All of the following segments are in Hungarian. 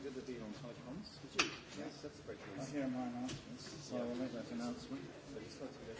we did the deal on tight funds. Did you? Yes, that's a great news. I hear my announcements, so yeah. I'll make that announcement. But it's got to be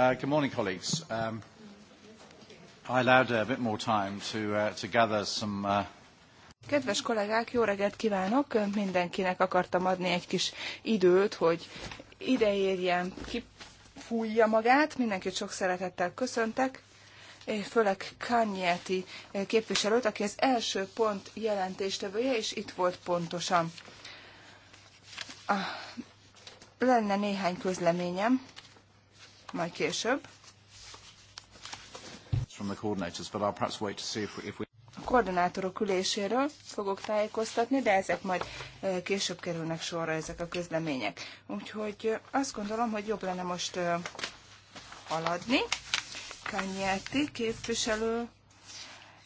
Uh, good morning, colleagues. Um, I allowed a bit more time to, uh, to gather some uh, Kedves kollégák, jó reggelt kívánok! Mindenkinek akartam adni egy kis időt, hogy ideérjen, kifújja magát. Mindenkit sok szeretettel köszöntek, főleg Kanyeti képviselőt, aki az első pont jelentéstevője, és itt volt pontosan. Ah, lenne néhány közleményem majd később. A koordinátorok üléséről fogok tájékoztatni, de ezek majd később kerülnek sorra ezek a közlemények. Úgyhogy azt gondolom, hogy jobb lenne most haladni. Kanyerti képviselő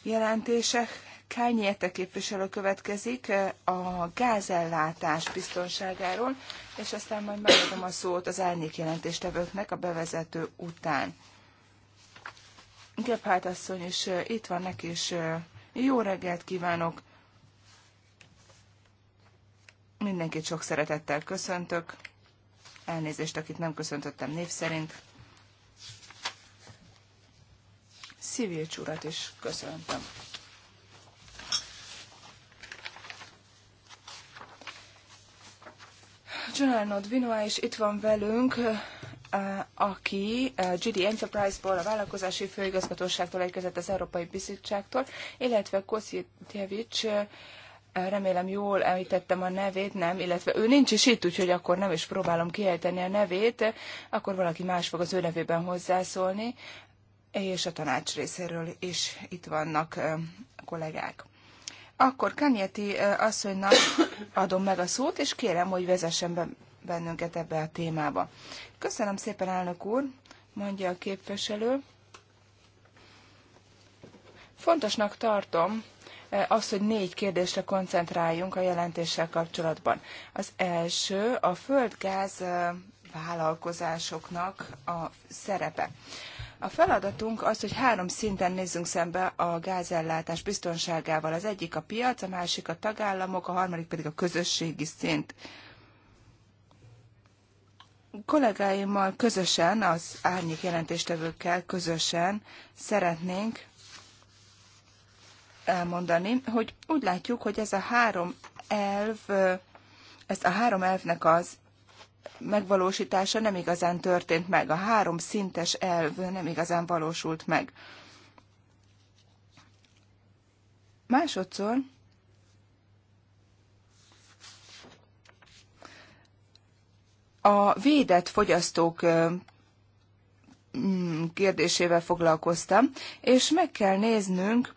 jelentések. Kányérte képviselő következik a gázellátás biztonságáról és aztán majd megadom a szót az árnyék jelentéstevőknek a bevezető után. Gebhardt asszony is itt van neki, és jó reggelt kívánok! Mindenkit sok szeretettel köszöntök. Elnézést, akit nem köszöntöttem név szerint. Szívécs urat is köszöntöm. Csinál Nodvinoa, és itt van velünk, aki GD Enterprise-ból, a vállalkozási főigazgatóságtól érkezett az Európai Bizottságtól, illetve Koszitjevics, remélem jól említettem a nevét, nem, illetve ő nincs is itt, úgyhogy akkor nem is próbálom kiejteni a nevét, akkor valaki más fog az ő nevében hozzászólni, és a tanács részéről is itt vannak kollégák. Akkor Kanyeti asszonynak adom meg a szót, és kérem, hogy vezessen be bennünket ebbe a témába. Köszönöm szépen, elnök úr, mondja a képviselő. Fontosnak tartom az, hogy négy kérdésre koncentráljunk a jelentéssel kapcsolatban. Az első a földgáz vállalkozásoknak a szerepe. A feladatunk az, hogy három szinten nézzünk szembe a gázellátás biztonságával. Az egyik a piac, a másik a tagállamok, a harmadik pedig a közösségi szint. Kollégáimmal közösen, az árnyék jelentéstevőkkel közösen szeretnénk elmondani, hogy úgy látjuk, hogy ez a három elv, ezt a három elvnek az megvalósítása nem igazán történt meg, a három szintes elv nem igazán valósult meg. Másodszor a védett fogyasztók mm, kérdésével foglalkoztam, és meg kell néznünk,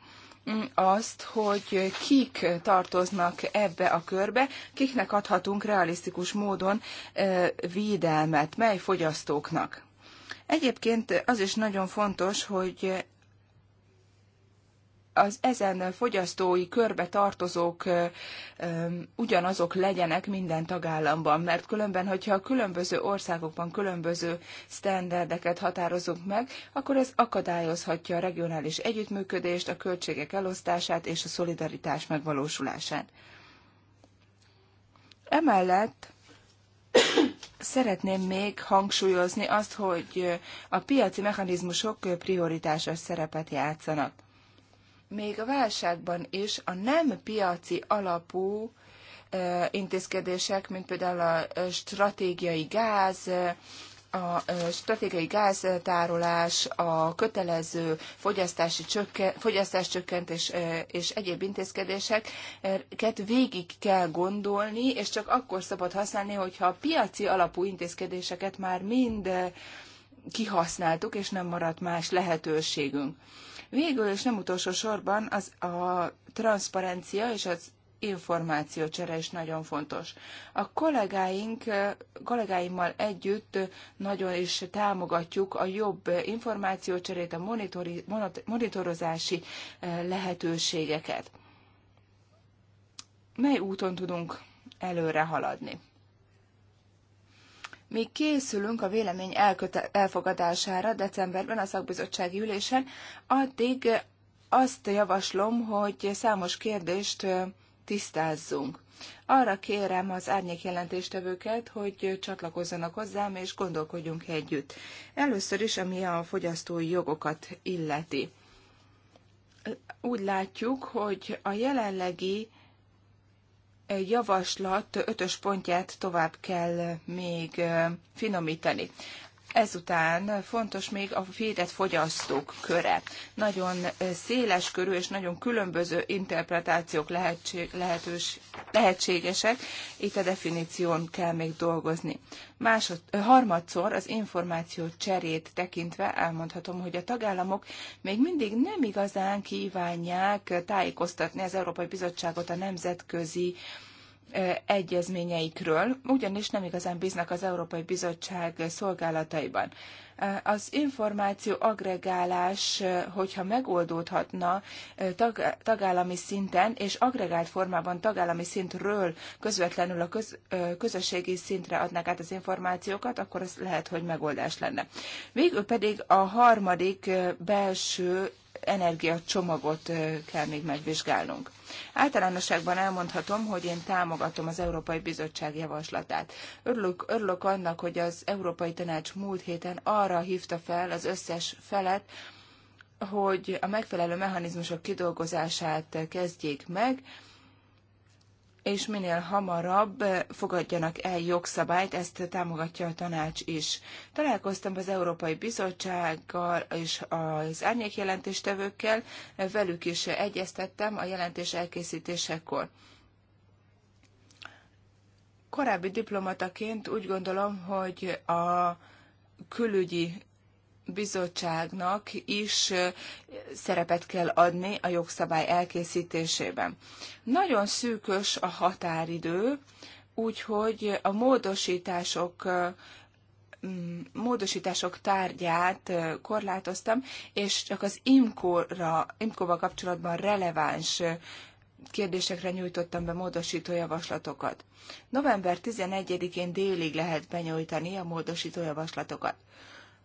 azt, hogy kik tartoznak ebbe a körbe, kiknek adhatunk realisztikus módon védelmet, mely fogyasztóknak. Egyébként az is nagyon fontos, hogy az ezen fogyasztói körbe tartozók ugyanazok legyenek minden tagállamban, mert különben, hogyha a különböző országokban különböző sztenderdeket határozunk meg, akkor ez akadályozhatja a regionális együttműködést, a költségek elosztását és a szolidaritás megvalósulását. Emellett Szeretném még hangsúlyozni azt, hogy a piaci mechanizmusok prioritásos szerepet játszanak még a válságban is a nem piaci alapú intézkedések, mint például a stratégiai gáz, a stratégiai gáztárolás, a kötelező fogyasztási csökke, fogyasztás csökkentés és egyéb intézkedéseket végig kell gondolni, és csak akkor szabad használni, hogyha a piaci alapú intézkedéseket már mind kihasználtuk, és nem maradt más lehetőségünk. Végül és nem utolsó sorban az a transzparencia és az információcsere is nagyon fontos. A kollégáink, kollégáimmal együtt nagyon is támogatjuk a jobb információcserét, a monitori, monitorozási lehetőségeket. Mely úton tudunk előre haladni? Mi készülünk a vélemény elfogadására decemberben a szakbizottsági ülésen, addig azt javaslom, hogy számos kérdést tisztázzunk. Arra kérem az árnyék jelentéstevőket, hogy csatlakozzanak hozzám, és gondolkodjunk együtt. Először is, ami a fogyasztói jogokat illeti. Úgy látjuk, hogy a jelenlegi javaslat ötös pontját tovább kell még finomítani. Ezután fontos még a védett fogyasztók köre. Nagyon széles körű és nagyon különböző interpretációk lehetség, lehetős, lehetségesek, itt a definíción kell még dolgozni. Másod, harmadszor az információ cserét tekintve elmondhatom, hogy a tagállamok még mindig nem igazán kívánják tájékoztatni az Európai Bizottságot a nemzetközi uh, egyezményeikről, ugyanis nem igazán bíznak az Európai Bizottság szolgálataiban. Az információ agregálás, hogyha megoldódhatna tag, tagállami szinten, és agregált formában tagállami szintről közvetlenül a köz, közösségi szintre adnák át az információkat, akkor ez lehet, hogy megoldás lenne. Végül pedig a harmadik belső energiacsomagot kell még megvizsgálnunk. Általánosságban elmondhatom, hogy én támogatom az Európai Bizottság javaslatát. Örülök, örülök annak, hogy az Európai Tanács múlt héten arra hívta fel az összes felet, hogy a megfelelő mechanizmusok kidolgozását kezdjék meg, és minél hamarabb eh, fogadjanak el jogszabályt, ezt támogatja a tanács is. Találkoztam az Európai Bizottsággal és az árnyékjelentéstevőkkel, eh, velük is egyeztettem a jelentés elkészítésekor. Korábbi diplomataként úgy gondolom, hogy a külügyi bizottságnak is szerepet kell adni a jogszabály elkészítésében. Nagyon szűkös a határidő, úgyhogy a módosítások módosítások tárgyát korlátoztam, és csak az IMCO-ra, IMCO-val kapcsolatban releváns kérdésekre nyújtottam be módosító javaslatokat. November 11-én délig lehet benyújtani a módosító javaslatokat.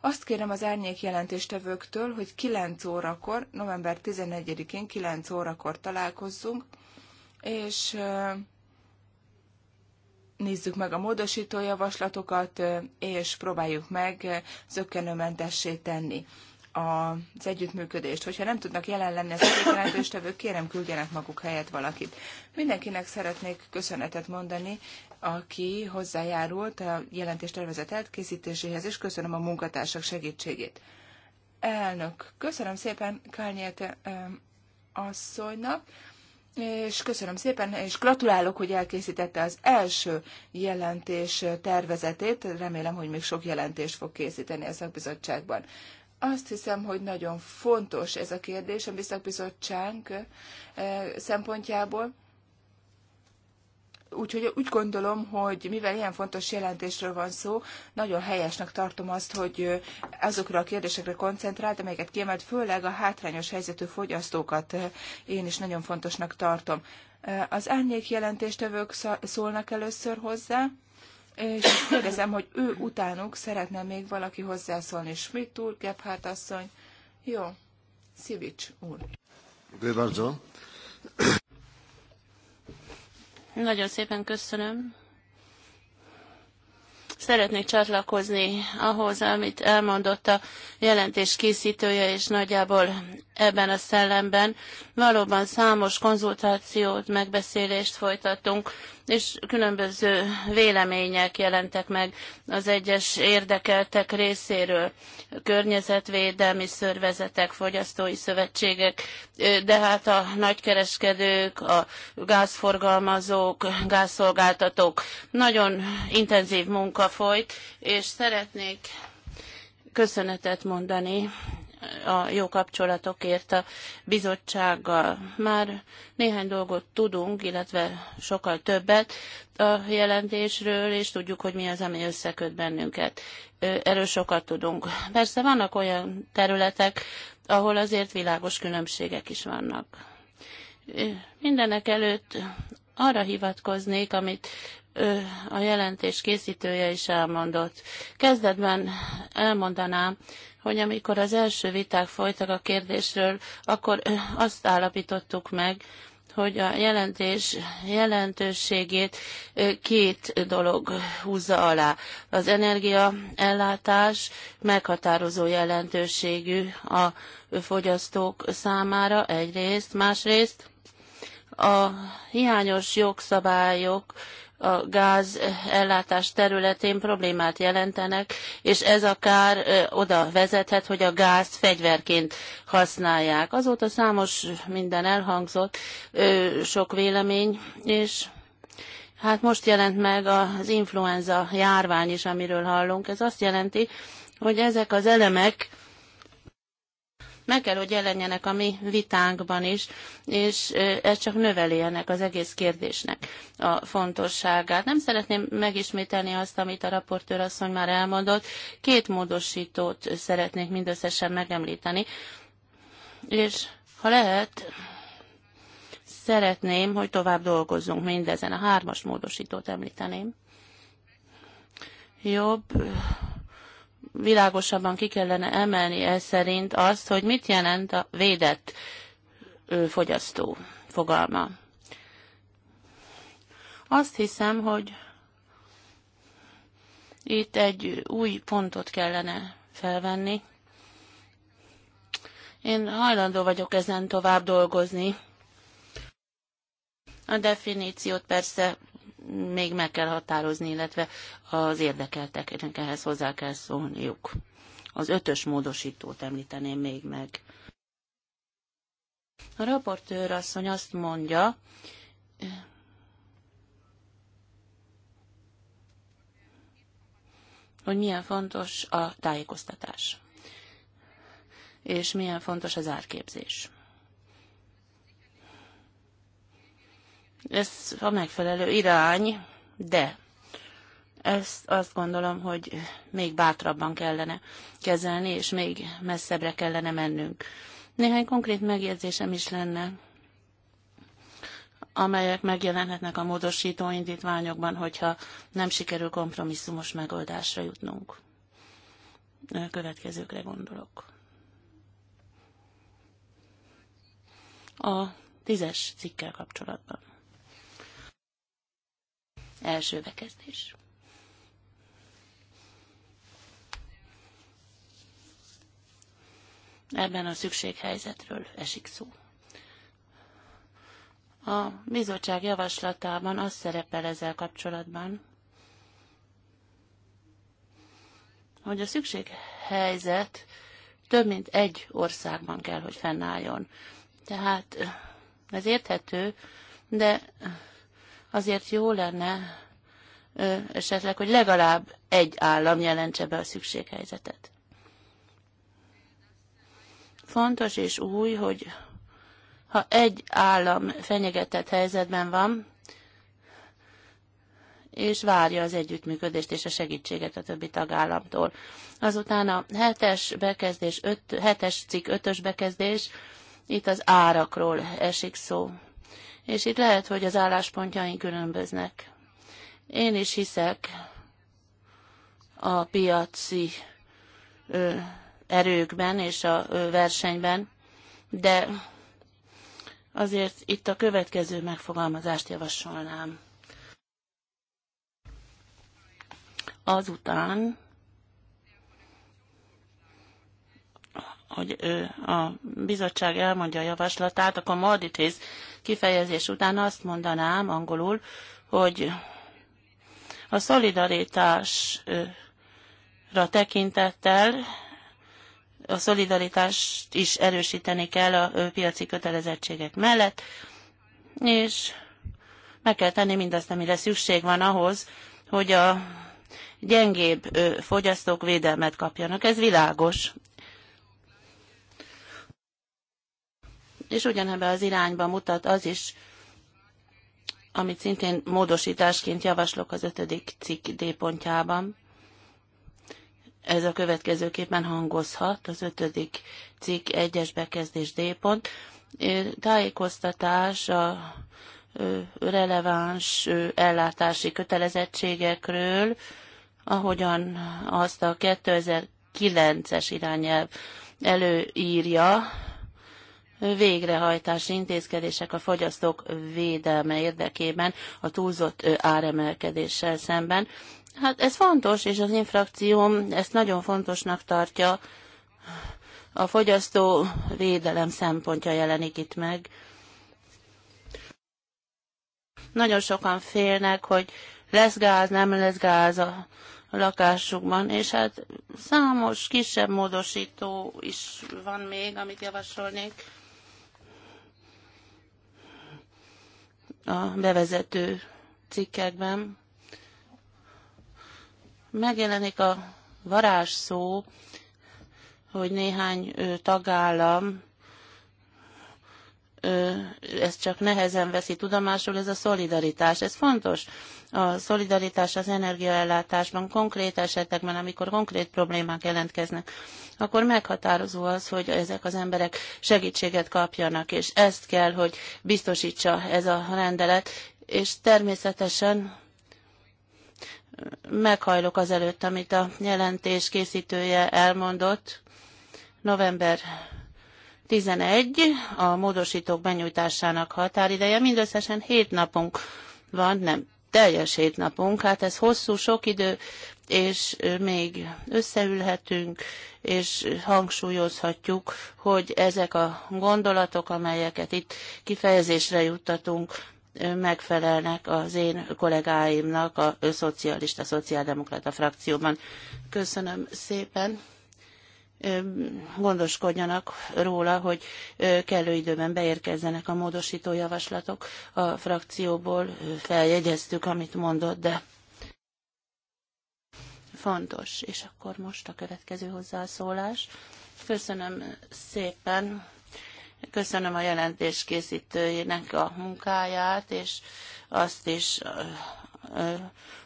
Azt kérem az árnyék jelentéstevőktől, hogy 9 órakor, november 11-én 9 órakor találkozzunk, és nézzük meg a módosító javaslatokat, és próbáljuk meg zöggenőmentessé tenni az együttműködést. Hogyha nem tudnak jelen lenni az egyik jelentőstevők, kérem küldjenek maguk helyett valakit. Mindenkinek szeretnék köszönetet mondani, aki hozzájárult a jelentéstervezet elkészítéséhez, és köszönöm a munkatársak segítségét. Elnök, köszönöm szépen Kárnyéte asszonynak, és köszönöm szépen, és gratulálok, hogy elkészítette az első jelentés tervezetét. Remélem, hogy még sok jelentést fog készíteni a szakbizottságban. Azt hiszem, hogy nagyon fontos ez a kérdés a Bizottság eh, szempontjából Úgyhogy úgy gondolom, hogy mivel ilyen fontos jelentésről van szó, nagyon helyesnek tartom azt, hogy azokra a kérdésekre koncentrált, amelyeket kiemelt, főleg a hátrányos helyzetű fogyasztókat én is nagyon fontosnak tartom. Az árnyék jelentéstevők szólnak először hozzá, és kérdezem, hogy ő utánuk szeretne még valaki hozzászólni. Schmidt úr, Gebhardt asszony. Jó. Szivics úr. Dziękuję nagyon szépen köszönöm. Szeretnék csatlakozni ahhoz, amit elmondott a jelentés készítője, és nagyjából ebben a szellemben. Valóban számos konzultációt, megbeszélést folytattunk és különböző vélemények jelentek meg az egyes érdekeltek részéről, környezetvédelmi szervezetek, fogyasztói szövetségek, de hát a nagykereskedők, a gázforgalmazók, gázszolgáltatók. Nagyon intenzív munka folyt, és szeretnék köszönetet mondani a jó kapcsolatokért a bizottsággal. Már néhány dolgot tudunk, illetve sokkal többet a jelentésről, és tudjuk, hogy mi az, ami összeköt bennünket. Erről sokat tudunk. Persze vannak olyan területek, ahol azért világos különbségek is vannak. Mindenek előtt arra hivatkoznék, amit a jelentés készítője is elmondott. Kezdetben elmondanám, hogy amikor az első viták folytak a kérdésről, akkor azt állapítottuk meg, hogy a jelentés jelentőségét két dolog húzza alá. Az energiaellátás meghatározó jelentőségű a fogyasztók számára egyrészt, másrészt a hiányos jogszabályok a gáz ellátás területén problémát jelentenek, és ez akár oda vezethet, hogy a gázt fegyverként használják. Azóta számos minden elhangzott, sok vélemény, és hát most jelent meg az influenza járvány is, amiről hallunk. Ez azt jelenti, hogy ezek az elemek meg kell, hogy jelenjenek a mi vitánkban is, és ez csak növeli ennek az egész kérdésnek a fontosságát. Nem szeretném megismételni azt, amit a raportőr asszony már elmondott. Két módosítót szeretnék mindösszesen megemlíteni, és ha lehet, szeretném, hogy tovább dolgozzunk mindezen. A hármas módosítót említeném. Jobb világosabban ki kellene emelni ez szerint azt, hogy mit jelent a védett fogyasztó fogalma. Azt hiszem, hogy itt egy új pontot kellene felvenni. Én hajlandó vagyok ezen tovább dolgozni. A definíciót persze még meg kell határozni, illetve az érdekelteknek ehhez hozzá kell szólniuk. Az ötös módosítót említeném még meg. A raportőr asszony azt mondja, hogy milyen fontos a tájékoztatás, és milyen fontos az árképzés. Ez a megfelelő irány, de ezt azt gondolom, hogy még bátrabban kellene kezelni, és még messzebbre kellene mennünk. Néhány konkrét megjegyzésem is lenne, amelyek megjelenhetnek a módosító indítványokban, hogyha nem sikerül kompromisszumos megoldásra jutnunk. következőkre gondolok. A tízes cikkel kapcsolatban. Első bekezdés. Ebben a szükséghelyzetről esik szó. A bizottság javaslatában az szerepel ezzel kapcsolatban, hogy a szükséghelyzet több mint egy országban kell, hogy fennálljon. Tehát ez érthető, de Azért jó lenne ö, esetleg, hogy legalább egy állam jelentse be a szükséghelyzetet. Fontos és új, hogy ha egy állam fenyegetett helyzetben van, és várja az együttműködést és a segítséget a többi tagállamtól. Azután a hetes bekezdés, öt, hetes cikk ötös bekezdés, itt az árakról esik szó és itt lehet, hogy az álláspontjaink különböznek. Én is hiszek a piaci erőkben és a versenyben, de azért itt a következő megfogalmazást javasolnám. Azután, hogy a bizottság elmondja a javaslatát, akkor moditis kifejezés után azt mondanám angolul, hogy a szolidaritásra tekintettel a szolidaritást is erősíteni kell a piaci kötelezettségek mellett, és meg kell tenni mindazt, amire szükség van ahhoz, hogy a gyengébb fogyasztók védelmet kapjanak. Ez világos. és ugyanebben az irányba mutat az is, amit szintén módosításként javaslok az ötödik cikk D pontjában. Ez a következőképpen hangozhat, az ötödik cikk egyes bekezdés D pont. Tájékoztatás a releváns ellátási kötelezettségekről, ahogyan azt a 2009-es irányelv előírja, végrehajtási intézkedések a fogyasztók védelme érdekében a túlzott áremelkedéssel szemben. Hát ez fontos, és az infrakcióm ezt nagyon fontosnak tartja. A fogyasztó védelem szempontja jelenik itt meg. Nagyon sokan félnek, hogy lesz gáz, nem lesz gáz a lakásukban, és hát számos kisebb módosító is van még, amit javasolnék. a bevezető cikkekben megjelenik a varázsszó, hogy néhány tagállam ezt csak nehezen veszi tudomásul, ez a szolidaritás. Ez fontos a szolidaritás az energiaellátásban konkrét esetekben, amikor konkrét problémák jelentkeznek, akkor meghatározó az, hogy ezek az emberek segítséget kapjanak, és ezt kell, hogy biztosítsa ez a rendelet, és természetesen meghajlok azelőtt, amit a jelentés készítője elmondott. November 11 a módosítók benyújtásának határideje, mindösszesen 7 napunk van, nem teljes hétnapunk. Hát ez hosszú, sok idő, és még összeülhetünk, és hangsúlyozhatjuk, hogy ezek a gondolatok, amelyeket itt kifejezésre juttatunk, megfelelnek az én kollégáimnak a szocialista, szociáldemokrata frakcióban. Köszönöm szépen gondoskodjanak róla, hogy kellő időben beérkezzenek a módosító javaslatok. A frakcióból feljegyeztük, amit mondott, de fontos. És akkor most a következő hozzászólás. Köszönöm szépen. Köszönöm a jelentés készítőjének a munkáját, és azt is,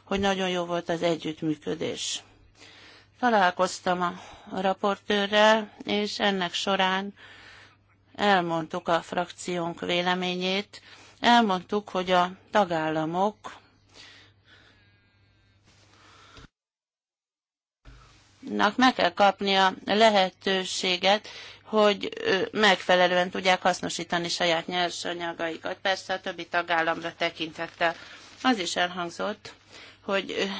hogy nagyon jó volt az együttműködés. Találkoztam a raportőrrel, és ennek során elmondtuk a frakciónk véleményét. Elmondtuk, hogy a tagállamok nak meg kell kapnia lehetőséget, hogy megfelelően tudják hasznosítani saját nyersanyagaikat. Persze a többi tagállamra tekintettel. Az is elhangzott, hogy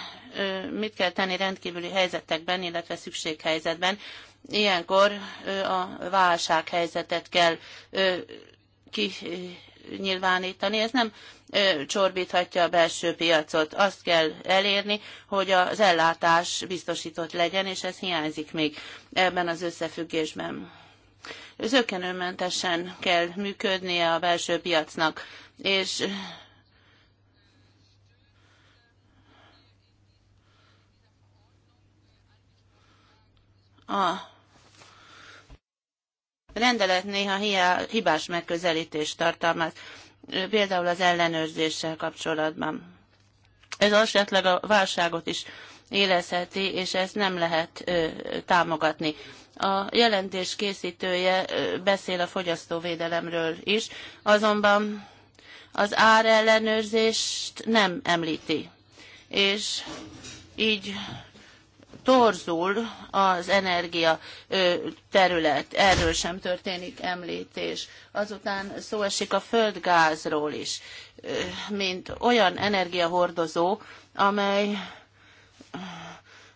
mit kell tenni rendkívüli helyzetekben, illetve szükséghelyzetben. Ilyenkor a válsághelyzetet kell kinyilvánítani. Ez nem csorbíthatja a belső piacot. Azt kell elérni, hogy az ellátás biztosított legyen, és ez hiányzik még ebben az összefüggésben. Zökenőmentesen kell működnie a belső piacnak, és A rendelet néha hibás megközelítést tartalmaz, például az ellenőrzéssel kapcsolatban. Ez esetleg a válságot is élezheti, és ezt nem lehet ö, támogatni. A jelentés készítője ö, beszél a fogyasztóvédelemről is, azonban az árellenőrzést nem említi. És így torzul az energia terület, erről sem történik említés. Azután szó esik a földgázról is, mint olyan energiahordozó, amely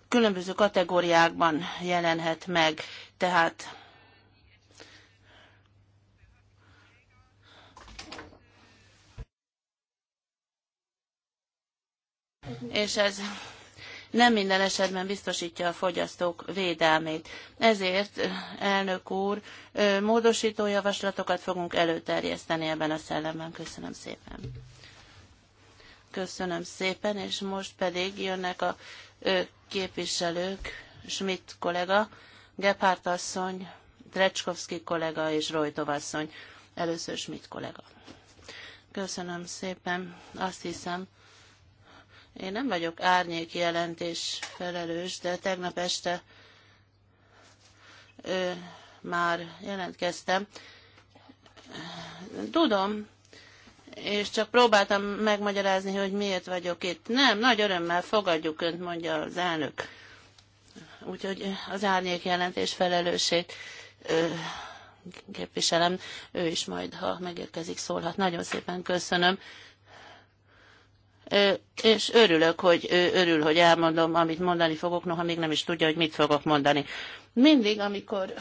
különböző kategóriákban jelenhet meg. Tehát és ez nem minden esetben biztosítja a fogyasztók védelmét. Ezért, elnök úr, módosító javaslatokat fogunk előterjeszteni ebben a szellemben. Köszönöm szépen. Köszönöm szépen, és most pedig jönnek a képviselők, Schmidt kollega, Gephardt asszony, Trecskovszki kollega és Rojtov asszony. Először Schmidt kollega. Köszönöm szépen. Azt hiszem, én nem vagyok árnyék jelentés felelős, de tegnap este ö, már jelentkeztem. Tudom, és csak próbáltam megmagyarázni, hogy miért vagyok itt. Nem, nagy örömmel fogadjuk önt, mondja az elnök. Úgyhogy az árnyék jelentés felelősét ö, képviselem, ő is majd, ha megérkezik, szólhat. Nagyon szépen köszönöm és örülök, hogy örül, hogy elmondom, amit mondani fogok, noha még nem is tudja, hogy mit fogok mondani. Mindig, amikor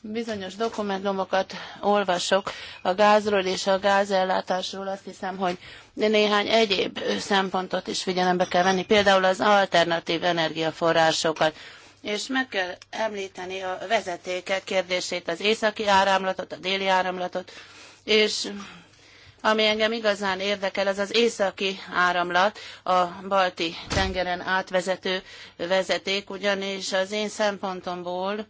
bizonyos dokumentumokat olvasok a gázról és a gázellátásról, azt hiszem, hogy néhány egyéb szempontot is figyelembe kell venni, például az alternatív energiaforrásokat. És meg kell említeni a vezetékek kérdését, az északi áramlatot, a déli áramlatot, és ami engem igazán érdekel, az az északi áramlat, a balti tengeren átvezető vezeték, ugyanis az én szempontomból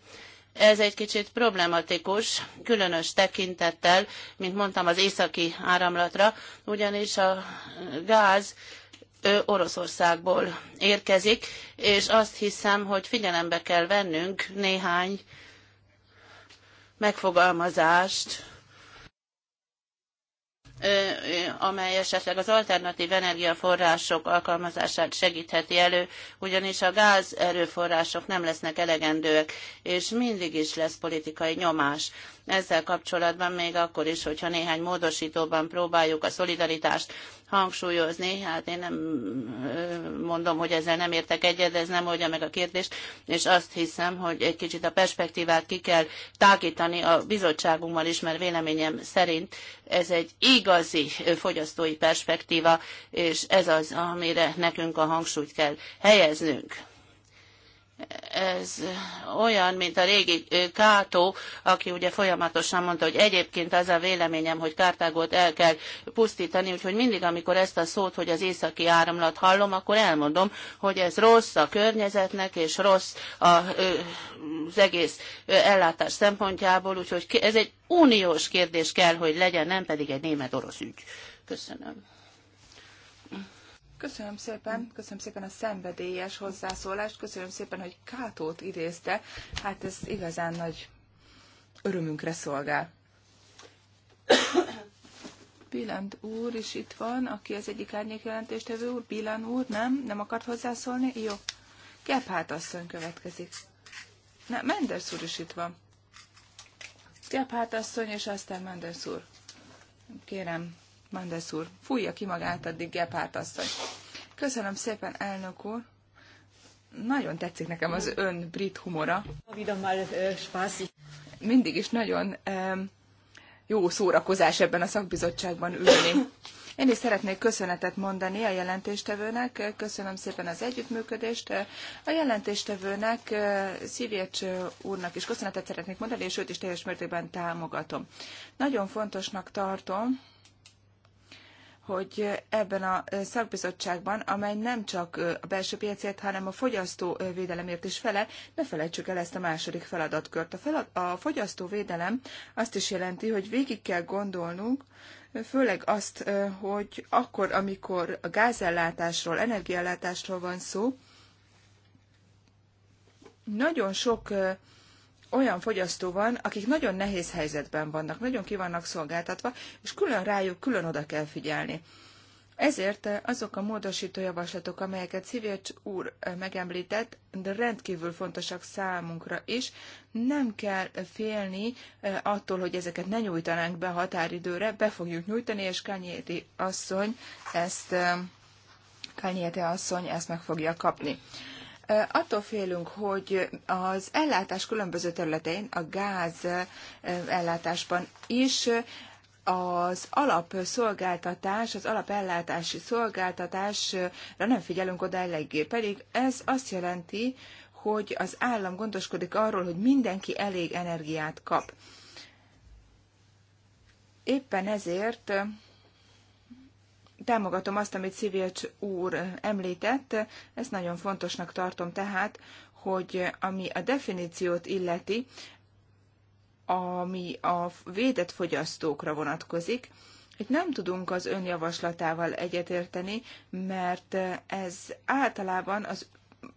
ez egy kicsit problematikus, különös tekintettel, mint mondtam, az északi áramlatra, ugyanis a gáz Oroszországból érkezik, és azt hiszem, hogy figyelembe kell vennünk néhány megfogalmazást, amely esetleg az alternatív energiaforrások alkalmazását segítheti elő, ugyanis a gáz erőforrások nem lesznek elegendőek, és mindig is lesz politikai nyomás ezzel kapcsolatban még akkor is, hogyha néhány módosítóban próbáljuk a szolidaritást hangsúlyozni. Hát én nem mondom, hogy ezzel nem értek egyet, de ez nem oldja meg a kérdést, és azt hiszem, hogy egy kicsit a perspektívát ki kell tágítani a bizottságunkmal is, mert véleményem szerint ez egy igazi fogyasztói perspektíva, és ez az, amire nekünk a hangsúlyt kell helyeznünk ez olyan, mint a régi Kátó, aki ugye folyamatosan mondta, hogy egyébként az a véleményem, hogy Kártágot el kell pusztítani, úgyhogy mindig, amikor ezt a szót, hogy az északi áramlat hallom, akkor elmondom, hogy ez rossz a környezetnek, és rossz a, az egész ellátás szempontjából, úgyhogy ez egy uniós kérdés kell, hogy legyen, nem pedig egy német-orosz ügy. Köszönöm. Köszönöm szépen, köszönöm szépen a szenvedélyes hozzászólást, köszönöm szépen, hogy Kátót idézte. Hát ez igazán nagy örömünkre szolgál. Bilant úr is itt van, aki az egyik árnyékjelentéstevő úr. Bilan úr, nem? Nem akart hozzászólni? Jó. Gebhardt asszony következik. Na, Menders úr is itt van. Gebhardt asszony, és aztán Menders úr. Kérem, Mendes úr. Fújja ki magát, addig Gepárt asszony. Köszönöm szépen, elnök úr. Nagyon tetszik nekem az ön brit humora. Mindig is nagyon um, jó szórakozás ebben a szakbizottságban ülni. Én is szeretnék köszönetet mondani a jelentéstevőnek, köszönöm szépen az együttműködést. A jelentéstevőnek, eh, Szívécs úrnak is köszönetet szeretnék mondani, és őt is teljes mértékben támogatom. Nagyon fontosnak tartom, hogy ebben a szakbizottságban, amely nem csak a belső piacért, hanem a fogyasztóvédelemért is felel, ne felejtsük el ezt a második feladatkört. A, felad, a fogyasztóvédelem azt is jelenti, hogy végig kell gondolnunk, főleg azt, hogy akkor, amikor a gázellátásról, energiaellátásról van szó, nagyon sok olyan fogyasztó van, akik nagyon nehéz helyzetben vannak, nagyon ki vannak szolgáltatva, és külön rájuk külön oda kell figyelni. Ezért azok a módosító javaslatok, amelyeket Szivécs úr eh, megemlített, de rendkívül fontosak számunkra is, nem kell félni eh, attól, hogy ezeket ne nyújtanánk be határidőre, be fogjuk nyújtani, és Kányéti asszony ezt eh, Kányéti asszony ezt meg fogja kapni. Attól félünk, hogy az ellátás különböző területein, a gáz ellátásban is az alapszolgáltatás, az alapellátási szolgáltatásra nem figyelünk oda eléggé, pedig ez azt jelenti, hogy az állam gondoskodik arról, hogy mindenki elég energiát kap. Éppen ezért támogatom azt, amit Szivilcs úr említett, ezt nagyon fontosnak tartom tehát, hogy ami a definíciót illeti, ami a védett fogyasztókra vonatkozik, itt nem tudunk az önjavaslatával egyetérteni, mert ez általában az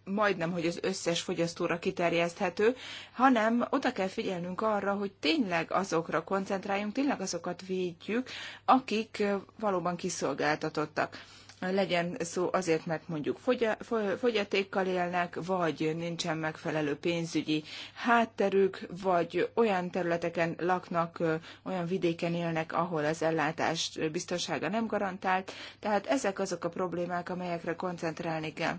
majdnem, hogy az összes fogyasztóra kiterjeszthető, hanem oda kell figyelnünk arra, hogy tényleg azokra koncentráljunk, tényleg azokat védjük, akik valóban kiszolgáltatottak legyen szó azért, mert mondjuk fogyatékkal élnek, vagy nincsen megfelelő pénzügyi hátterük, vagy olyan területeken laknak, olyan vidéken élnek, ahol az ellátás biztonsága nem garantált. Tehát ezek azok a problémák, amelyekre koncentrálni kell.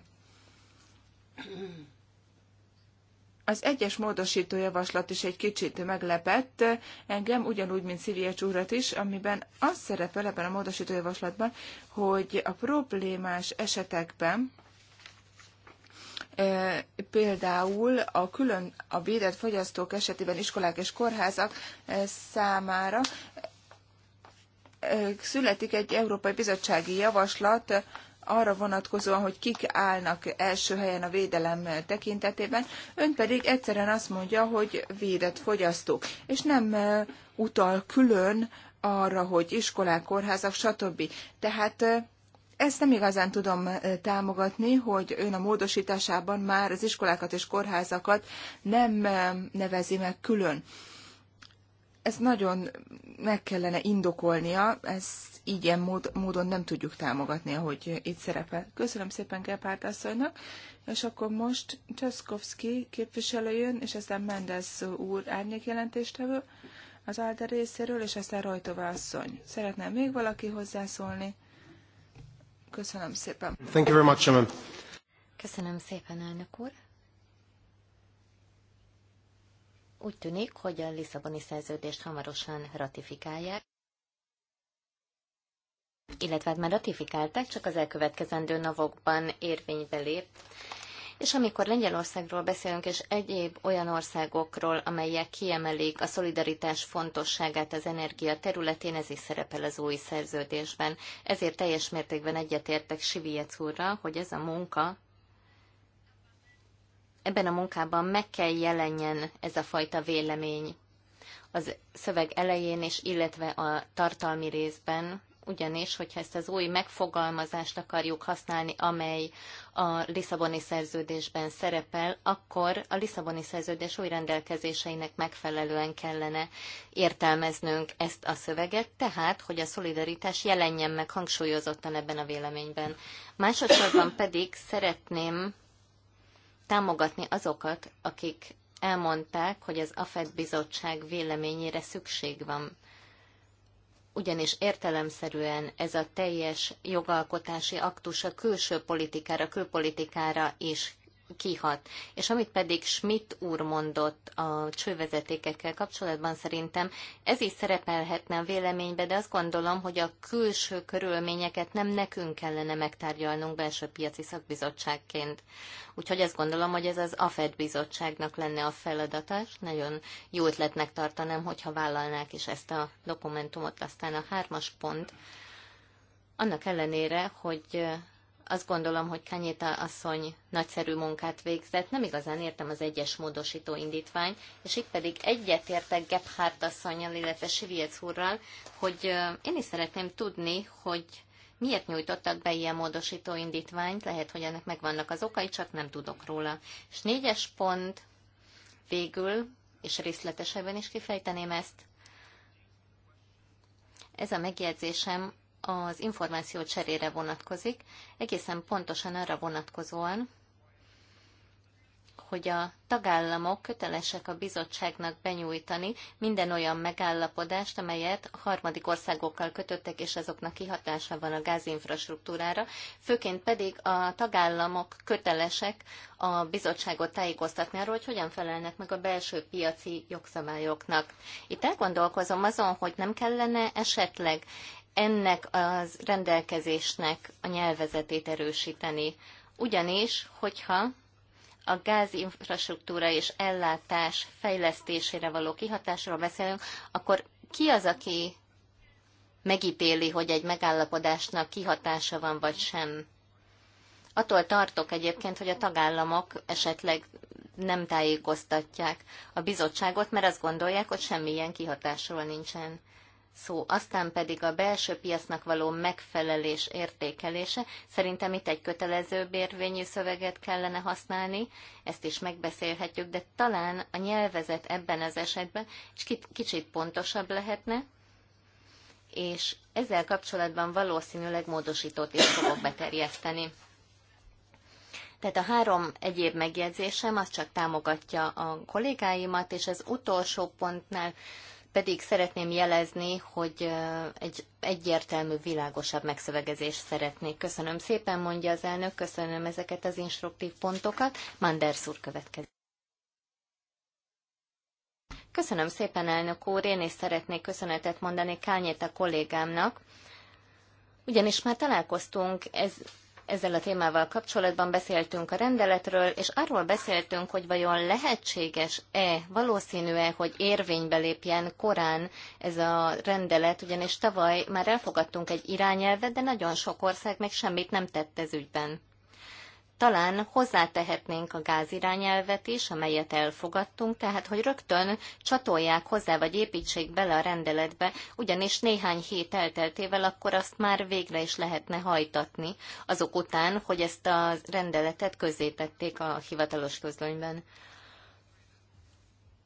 Az egyes módosító javaslat is egy kicsit meglepett engem, ugyanúgy, mint Szivjecs úrat is, amiben az szerepel ebben a módosító javaslatban, hogy a problémás esetekben például a külön a védett fogyasztók esetében iskolák és kórházak számára születik egy Európai Bizottsági Javaslat arra vonatkozóan, hogy kik állnak első helyen a védelem tekintetében, ön pedig egyszerűen azt mondja, hogy védett fogyasztók, és nem utal külön arra, hogy iskolák, kórházak, stb. Tehát ezt nem igazán tudom támogatni, hogy ön a módosításában már az iskolákat és kórházakat nem nevezi meg külön. Ez nagyon meg kellene indokolnia, ez ilyen módon nem tudjuk támogatni, ahogy itt szerepel. Köszönöm szépen Gepárt asszonynak, és akkor most Csaszkowski képviselő jön, és aztán Mendez úr árnyékjelentéstevő az Alde részéről, és aztán Rajtova asszony. Szeretne még valaki hozzászólni? Köszönöm szépen. Thank you very much, Simon. Köszönöm szépen, elnök úr. Úgy tűnik, hogy a Lisszaboni szerződést hamarosan ratifikálják, illetve hát már ratifikálták, csak az elkövetkezendő navokban érvénybe lép. És amikor Lengyelországról beszélünk, és egyéb olyan országokról, amelyek kiemelik a szolidaritás fontosságát az energia területén, ez is szerepel az új szerződésben. Ezért teljes mértékben egyetértek Siviec úrra, hogy ez a munka, ebben a munkában meg kell jelenjen ez a fajta vélemény az szöveg elején és illetve a tartalmi részben, ugyanis, hogyha ezt az új megfogalmazást akarjuk használni, amely a Lisszaboni szerződésben szerepel, akkor a Lisszaboni szerződés új rendelkezéseinek megfelelően kellene értelmeznünk ezt a szöveget, tehát, hogy a szolidaritás jelenjen meg hangsúlyozottan ebben a véleményben. Másodszorban pedig szeretném támogatni azokat, akik elmondták, hogy az AFED bizottság véleményére szükség van ugyanis értelemszerűen ez a teljes jogalkotási aktus a külső politikára, külpolitikára is kihat. És amit pedig Schmidt úr mondott a csővezetékekkel kapcsolatban, szerintem ez is szerepelhetne a véleménybe, de azt gondolom, hogy a külső körülményeket nem nekünk kellene megtárgyalnunk belső piaci szakbizottságként. Úgyhogy azt gondolom, hogy ez az AFED bizottságnak lenne a feladata, és nagyon jó ötletnek tartanám, hogyha vállalnák is ezt a dokumentumot. Aztán a hármas pont, annak ellenére, hogy azt gondolom, hogy Kanyéta asszony nagyszerű munkát végzett, nem igazán értem az egyes módosító indítvány, és itt pedig egyetértek Gebhardt asszonyjal, illetve Siviec úrral, hogy én is szeretném tudni, hogy miért nyújtottak be ilyen módosító indítványt, lehet, hogy ennek megvannak az okai, csak nem tudok róla. És négyes pont végül, és részletesebben is kifejteném ezt, ez a megjegyzésem az információ cserére vonatkozik, egészen pontosan arra vonatkozóan, hogy a tagállamok kötelesek a bizottságnak benyújtani minden olyan megállapodást, amelyet harmadik országokkal kötöttek, és azoknak kihatása van a gázinfrastruktúrára, főként pedig a tagállamok kötelesek a bizottságot tájékoztatni arról, hogy hogyan felelnek meg a belső piaci jogszabályoknak. Itt elgondolkozom azon, hogy nem kellene esetleg ennek az rendelkezésnek a nyelvezetét erősíteni. Ugyanis, hogyha a gázinfrastruktúra és ellátás fejlesztésére való kihatásról beszélünk, akkor ki az, aki megítéli, hogy egy megállapodásnak kihatása van vagy sem? Attól tartok egyébként, hogy a tagállamok esetleg nem tájékoztatják a bizottságot, mert azt gondolják, hogy semmilyen kihatásról nincsen szó. Aztán pedig a belső piacnak való megfelelés értékelése. Szerintem itt egy kötelező bérvényű szöveget kellene használni, ezt is megbeszélhetjük, de talán a nyelvezet ebben az esetben kicsit pontosabb lehetne, és ezzel kapcsolatban valószínűleg módosítót is fogok beterjeszteni. Tehát a három egyéb megjegyzésem az csak támogatja a kollégáimat, és az utolsó pontnál pedig szeretném jelezni, hogy egy egyértelmű, világosabb megszövegezést szeretnék. Köszönöm szépen, mondja az elnök, köszönöm ezeket az instruktív pontokat. Manders úr következik. Köszönöm szépen, elnök úr, én is szeretnék köszönetet mondani Kányét a kollégámnak, ugyanis már találkoztunk ez ezzel a témával kapcsolatban beszéltünk a rendeletről, és arról beszéltünk, hogy vajon lehetséges-e, valószínű-e, hogy érvénybe lépjen korán ez a rendelet, ugyanis tavaly már elfogadtunk egy irányelvet, de nagyon sok ország még semmit nem tett ez ügyben talán hozzátehetnénk a gázirányelvet is, amelyet elfogadtunk, tehát hogy rögtön csatolják hozzá, vagy építsék bele a rendeletbe, ugyanis néhány hét elteltével akkor azt már végre is lehetne hajtatni, azok után, hogy ezt a rendeletet közzétették a hivatalos közlönyben.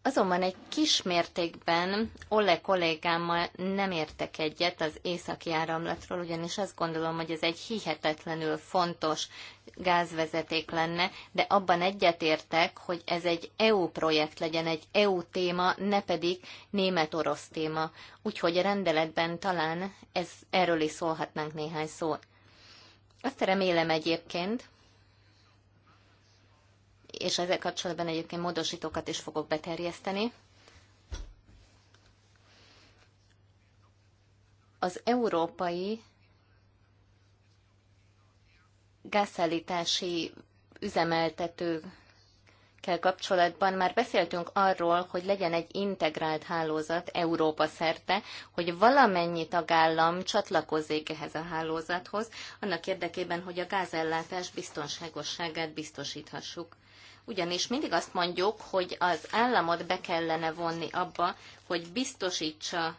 Azonban egy kis mértékben Olle kollégámmal nem értek egyet az északi áramlatról, ugyanis azt gondolom, hogy ez egy hihetetlenül fontos gázvezeték lenne, de abban egyetértek, hogy ez egy EU projekt legyen, egy EU téma, ne pedig német-orosz téma. Úgyhogy a rendeletben talán ez, erről is szólhatnánk néhány szót. Azt remélem egyébként, és ezzel kapcsolatban egyébként módosítókat is fogok beterjeszteni, az európai gázszállítási üzemeltetőkkel kapcsolatban már beszéltünk arról, hogy legyen egy integrált hálózat Európa szerte, hogy valamennyi tagállam csatlakozzék ehhez a hálózathoz, annak érdekében, hogy a gázellátás biztonságosságát biztosíthassuk. Ugyanis mindig azt mondjuk, hogy az államot be kellene vonni abba, hogy biztosítsa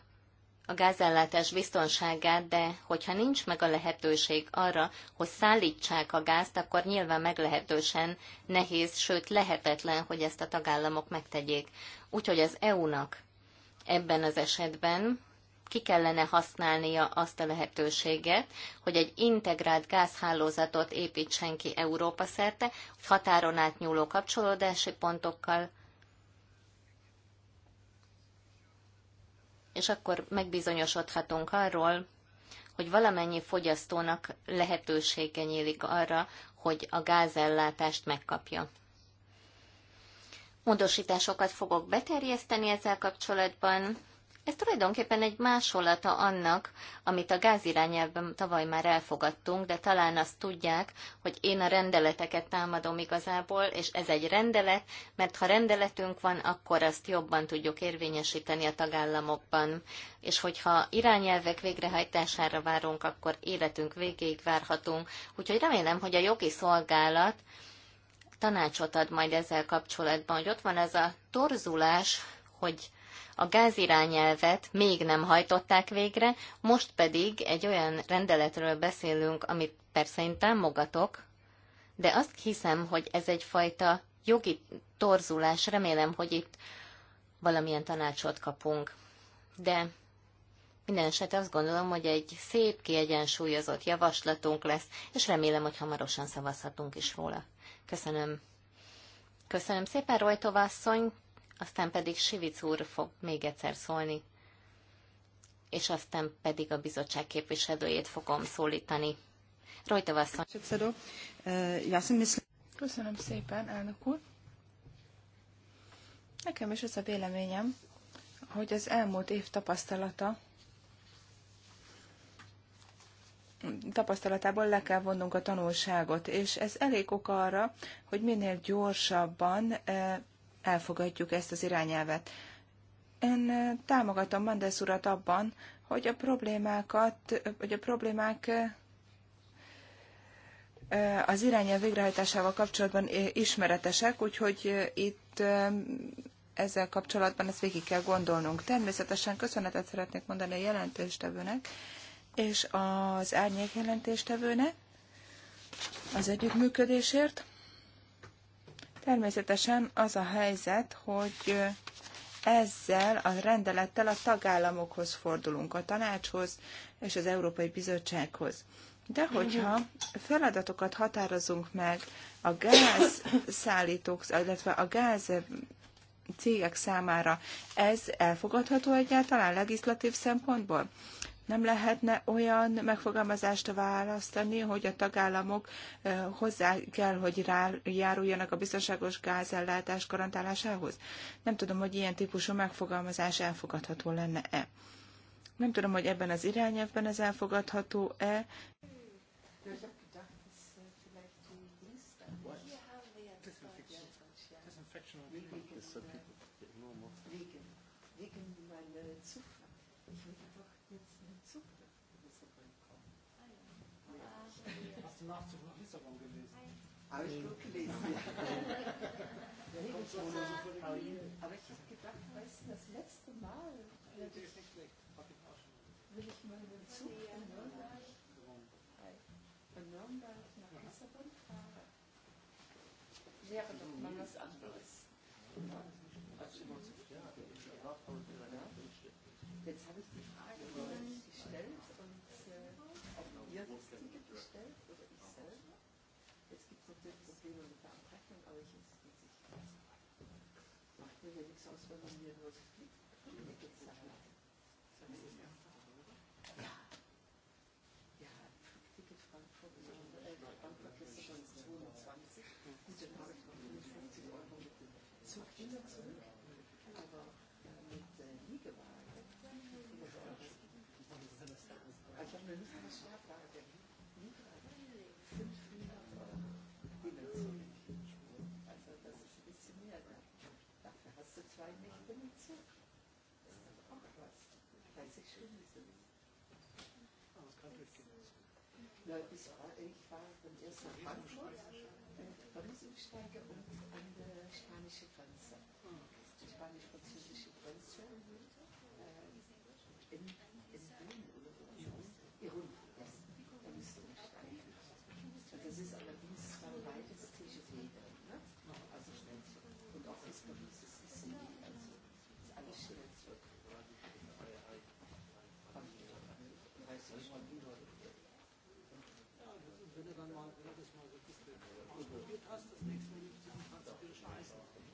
a gázellátás biztonságát, de hogyha nincs meg a lehetőség arra, hogy szállítsák a gázt, akkor nyilván meglehetősen nehéz, sőt lehetetlen, hogy ezt a tagállamok megtegyék. Úgyhogy az EU-nak ebben az esetben ki kellene használnia azt a lehetőséget, hogy egy integrált gázhálózatot építsen ki Európa szerte, határon átnyúló kapcsolódási pontokkal, és akkor megbizonyosodhatunk arról, hogy valamennyi fogyasztónak lehetősége nyílik arra, hogy a gázellátást megkapja. Módosításokat fogok beterjeszteni ezzel kapcsolatban, ez tulajdonképpen egy másolata annak, amit a gázirányelvben tavaly már elfogadtunk, de talán azt tudják, hogy én a rendeleteket támadom igazából, és ez egy rendelet, mert ha rendeletünk van, akkor azt jobban tudjuk érvényesíteni a tagállamokban. És hogyha irányelvek végrehajtására várunk, akkor életünk végéig várhatunk. Úgyhogy remélem, hogy a jogi szolgálat tanácsot ad majd ezzel kapcsolatban, hogy ott van ez a torzulás, hogy a gázirányelvet még nem hajtották végre, most pedig egy olyan rendeletről beszélünk, amit persze én támogatok, de azt hiszem, hogy ez egyfajta jogi torzulás, remélem, hogy itt valamilyen tanácsot kapunk. De minden eset azt gondolom, hogy egy szép, kiegyensúlyozott javaslatunk lesz, és remélem, hogy hamarosan szavazhatunk is róla. Köszönöm. Köszönöm szépen, Rojtova asszony aztán pedig Sivic úr fog még egyszer szólni, és aztán pedig a bizottság képviselőjét fogom szólítani. Rajta vasszony. Eh, Köszönöm szépen, elnök úr. Nekem is az a véleményem, hogy az elmúlt év tapasztalata tapasztalatából le kell vonnunk a tanulságot, és ez elég ok arra, hogy minél gyorsabban eh, elfogadjuk ezt az irányelvet. Én támogatom Mendes urat abban, hogy a problémákat, hogy a problémák az irányelv végrehajtásával kapcsolatban ismeretesek, úgyhogy itt ezzel kapcsolatban ezt végig kell gondolnunk. Természetesen köszönetet szeretnék mondani a jelentéstevőnek és az árnyék jelentéstevőnek az együttműködésért. Természetesen az a helyzet, hogy ezzel a rendelettel a tagállamokhoz fordulunk, a tanácshoz és az Európai Bizottsághoz. De hogyha feladatokat határozunk meg a gázszállítók, illetve a gáz cégek számára, ez elfogadható egyáltalán legislatív szempontból? Nem lehetne olyan megfogalmazást választani, hogy a tagállamok hozzá kell, hogy járuljanak a biztonságos gázellátás garantálásához? Nem tudom, hogy ilyen típusú megfogalmazás elfogadható lenne-e. Nem tudom, hogy ebben az irányelvben ez elfogadható-e. Ausflug Aber ich habe gedacht, weißt du, das letzte Mal will ich, mal mit Zug von Nürnberg, von Nürnberg nach Lissabon fahren. Wäre doch mal mhm. was anderes. Jetzt habe ich die Frage gestellt und äh, auch ihr habt die gestellt wir Probleme mit aber ich Macht mir ja nichts aus, wenn man mir nur die Miete zahlt. ja. Ja, Frankfurt, äh, Frankfurt ist schon 22. Gut, dann habe ich noch 55 Euro mit dem Zug wieder zurück. Aber mit der Ich habe mir nicht Na, ich war, ich war dann erst nach Frankfurt, dann äh, Bremsensteige und an der spanischen Grenze. Ah, Die spanische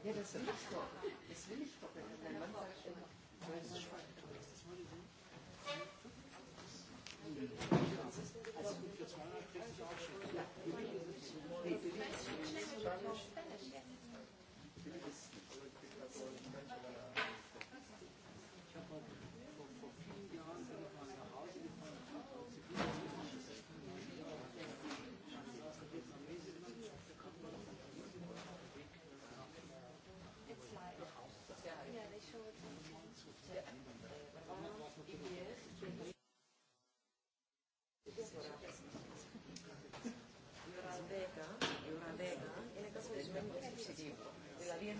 Ja, das will ich doch. Das will ich doch. Wenn mein Mann sagt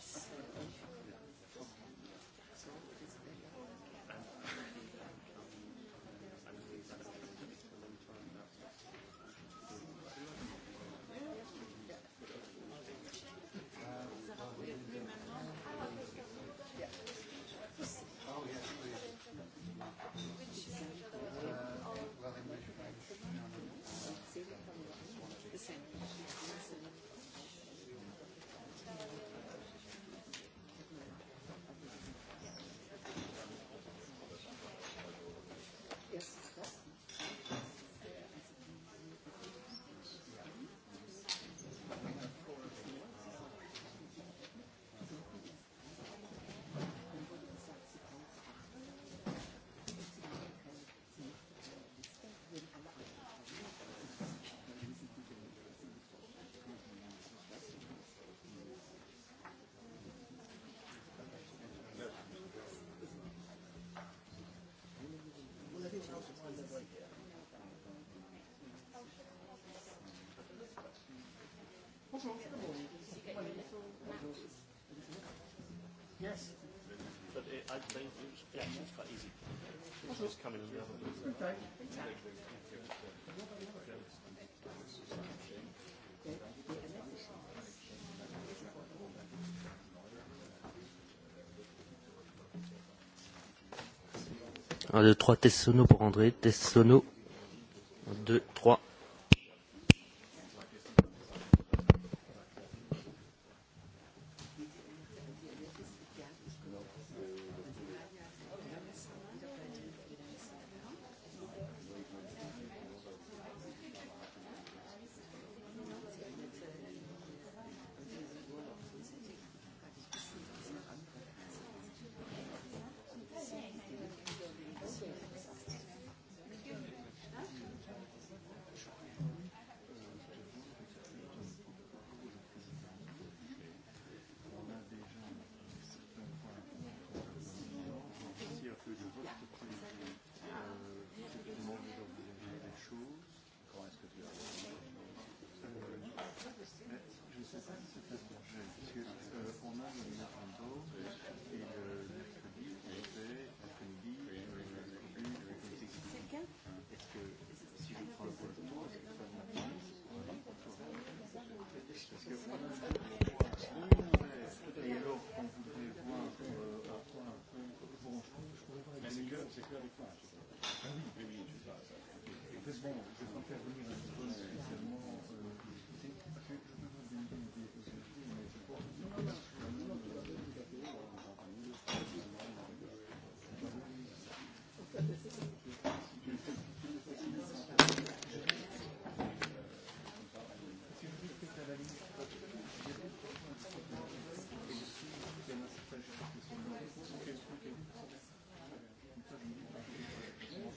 Köszönöm. Yes. But it, I, they, it was, quite easy. It's just coming in the other Okay. Un, deux, trois, test sono pour André, test sono. Un, deux, trois.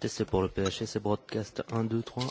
testé pour le PHS, c'est broadcast 1, 2, 3.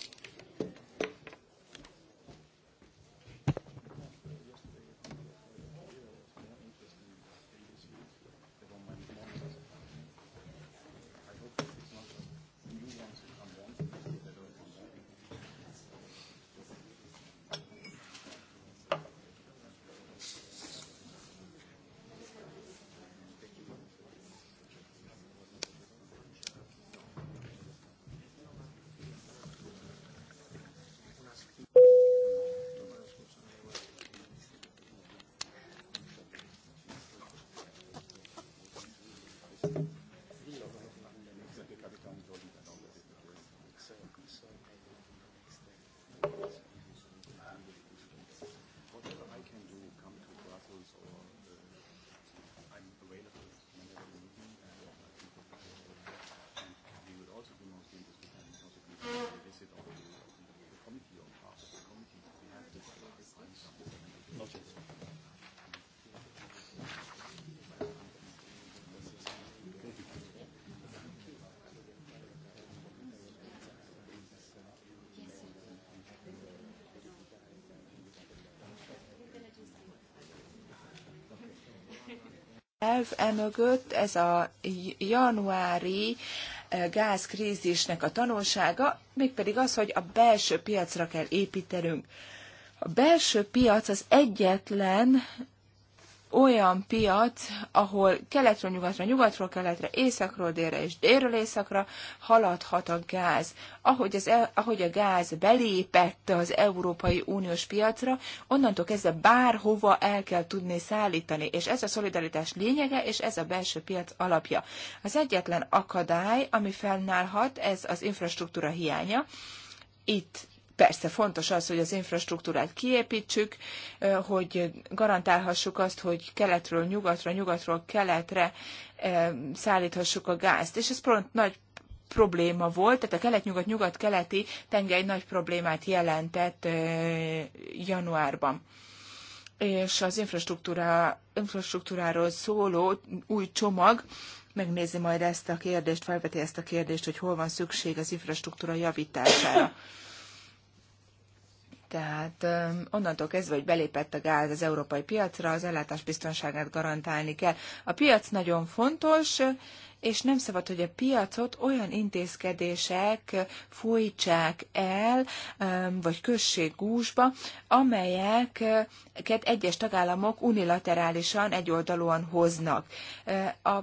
elv emögött, ez a januári e, gázkrízisnek a tanulsága, mégpedig az, hogy a belső piacra kell építenünk. A belső piac az egyetlen olyan piac, ahol keletről nyugatra, nyugatról keletre, északról délre és délről északra haladhat a gáz. Ahogy, az, e, ahogy a gáz belépett az Európai Uniós piacra, onnantól kezdve bárhova el kell tudni szállítani, és ez a szolidaritás lényege, és ez a belső piac alapja. Az egyetlen akadály, ami fennállhat, ez az infrastruktúra hiánya. Itt Persze fontos az, hogy az infrastruktúrát kiépítsük, hogy garantálhassuk azt, hogy keletről nyugatra, nyugatról keletre szállíthassuk a gázt. És ez pont nagy probléma volt, tehát a kelet-nyugat-nyugat-keleti tengely nagy problémát jelentett januárban és az infrastruktúra, infrastruktúráról szóló új csomag megnézi majd ezt a kérdést, felveti ezt a kérdést, hogy hol van szükség az infrastruktúra javítására. Tehát onnantól kezdve, hogy belépett a gáz az európai piacra, az ellátás biztonságát garantálni kell. A piac nagyon fontos, és nem szabad, hogy a piacot olyan intézkedések folytsák el, vagy kössék gúzsba, amelyeket egyes tagállamok unilaterálisan, egyoldalúan hoznak. A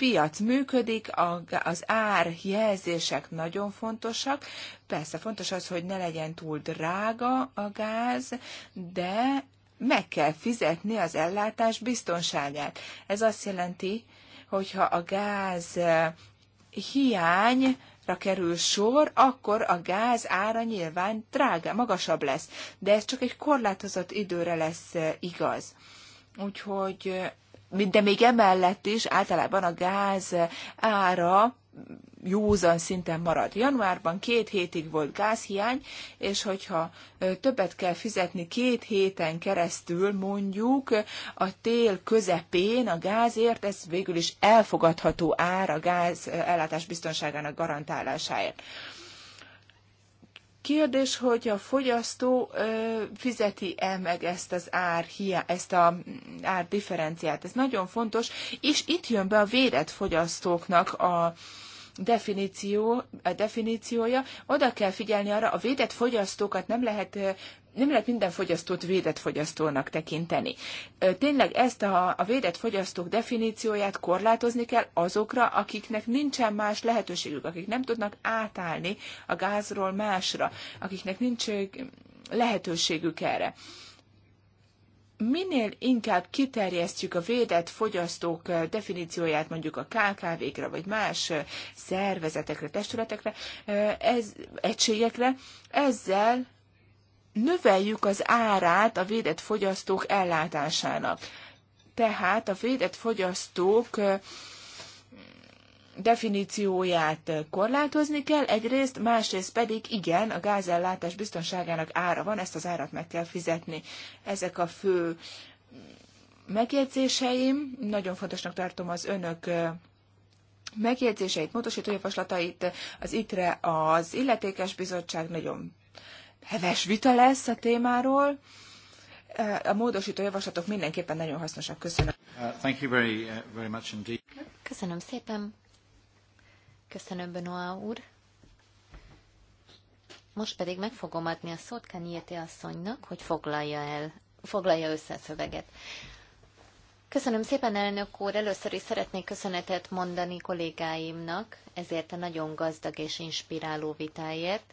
piac működik, az az árjelzések nagyon fontosak. Persze fontos az, hogy ne legyen túl drága a gáz, de meg kell fizetni az ellátás biztonságát. Ez azt jelenti, hogyha a gáz e, hiány, kerül sor, akkor a gáz ára nyilván drága, magasabb lesz. De ez csak egy korlátozott időre lesz e, igaz. Úgyhogy e, de még emellett is általában a gáz ára józan szinten marad. Januárban két hétig volt gázhiány, és hogyha többet kell fizetni két héten keresztül, mondjuk a tél közepén a gázért, ez végül is elfogadható ár a gáz ellátás biztonságának garantálásáért. Kérdés, hogy a fogyasztó fizeti-e meg ezt az ár, hiá, ezt a ár differenciát. Ez nagyon fontos, és itt jön be a védett fogyasztóknak a definíció, a definíciója. Oda kell figyelni arra, a védett fogyasztókat nem lehet nem lehet minden fogyasztót védett fogyasztónak tekinteni. Tényleg ezt a, a védett fogyasztók definícióját korlátozni kell azokra, akiknek nincsen más lehetőségük, akik nem tudnak átállni a gázról másra, akiknek nincs lehetőségük erre minél inkább kiterjesztjük a védett fogyasztók definícióját mondjuk a KKV-kre, vagy más szervezetekre, testületekre, ez, egységekre, ezzel növeljük az árát a védett fogyasztók ellátásának. Tehát a védett fogyasztók definícióját korlátozni kell egyrészt, másrészt pedig igen, a gázellátás biztonságának ára van, ezt az árat meg kell fizetni. Ezek a fő megjegyzéseim, nagyon fontosnak tartom az önök megjegyzéseit, módosító javaslatait, az ITRE az illetékes bizottság nagyon heves vita lesz a témáról. A módosító javaslatok mindenképpen nagyon hasznosak. Köszönöm. Uh, thank you very, uh, very much indeed. Köszönöm szépen. Köszönöm, Benoá úr. Most pedig meg fogom adni a szót Kanyéti asszonynak, hogy foglalja el, foglalja össze a szöveget. Köszönöm szépen, elnök úr! Először is szeretnék köszönetet mondani kollégáimnak ezért a nagyon gazdag és inspiráló vitáért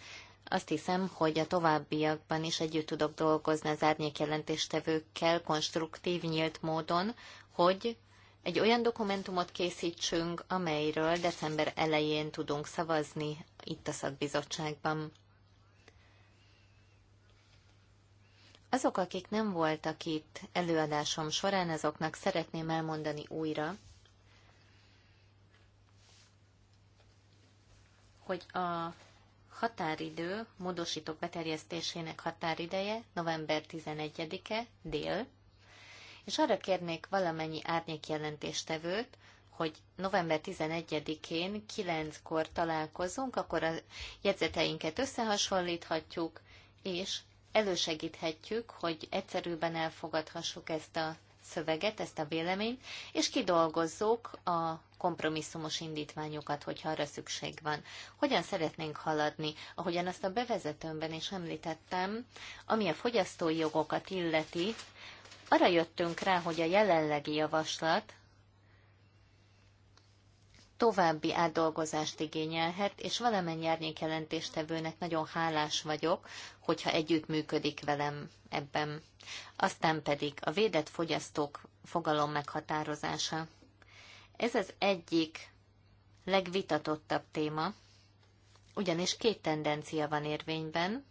azt hiszem, hogy a továbbiakban is együtt tudok dolgozni az árnyékjelentéstevőkkel konstruktív, nyílt módon, hogy egy olyan dokumentumot készítsünk, amelyről december elején tudunk szavazni itt a szakbizottságban. Azok, akik nem voltak itt előadásom során, azoknak szeretném elmondani újra, hogy a Határidő, módosítók beterjesztésének határideje november 11-e, dél, és arra kérnék valamennyi árnyékjelentéstevőt, hogy november 11-én 9-kor találkozunk, akkor a jegyzeteinket összehasonlíthatjuk, és elősegíthetjük, hogy egyszerűbben elfogadhassuk ezt a szöveget, ezt a véleményt, és kidolgozzuk a kompromisszumos indítványokat, hogyha arra szükség van. Hogyan szeretnénk haladni? Ahogyan azt a bevezetőmben is említettem, ami a fogyasztói jogokat illeti, arra jöttünk rá, hogy a jelenlegi javaslat további átdolgozást igényelhet, és valamennyi árnyékjelentéstevőnek nagyon hálás vagyok, hogyha együttműködik velem ebben. Aztán pedig a védett fogyasztók fogalom meghatározása. Ez az egyik legvitatottabb téma, ugyanis két tendencia van érvényben.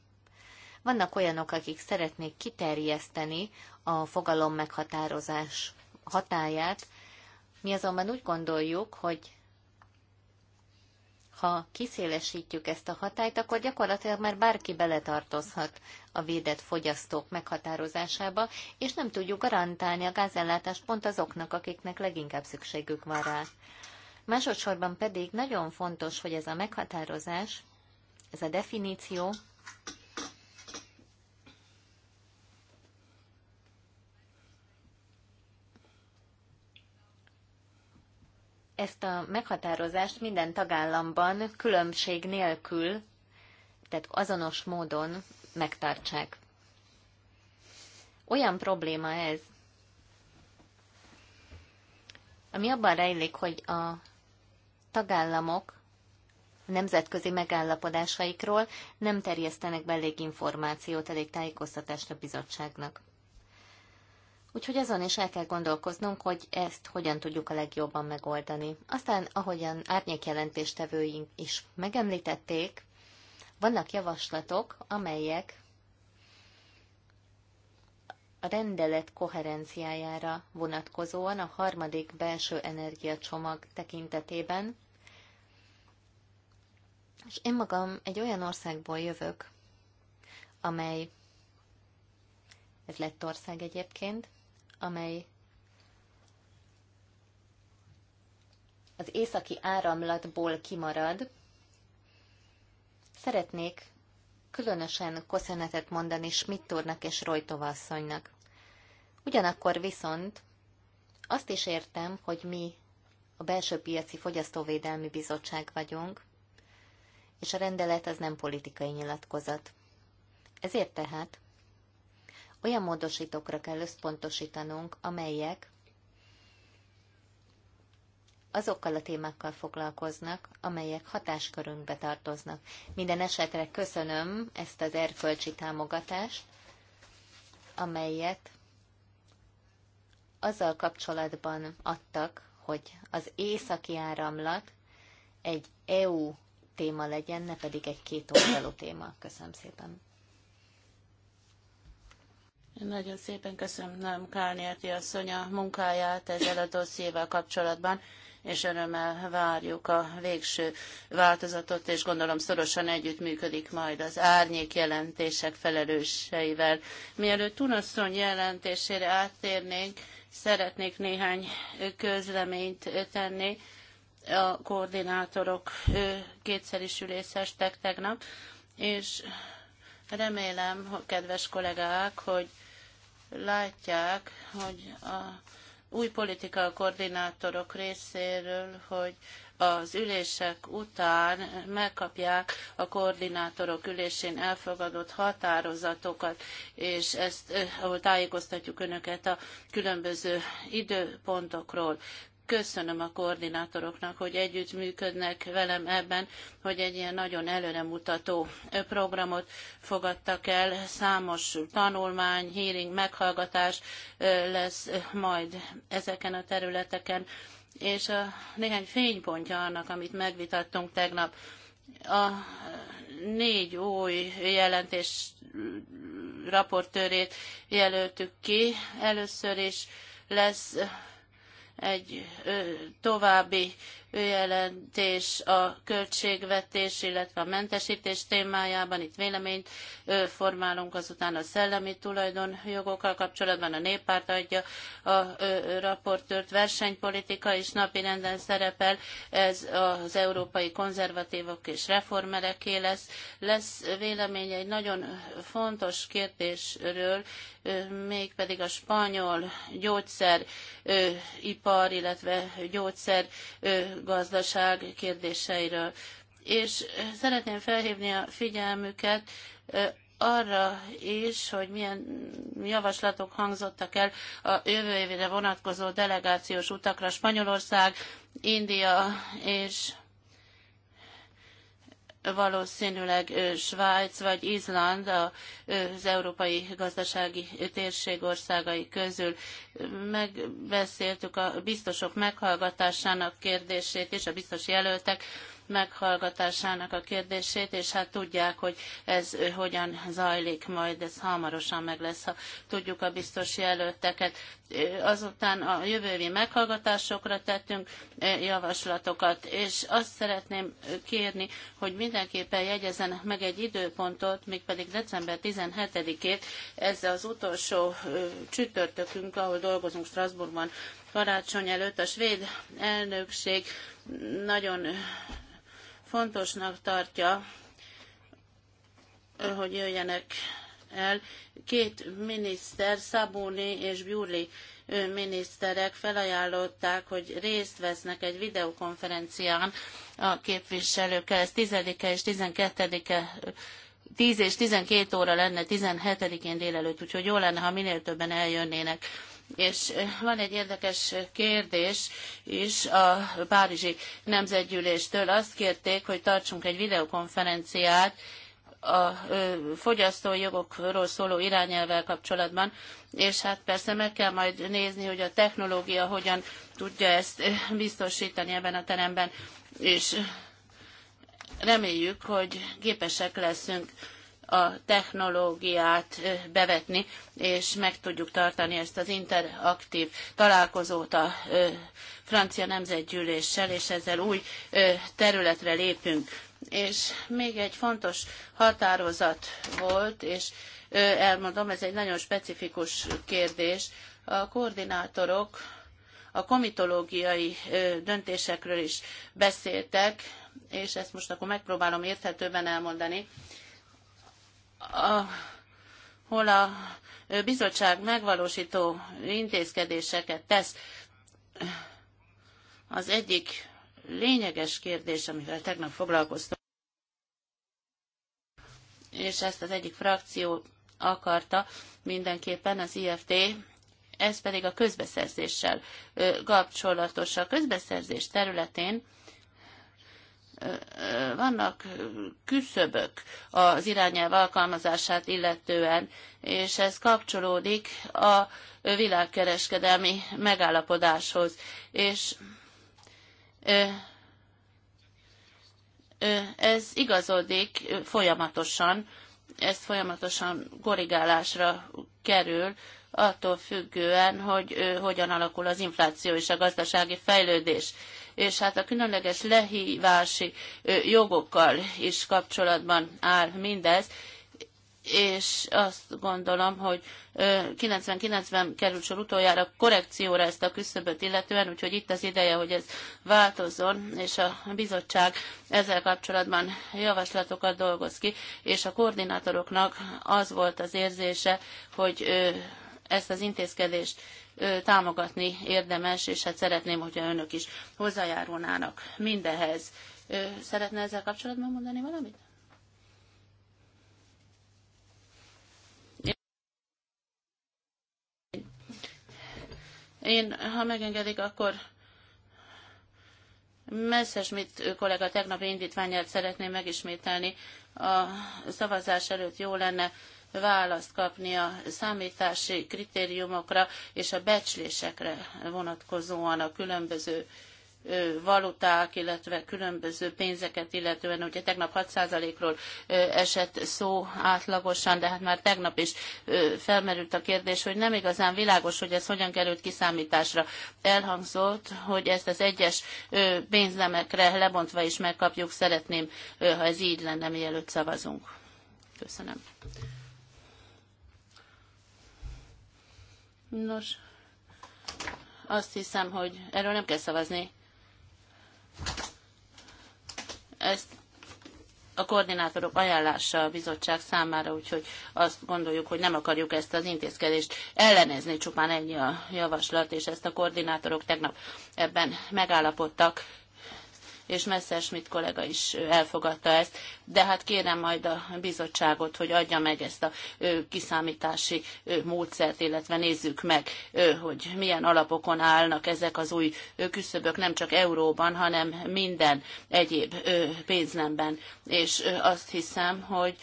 Vannak olyanok, akik szeretnék kiterjeszteni a fogalom meghatározás hatáját, mi azonban úgy gondoljuk, hogy ha kiszélesítjük ezt a hatályt, akkor gyakorlatilag már bárki beletartozhat a védett fogyasztók meghatározásába, és nem tudjuk garantálni a gázellátást pont azoknak, akiknek leginkább szükségük van rá. Másodszorban pedig nagyon fontos, hogy ez a meghatározás, ez a definíció ezt a meghatározást minden tagállamban különbség nélkül, tehát azonos módon megtartsák. Olyan probléma ez, ami abban rejlik, hogy a tagállamok nemzetközi megállapodásaikról nem terjesztenek be elég információt, elég tájékoztatást a bizottságnak. Úgyhogy azon is el kell gondolkoznunk, hogy ezt hogyan tudjuk a legjobban megoldani. Aztán, ahogyan árnyékjelentéstevőink is megemlítették, vannak javaslatok, amelyek a rendelet koherenciájára vonatkozóan a harmadik belső energiacsomag tekintetében, és én magam egy olyan országból jövök, amely, ez lett ország egyébként, amely az északi áramlatból kimarad, szeretnék különösen köszönetet mondani Smittornak és Rojtova asszonynak. Ugyanakkor viszont azt is értem, hogy mi a Belső Piaci Fogyasztóvédelmi Bizottság vagyunk, és a rendelet az nem politikai nyilatkozat. Ezért tehát olyan módosítókra kell összpontosítanunk, amelyek azokkal a témákkal foglalkoznak, amelyek hatáskörünkbe tartoznak. Minden esetre köszönöm ezt az erkölcsi támogatást, amelyet azzal kapcsolatban adtak, hogy az északi áramlat egy EU téma legyen, ne pedig egy kétoldalú téma. Köszönöm szépen. Nagyon szépen köszönöm nem Kálnérti asszony a munkáját ezzel a dossziéval kapcsolatban, és örömmel várjuk a végső változatot, és gondolom szorosan együttműködik majd az árnyék jelentések felelőseivel. Mielőtt Tunasszony jelentésére áttérnénk, szeretnék néhány közleményt tenni. A koordinátorok kétszer is ülészestek tegnap, és remélem, kedves kollégák, hogy látják, hogy a új politika koordinátorok részéről, hogy az ülések után megkapják a koordinátorok ülésén elfogadott határozatokat, és ezt, eh, ahol tájékoztatjuk Önöket a különböző időpontokról köszönöm a koordinátoroknak, hogy együttműködnek velem ebben, hogy egy ilyen nagyon előremutató programot fogadtak el. Számos tanulmány, hearing, meghallgatás lesz majd ezeken a területeken. És a néhány fénypontja annak, amit megvitattunk tegnap, a négy új jelentés raportőrét jelöltük ki. Először is lesz egy további jelentés a költségvetés, illetve a mentesítés témájában. Itt véleményt formálunk azután a szellemi tulajdonjogokkal kapcsolatban. A néppárt adja a raportört versenypolitika is renden szerepel. Ez az európai konzervatívok és reformereké lesz. Lesz vélemény egy nagyon fontos kérdésről, mégpedig a spanyol gyógyszeripar, illetve gyógyszer gazdaság kérdéseiről. És eh, szeretném felhívni a figyelmüket eh, arra is, hogy milyen javaslatok hangzottak el a jövő évre vonatkozó delegációs utakra Spanyolország, India és valószínűleg Svájc vagy Izland az európai gazdasági térség országai közül. Megbeszéltük a biztosok meghallgatásának kérdését és a biztos jelöltek meghallgatásának a kérdését, és hát tudják, hogy ez hogyan zajlik majd, ez hamarosan meg lesz, ha tudjuk a biztos jelölteket. Azután a jövővi meghallgatásokra tettünk javaslatokat, és azt szeretném kérni, hogy mindenképpen jegyezenek meg egy időpontot, mégpedig december 17-ét, ez az utolsó csütörtökünk, ahol dolgozunk Strasbourgban karácsony előtt. A svéd elnökség nagyon fontosnak tartja, hogy jöjjenek el két miniszter, Szabóni és Bjúli miniszterek felajánlották, hogy részt vesznek egy videokonferencián a képviselőkkel. Ez 10-e és 12-e 10 és 12 óra lenne 17-én délelőtt, úgyhogy jó lenne, ha minél többen eljönnének és van egy érdekes kérdés is a Párizsi Nemzetgyűléstől. Azt kérték, hogy tartsunk egy videokonferenciát a fogyasztói jogokról szóló irányelvvel kapcsolatban, és hát persze meg kell majd nézni, hogy a technológia hogyan tudja ezt biztosítani ebben a teremben, és reméljük, hogy képesek leszünk a technológiát bevetni, és meg tudjuk tartani ezt az interaktív találkozót a francia nemzetgyűléssel, és ezzel új területre lépünk. És még egy fontos határozat volt, és elmondom, ez egy nagyon specifikus kérdés. A koordinátorok a komitológiai döntésekről is beszéltek, és ezt most akkor megpróbálom érthetőben elmondani ahol a bizottság megvalósító intézkedéseket tesz. Az egyik lényeges kérdés, amivel tegnap foglalkoztam, és ezt az egyik frakció akarta mindenképpen az IFT, ez pedig a közbeszerzéssel kapcsolatos. A közbeszerzés területén vannak küszöbök az irányelv alkalmazását illetően, és ez kapcsolódik a világkereskedelmi megállapodáshoz. És ez igazodik folyamatosan, ez folyamatosan korrigálásra kerül, attól függően, hogy hogyan alakul az infláció és a gazdasági fejlődés és hát a különleges lehívási jogokkal is kapcsolatban áll mindez, és azt gondolom, hogy 99-ben került sor utoljára korrekcióra ezt a küszöböt illetően, úgyhogy itt az ideje, hogy ez változzon, és a bizottság ezzel kapcsolatban javaslatokat dolgoz ki, és a koordinátoroknak az volt az érzése, hogy ezt az intézkedést támogatni érdemes, és hát szeretném, hogyha önök is hozzájárulnának mindehez. Szeretne ezzel kapcsolatban mondani valamit? Én, ha megengedik, akkor Messerschmidt kollega tegnapi indítványát szeretném megismételni. A szavazás előtt jó lenne választ kapni a számítási kritériumokra és a becslésekre vonatkozóan a különböző valuták, illetve különböző pénzeket illetően, ugye tegnap 6%-ról esett szó átlagosan, de hát már tegnap is felmerült a kérdés, hogy nem igazán világos, hogy ez hogyan került kiszámításra. Elhangzott, hogy ezt az egyes pénznemekre lebontva is megkapjuk, szeretném, ha ez így lenne, mielőtt szavazunk. Köszönöm. Nos, azt hiszem, hogy erről nem kell szavazni. Ezt a koordinátorok ajánlása a bizottság számára, úgyhogy azt gondoljuk, hogy nem akarjuk ezt az intézkedést ellenezni, csupán ennyi a javaslat, és ezt a koordinátorok tegnap ebben megállapodtak és Messerschmidt kollega is elfogadta ezt, de hát kérem majd a bizottságot, hogy adja meg ezt a kiszámítási módszert, illetve nézzük meg, hogy milyen alapokon állnak ezek az új küszöbök, nem csak euróban, hanem minden egyéb pénznemben. És azt hiszem, hogy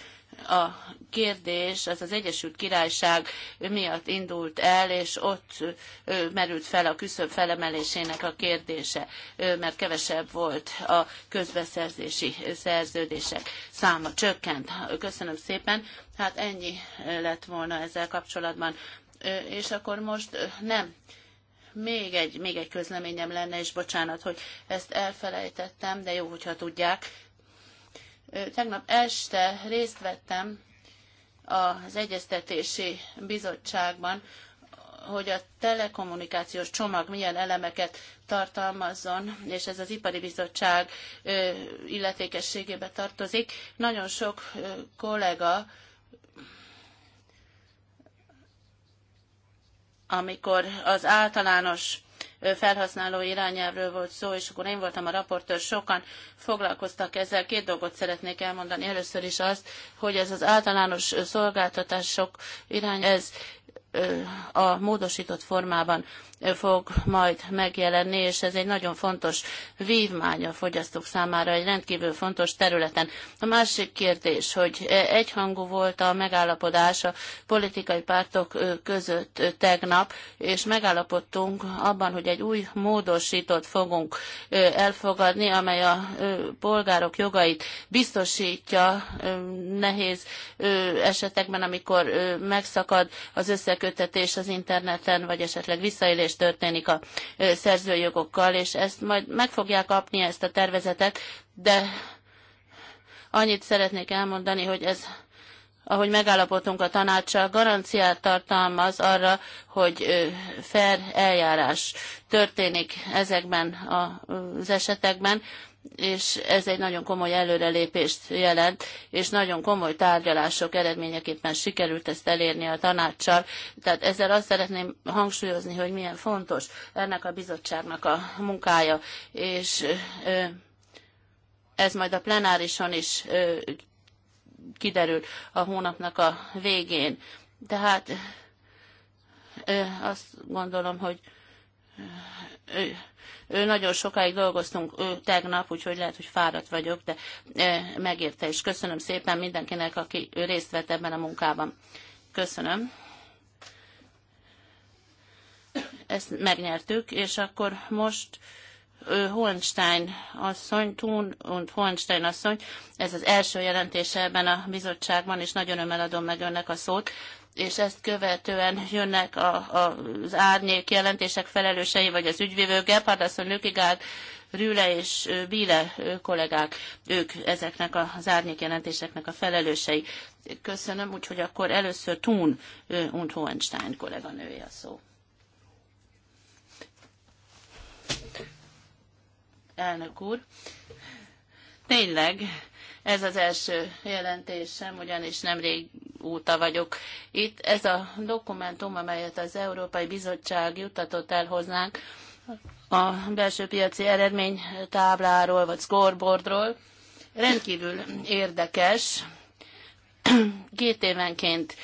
a kérdés az az Egyesült Királyság miatt indult el, és ott merült fel a küszöb felemelésének a kérdése, mert kevesebb volt a közbeszerzési szerződések száma csökkent. Köszönöm szépen. Hát ennyi lett volna ezzel kapcsolatban. És akkor most nem még egy, még egy közleményem lenne, és bocsánat, hogy ezt elfelejtettem, de jó, hogyha tudják, Tegnap este részt vettem az Egyeztetési Bizottságban, hogy a telekommunikációs csomag milyen elemeket tartalmazzon, és ez az Ipari Bizottság illetékességébe tartozik. Nagyon sok kollega, amikor az általános felhasználó irányelvről volt szó, és akkor én voltam a raportőr, sokan foglalkoztak ezzel. Két dolgot szeretnék elmondani. Először is azt, hogy ez az általános szolgáltatások irány, ez a módosított formában fog majd megjelenni, és ez egy nagyon fontos vívmány a fogyasztók számára, egy rendkívül fontos területen. A másik kérdés, hogy egyhangú volt a megállapodás a politikai pártok között tegnap, és megállapodtunk abban, hogy egy új módosítót fogunk elfogadni, amely a polgárok jogait biztosítja nehéz esetekben, amikor megszakad az összekötés összeköttetés az interneten, vagy esetleg visszaélés történik a szerzőjogokkal, és ezt majd meg fogják kapni ezt a tervezetet, de annyit szeretnék elmondani, hogy ez ahogy megállapodtunk a tanácssal, garanciát tartalmaz arra, hogy fair eljárás történik ezekben az esetekben, és ez egy nagyon komoly előrelépést jelent, és nagyon komoly tárgyalások eredményeképpen sikerült ezt elérni a tanácssal. Tehát ezzel azt szeretném hangsúlyozni, hogy milyen fontos ennek a bizottságnak a munkája, és ez majd a plenárison is kiderül a hónapnak a végén. Tehát azt gondolom, hogy nagyon sokáig dolgoztunk tegnap, úgyhogy lehet, hogy fáradt vagyok, de megérte, is. köszönöm szépen mindenkinek, aki részt vett ebben a munkában. Köszönöm. Ezt megnyertük, és akkor most Holnstein asszony, Thun und Holnstein asszony, ez az első jelentése ebben a bizottságban, és nagyon ömmel adom meg önnek a szót, és ezt követően jönnek a, a, az árnyék jelentések felelősei, vagy az ügyvívő Gepard, aztán Lükigárd, Rüle és Bíle kollégák, ők ezeknek az árnyék jelentéseknek a felelősei. Köszönöm, úgyhogy akkor először Thun und Hohenstein kolléganője a szó. Elnök úr, tényleg ez az első jelentésem, ugyanis nemrég óta vagyok itt. Ez a dokumentum, amelyet az Európai Bizottság juttatott el hozzánk a belső piaci eredmény tábláról vagy scoreboardról, rendkívül érdekes. Két évenként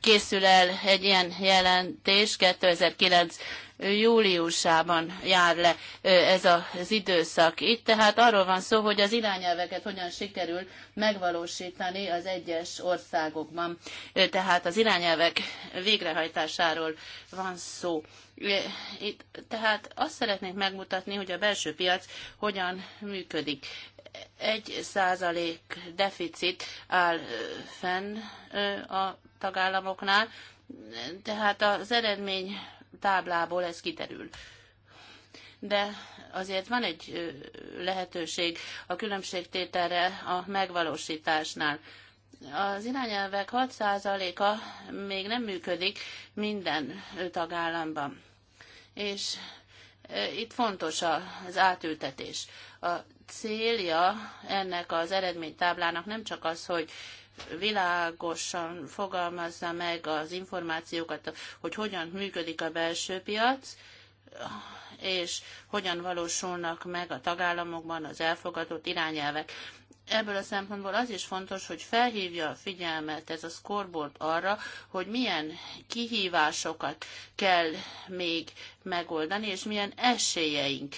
készül el egy ilyen jelentés 2009 júliusában jár le ez az időszak. Itt tehát arról van szó, hogy az irányelveket hogyan sikerül megvalósítani az egyes országokban. Tehát az irányelvek végrehajtásáról van szó. Itt, tehát azt szeretnék megmutatni, hogy a belső piac hogyan működik. Egy százalék deficit áll fenn a tagállamoknál, tehát az eredmény táblából ez kiderül de azért van egy lehetőség a különbségtételre a megvalósításnál. Az irányelvek 6%-a még nem működik minden tagállamban. És itt fontos az átültetés. A célja ennek az eredménytáblának nem csak az, hogy világosan fogalmazza meg az információkat, hogy hogyan működik a belső piac, és hogyan valósulnak meg a tagállamokban az elfogadott irányelvek. Ebből a szempontból az is fontos, hogy felhívja a figyelmet ez a scoreboard arra, hogy milyen kihívásokat kell még megoldani, és milyen esélyeink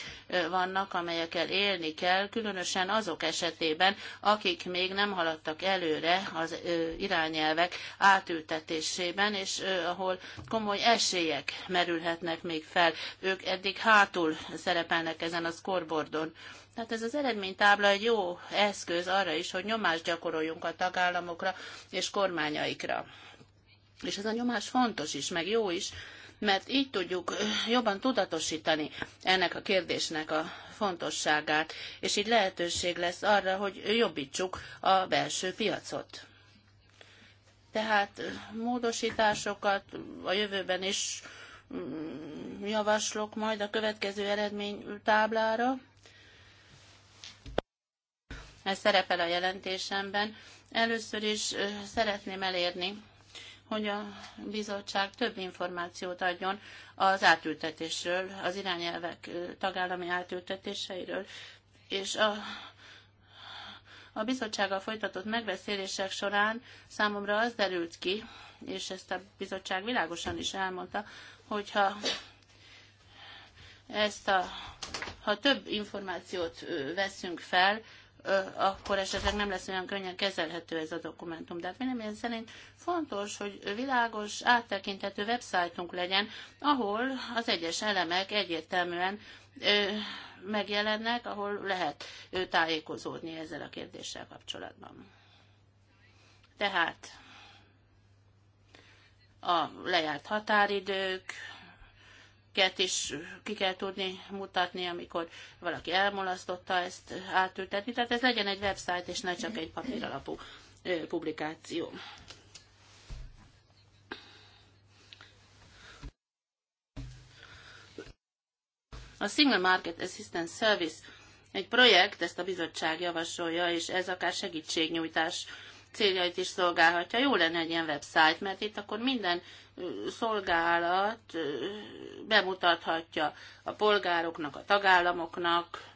vannak, amelyekkel élni kell, különösen azok esetében, akik még nem haladtak előre az irányelvek átültetésében, és ahol komoly esélyek merülhetnek még fel. Ők eddig hátul szerepelnek ezen a scoreboardon. Tehát ez az eredménytábla egy jó eszköz arra is, hogy nyomást gyakoroljunk a tagállamokra és kormányaikra. És ez a nyomás fontos is, meg jó is, mert így tudjuk jobban tudatosítani ennek a kérdésnek a fontosságát, és így lehetőség lesz arra, hogy jobbítsuk a belső piacot. Tehát módosításokat a jövőben is mm, javaslok majd a következő eredmény táblára. Ez szerepel a jelentésemben. Először is szeretném elérni, hogy a bizottság több információt adjon az átültetésről, az irányelvek tagállami átültetéseiről, és a, a bizottsággal folytatott megbeszélések során számomra az derült ki, és ezt a bizottság világosan is elmondta, hogyha ezt a, ha több információt veszünk fel, akkor esetleg nem lesz olyan könnyen kezelhető ez a dokumentum. De hát véleményem szerint fontos, hogy világos, áttekinthető websájtunk legyen, ahol az egyes elemek egyértelműen megjelennek, ahol lehet tájékozódni ezzel a kérdéssel kapcsolatban. Tehát a lejárt határidők, ket is ki kell tudni mutatni, amikor valaki elmulasztotta ezt átültetni. Tehát ez legyen egy website, és ne csak egy papír alapú publikáció. A Single Market Assistance Service egy projekt, ezt a bizottság javasolja, és ez akár segítségnyújtás céljait is szolgálhatja. Jó lenne egy ilyen website, mert itt akkor minden szolgálat bemutathatja a polgároknak, a tagállamoknak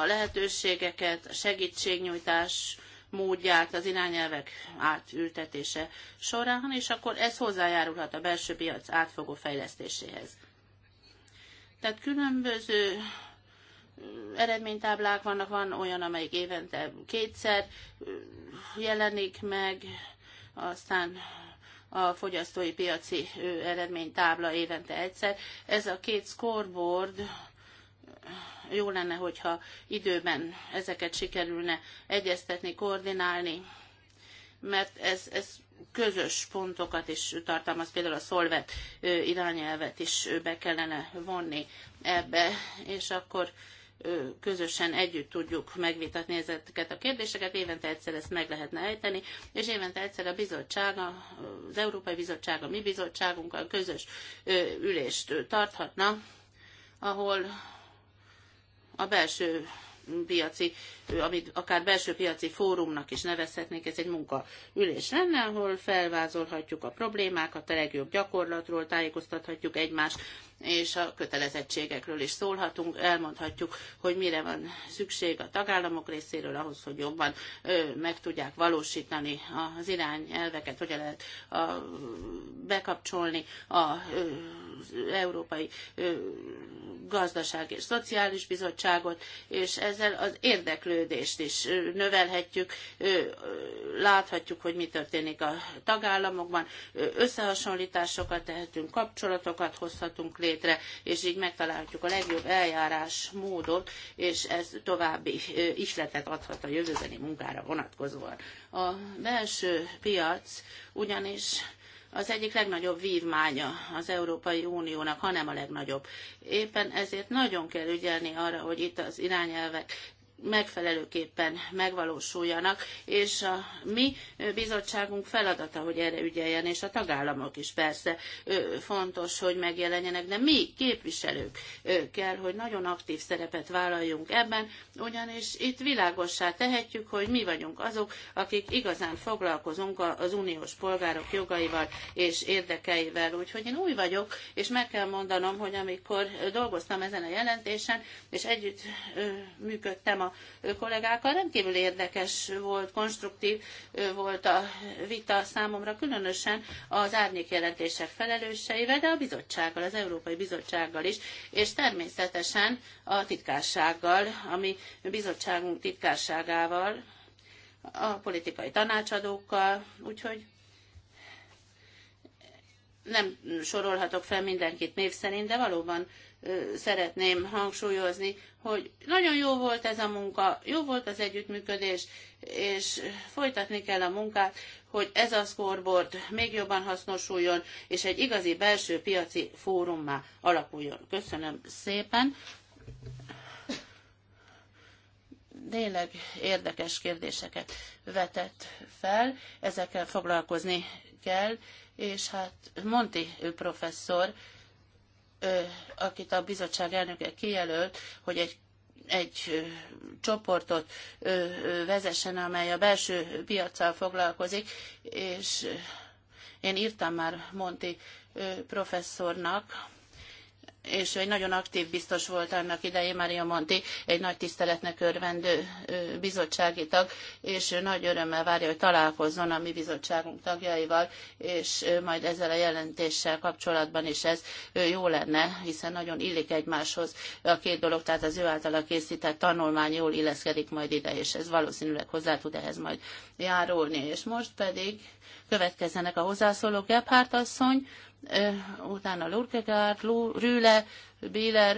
a lehetőségeket, a segítségnyújtás módját az irányelvek átültetése során, és akkor ez hozzájárulhat a belső piac átfogó fejlesztéséhez. Tehát különböző eredménytáblák vannak, van olyan, amelyik évente kétszer jelenik meg, aztán a fogyasztói piaci eredménytábla évente egyszer. Ez a két scoreboard jó lenne, hogyha időben ezeket sikerülne egyeztetni, koordinálni, mert ez, ez közös pontokat is tartalmaz, például a szolvet irányelvet is be kellene vonni ebbe, és akkor közösen együtt tudjuk megvitatni ezeket a kérdéseket. Évente egyszer ezt meg lehetne ejteni, és évente egyszer a bizottság, az Európai Bizottság, a mi bizottságunkkal közös ülést tarthatna, ahol a belső piaci, amit akár belső piaci fórumnak is nevezhetnénk, ez egy munkaülés lenne, ahol felvázolhatjuk a problémákat, a legjobb gyakorlatról tájékoztathatjuk egymást, és a kötelezettségekről is szólhatunk, elmondhatjuk, hogy mire van szükség a tagállamok részéről ahhoz, hogy jobban meg tudják valósítani az irányelveket, hogyan lehet a, bekapcsolni az Európai Gazdaság és Szociális Bizottságot, és ezzel az érdeklődést is növelhetjük, láthatjuk, hogy mi történik a tagállamokban, összehasonlításokat tehetünk, kapcsolatokat hozhatunk létre, létre, és így megtalálhatjuk a legjobb eljárás módot, és ez további isletet adhat a jövőbeni munkára vonatkozóan. A belső piac ugyanis az egyik legnagyobb vívmánya az Európai Uniónak, hanem a legnagyobb. Éppen ezért nagyon kell ügyelni arra, hogy itt az irányelvek megfelelőképpen megvalósuljanak, és a mi bizottságunk feladata, hogy erre ügyeljen, és a tagállamok is persze fontos, hogy megjelenjenek, de mi képviselők kell, hogy nagyon aktív szerepet vállaljunk ebben, ugyanis itt világossá tehetjük, hogy mi vagyunk azok, akik igazán foglalkozunk az uniós polgárok jogaival és érdekeivel. Úgyhogy én új vagyok, és meg kell mondanom, hogy amikor dolgoztam ezen a jelentésen, és együtt működtem a a kollégákkal. Rendkívül érdekes volt, konstruktív volt a vita számomra, különösen az árnyékjelentések felelőseivel, de a bizottsággal, az Európai Bizottsággal is, és természetesen a titkársággal, ami bizottságunk titkárságával, a politikai tanácsadókkal, úgyhogy nem sorolhatok fel mindenkit név szerint, de valóban szeretném hangsúlyozni, hogy nagyon jó volt ez a munka, jó volt az együttműködés, és folytatni kell a munkát, hogy ez a scoreboard még jobban hasznosuljon, és egy igazi belső piaci fórummá alakuljon. Köszönöm szépen. Tényleg érdekes kérdéseket vetett fel, ezekkel foglalkozni kell, és hát Monti professzor, akit a bizottság elnöke kijelölt, hogy egy egy csoportot vezessen, amely a belső piaccal foglalkozik, és én írtam már Monti professzornak, és egy nagyon aktív biztos volt annak idején Mária Monti, egy nagy tiszteletnek örvendő bizottsági tag, és nagy örömmel várja, hogy találkozzon a mi bizottságunk tagjaival, és majd ezzel a jelentéssel kapcsolatban is ez jó lenne, hiszen nagyon illik egymáshoz a két dolog, tehát az ő általa készített tanulmány jól illeszkedik majd ide, és ez valószínűleg hozzá tud ehhez majd járulni. És most pedig következzenek a hozzászólók, Gebhardt asszony, utána Lurkegaard, Rüle, Bieler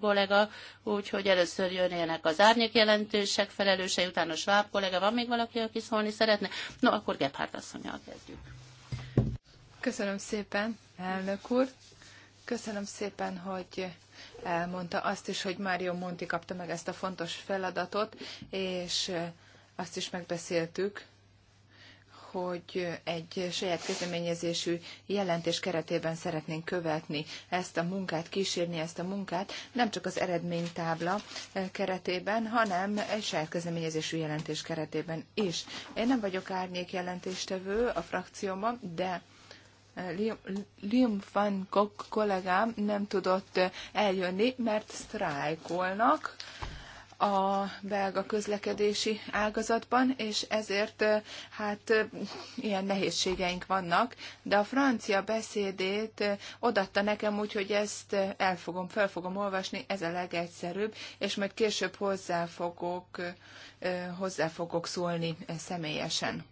kollega, úgyhogy először jönnének az árnyék jelentősek felelősei, utána Schwab kollega. Van még valaki, aki szólni szeretne? No, akkor Gebhardt asszonyjal kezdjük. Köszönöm szépen, elnök úr. Köszönöm szépen, hogy elmondta azt is, hogy Mário Monti kapta meg ezt a fontos feladatot, és azt is megbeszéltük, hogy egy saját kezdeményezésű jelentés keretében szeretnénk követni ezt a munkát, kísérni ezt a munkát, nem csak az eredménytábla eh, keretében, hanem egy saját kezdeményezésű jelentés keretében is. Én nem vagyok árnyék jelentéstevő a frakcióban, de eh, Liam van Gogh kollégám nem tudott eh, eljönni, mert sztrájkolnak a belga közlekedési ágazatban, és ezért hát ilyen nehézségeink vannak, de a francia beszédét odatta nekem úgy, hogy ezt elfogom, fel fogom olvasni, ez a legegyszerűbb, és majd később hozzá fogok, hozzá fogok szólni személyesen.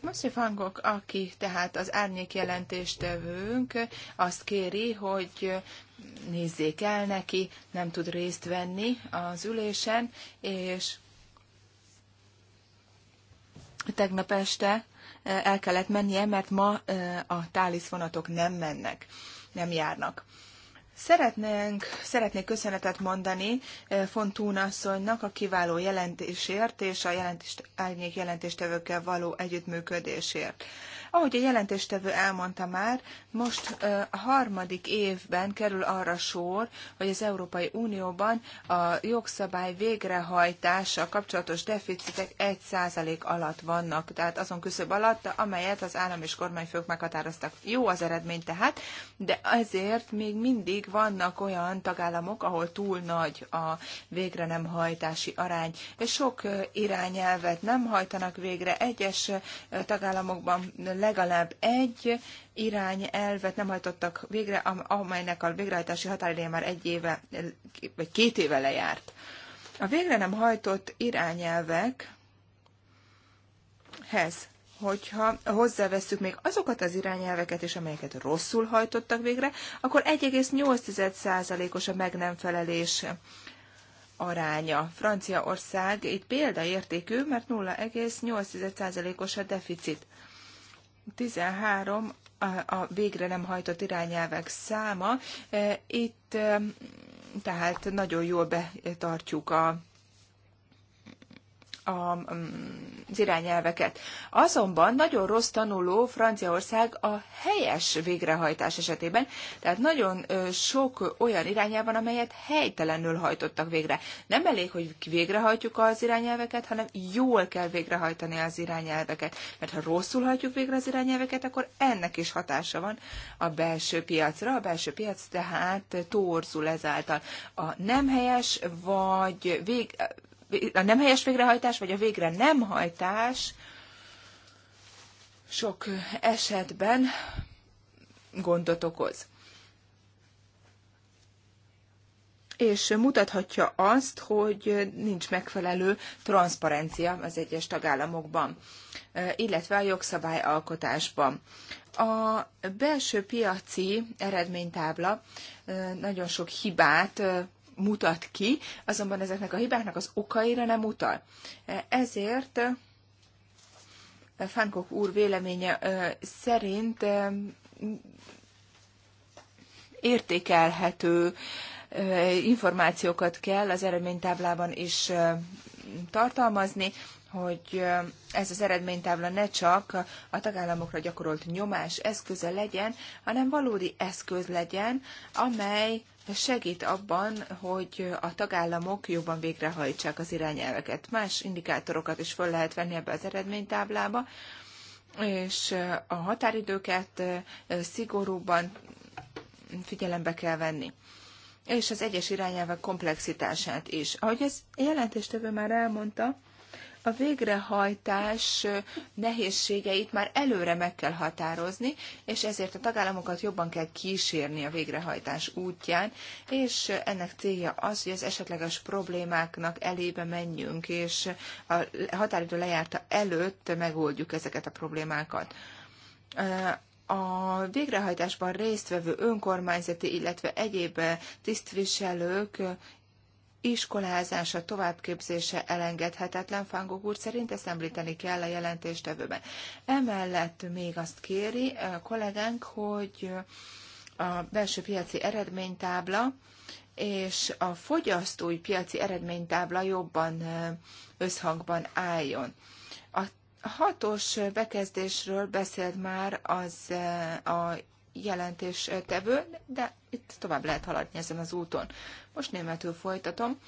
Monsieur Fangok, aki tehát az árnyék tevőnk, azt kéri, hogy nézzék el neki, nem tud részt venni az ülésen, és tegnap este e, el kellett mennie, mert ma e, a tálisz vonatok nem mennek, nem járnak. Szeretnénk, szeretnék köszönetet mondani eh, Fontún asszonynak a kiváló jelentésért és a jelentést, árnyék jelentéstevőkkel való együttműködésért. Ahogy a jelentéstevő elmondta már, most eh, a harmadik évben kerül arra sor, hogy az Európai Unióban a jogszabály végrehajtása kapcsolatos deficitek 1% alatt vannak, tehát azon küszöb alatt, amelyet az állam és kormányfők meghatároztak. Jó az eredmény tehát, de ezért még mindig pedig vannak olyan tagállamok, ahol túl nagy a végre nem hajtási arány. Sok irányelvet nem hajtanak végre. Egyes tagállamokban legalább egy irányelvet nem hajtottak végre, amelynek a végrehajtási határideje már egy éve, vagy két éve lejárt. A végre nem hajtott irányelvekhez hogyha hozzáveszünk még azokat az irányelveket is, amelyeket rosszul hajtottak végre, akkor 1,8%-os a meg nem felelés aránya. Franciaország itt példaértékű, mert 0,8%-os a deficit. 13 a végre nem hajtott irányelvek száma. E, itt e, tehát nagyon jól betartjuk a az irányelveket. Azonban nagyon rossz tanuló Franciaország a helyes végrehajtás esetében, tehát nagyon sok olyan irányelv van, amelyet helytelenül hajtottak végre. Nem elég, hogy végrehajtjuk az irányelveket, hanem jól kell végrehajtani az irányelveket. Mert ha rosszul hajtjuk végre az irányelveket, akkor ennek is hatása van a belső piacra. A belső piac tehát torzul ezáltal. A nem helyes vagy vég, a nem helyes végrehajtás, vagy a végre nem hajtás sok esetben gondot okoz. és mutathatja azt, hogy nincs megfelelő transzparencia az egyes tagállamokban, illetve a jogszabályalkotásban. A belső piaci eredménytábla nagyon sok hibát mutat ki, azonban ezeknek a hibáknak az okaira nem utal. Ezért eh, Fánkok úr véleménye eh, szerint eh, értékelhető információkat kell az eredménytáblában is tartalmazni, hogy ez az eredménytábla ne csak a tagállamokra gyakorolt nyomás eszköze legyen, hanem valódi eszköz legyen, amely segít abban, hogy a tagállamok jobban végrehajtsák az irányelveket. Más indikátorokat is föl lehet venni ebbe az eredménytáblába, és a határidőket szigorúban figyelembe kell venni és az egyes irányelvek komplexitását is. Ahogy ez jelentéstevő már elmondta, a végrehajtás nehézségeit már előre meg kell határozni, és ezért a tagállamokat jobban kell kísérni a végrehajtás útján, és ennek célja az, hogy az esetleges problémáknak elébe menjünk, és a határidő lejárta előtt megoldjuk ezeket a problémákat a végrehajtásban résztvevő önkormányzati, illetve egyéb tisztviselők iskolázása, továbbképzése elengedhetetlen, Fangok úr szerint ezt említeni kell a jelentéstevőben. Emellett még azt kéri a eh, kollégánk, hogy a belső piaci eredménytábla és a fogyasztói piaci eredménytábla jobban eh, összhangban álljon. A hatos bekezdésről beszélt már az eh, a jelentéstevő, de itt tovább lehet haladni ezen az úton. Most németül folytatom.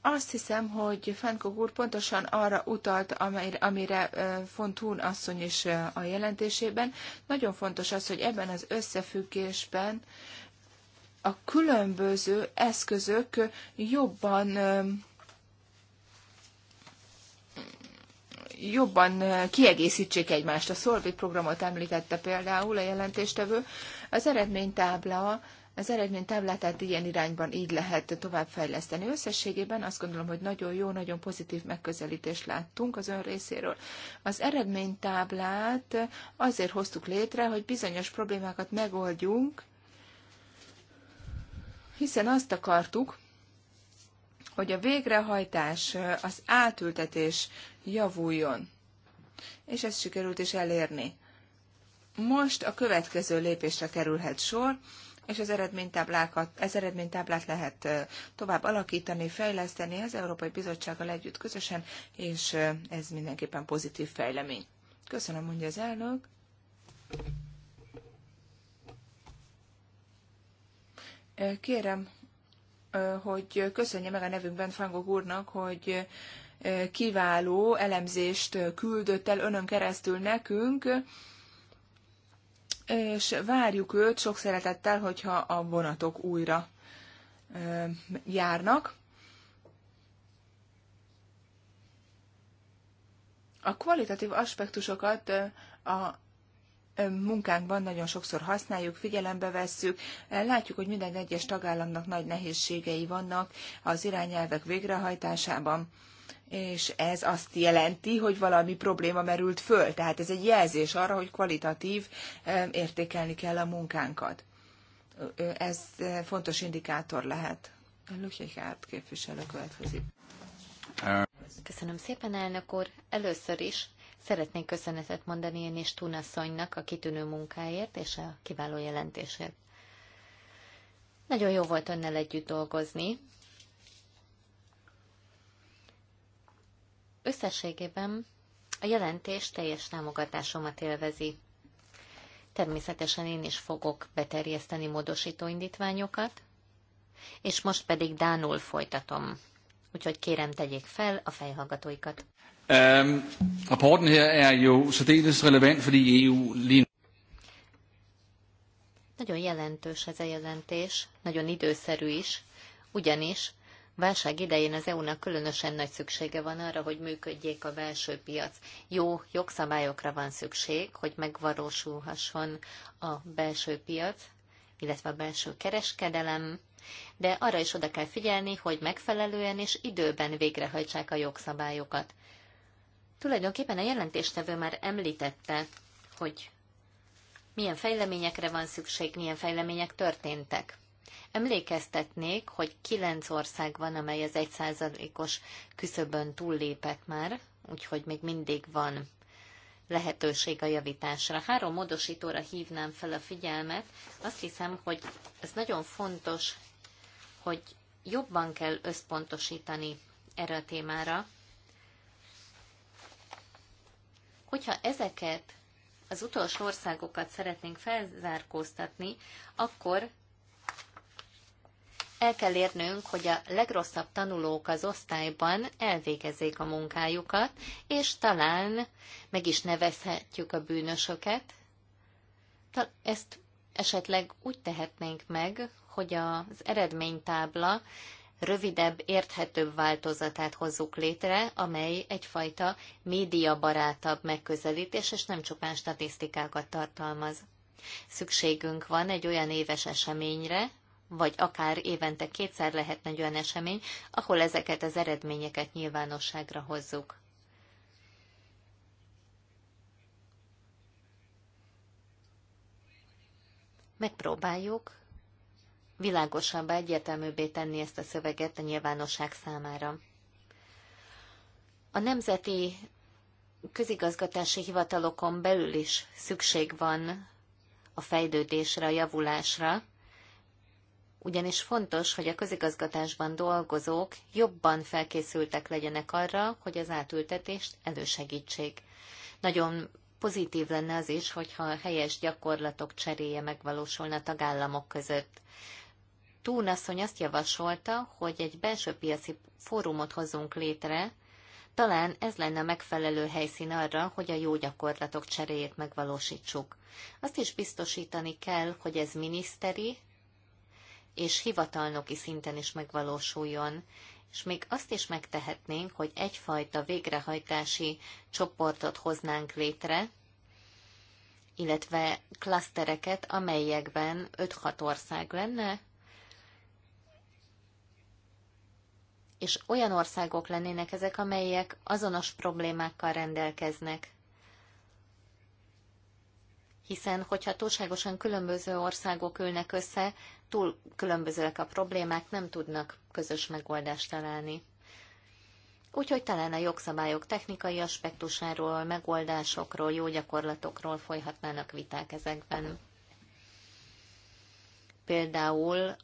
Azt hiszem, hogy Fenkog úr pontosan arra utalt, amire, amire Fontún asszony is a jelentésében. Nagyon fontos az, hogy ebben az összefüggésben a különböző eszközök jobban jobban kiegészítsék egymást. A Solvit programot említette például a jelentéstevő. Az eredménytábla az eredménytáblát tehát ilyen irányban így lehet továbbfejleszteni. Összességében azt gondolom, hogy nagyon jó, nagyon pozitív megközelítést láttunk az ön részéről. Az eredménytáblát azért hoztuk létre, hogy bizonyos problémákat megoldjunk, hiszen azt akartuk, hogy a végrehajtás, az átültetés javuljon. És ezt sikerült is elérni. Most a következő lépésre kerülhet sor, és az eredménytáblákat, ez eredménytáblát lehet tovább alakítani, fejleszteni az Európai Bizottsággal együtt közösen, és ez mindenképpen pozitív fejlemény. Köszönöm, mondja az elnök. Kérem, hogy köszönje meg a nevünkben Fangok úrnak, hogy kiváló elemzést küldött el önön keresztül nekünk, és várjuk őt sok szeretettel, hogyha a vonatok újra járnak. A kvalitatív aspektusokat a munkánkban nagyon sokszor használjuk, figyelembe vesszük. Látjuk, hogy minden egyes tagállamnak nagy nehézségei vannak az irányelvek végrehajtásában és ez azt jelenti, hogy valami probléma merült föl. Tehát ez egy jelzés arra, hogy kvalitatív értékelni kell a munkánkat. Ez fontos indikátor lehet. Lutyek képviselő következik. Köszönöm szépen, elnök úr. Először is Szeretnék köszönetet mondani én is Szonynak a kitűnő munkáért és a kiváló jelentésért. Nagyon jó volt önnel együtt dolgozni. Összességében a jelentés teljes támogatásomat élvezi. Természetesen én is fogok beterjeszteni módosító indítványokat, és most pedig Dánul folytatom. Úgyhogy kérem tegyék fel a fejhallgatóikat. Øhm, rapporten her er jo særdeles relevant, fordi EU lige Nagyon jelentős ez a jelentés, nagyon időszerű is, ugyanis válság idején az EU-nak különösen nagy szüksége van arra, hogy működjék a belső piac. Jó jogszabályokra van szükség, hogy megvalósulhasson a belső piac, illetve a belső kereskedelem, de arra is oda kell figyelni, hogy megfelelően és időben végrehajtsák a jogszabályokat. Tulajdonképpen a jelentéstevő már említette, hogy milyen fejleményekre van szükség, milyen fejlemények történtek. Emlékeztetnék, hogy kilenc ország van, amely az egyszázalékos küszöbön túllépett már, úgyhogy még mindig van lehetőség a javításra. Három módosítóra hívnám fel a figyelmet. Azt hiszem, hogy ez nagyon fontos, hogy jobban kell összpontosítani erre a témára, Hogyha ezeket az utolsó országokat szeretnénk felzárkóztatni, akkor el kell érnünk, hogy a legrosszabb tanulók az osztályban elvégezzék a munkájukat, és talán meg is nevezhetjük a bűnösöket. Ezt esetleg úgy tehetnénk meg, hogy az eredménytábla rövidebb, érthetőbb változatát hozzuk létre, amely egyfajta médiabarátabb megközelítés, és nem csupán statisztikákat tartalmaz. Szükségünk van egy olyan éves eseményre, vagy akár évente kétszer lehetne egy olyan esemény, ahol ezeket az eredményeket nyilvánosságra hozzuk. Megpróbáljuk világosabbá, egyértelműbbé tenni ezt a szöveget a nyilvánosság számára. A nemzeti közigazgatási hivatalokon belül is szükség van a fejlődésre, a javulásra, ugyanis fontos, hogy a közigazgatásban dolgozók jobban felkészültek legyenek arra, hogy az átültetést elősegítsék. Nagyon pozitív lenne az is, hogyha a helyes gyakorlatok cseréje megvalósulna a tagállamok között asszony azt javasolta, hogy egy belső piaci fórumot hozzunk létre, talán ez lenne a megfelelő helyszín arra, hogy a jó gyakorlatok cseréjét megvalósítsuk. Azt is biztosítani kell, hogy ez miniszteri és hivatalnoki szinten is megvalósuljon, és még azt is megtehetnénk, hogy egyfajta végrehajtási csoportot hoznánk létre, illetve klasztereket, amelyekben 5-6 ország lenne, és olyan országok lennének ezek, amelyek azonos problémákkal rendelkeznek. Hiszen, hogyha túlságosan különböző országok ülnek össze, túl különbözőek a problémák, nem tudnak közös megoldást találni. Úgyhogy talán a jogszabályok technikai aspektusáról, megoldásokról, jó gyakorlatokról folyhatnának viták ezekben. Például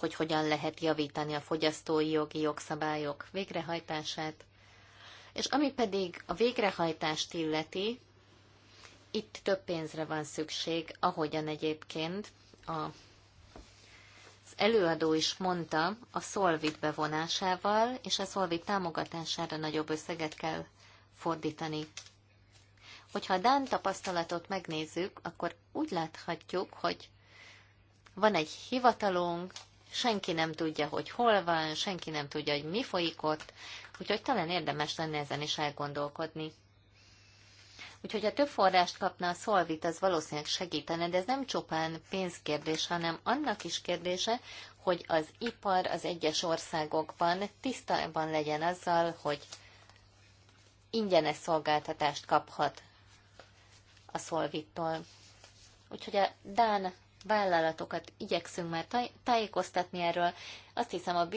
hogy hogyan lehet javítani a fogyasztói jogi jogszabályok végrehajtását. És ami pedig a végrehajtást illeti, itt több pénzre van szükség, ahogyan egyébként a, az előadó is mondta, a szolvid bevonásával és a szolvid támogatására nagyobb összeget kell fordítani. Hogyha a Dán tapasztalatot megnézzük, akkor úgy láthatjuk, hogy van egy hivatalunk, senki nem tudja, hogy hol van, senki nem tudja, hogy mi folyik ott, úgyhogy talán érdemes lenne ezen is elgondolkodni. Úgyhogy ha több forrást kapna a Solvit, az valószínűleg segítene, de ez nem csupán pénzkérdés, hanem annak is kérdése, hogy az ipar az egyes országokban tisztában legyen azzal, hogy ingyenes szolgáltatást kaphat a Solvittól. Úgyhogy a Dán vállalatokat igyekszünk már tájékoztatni erről. Azt hiszem a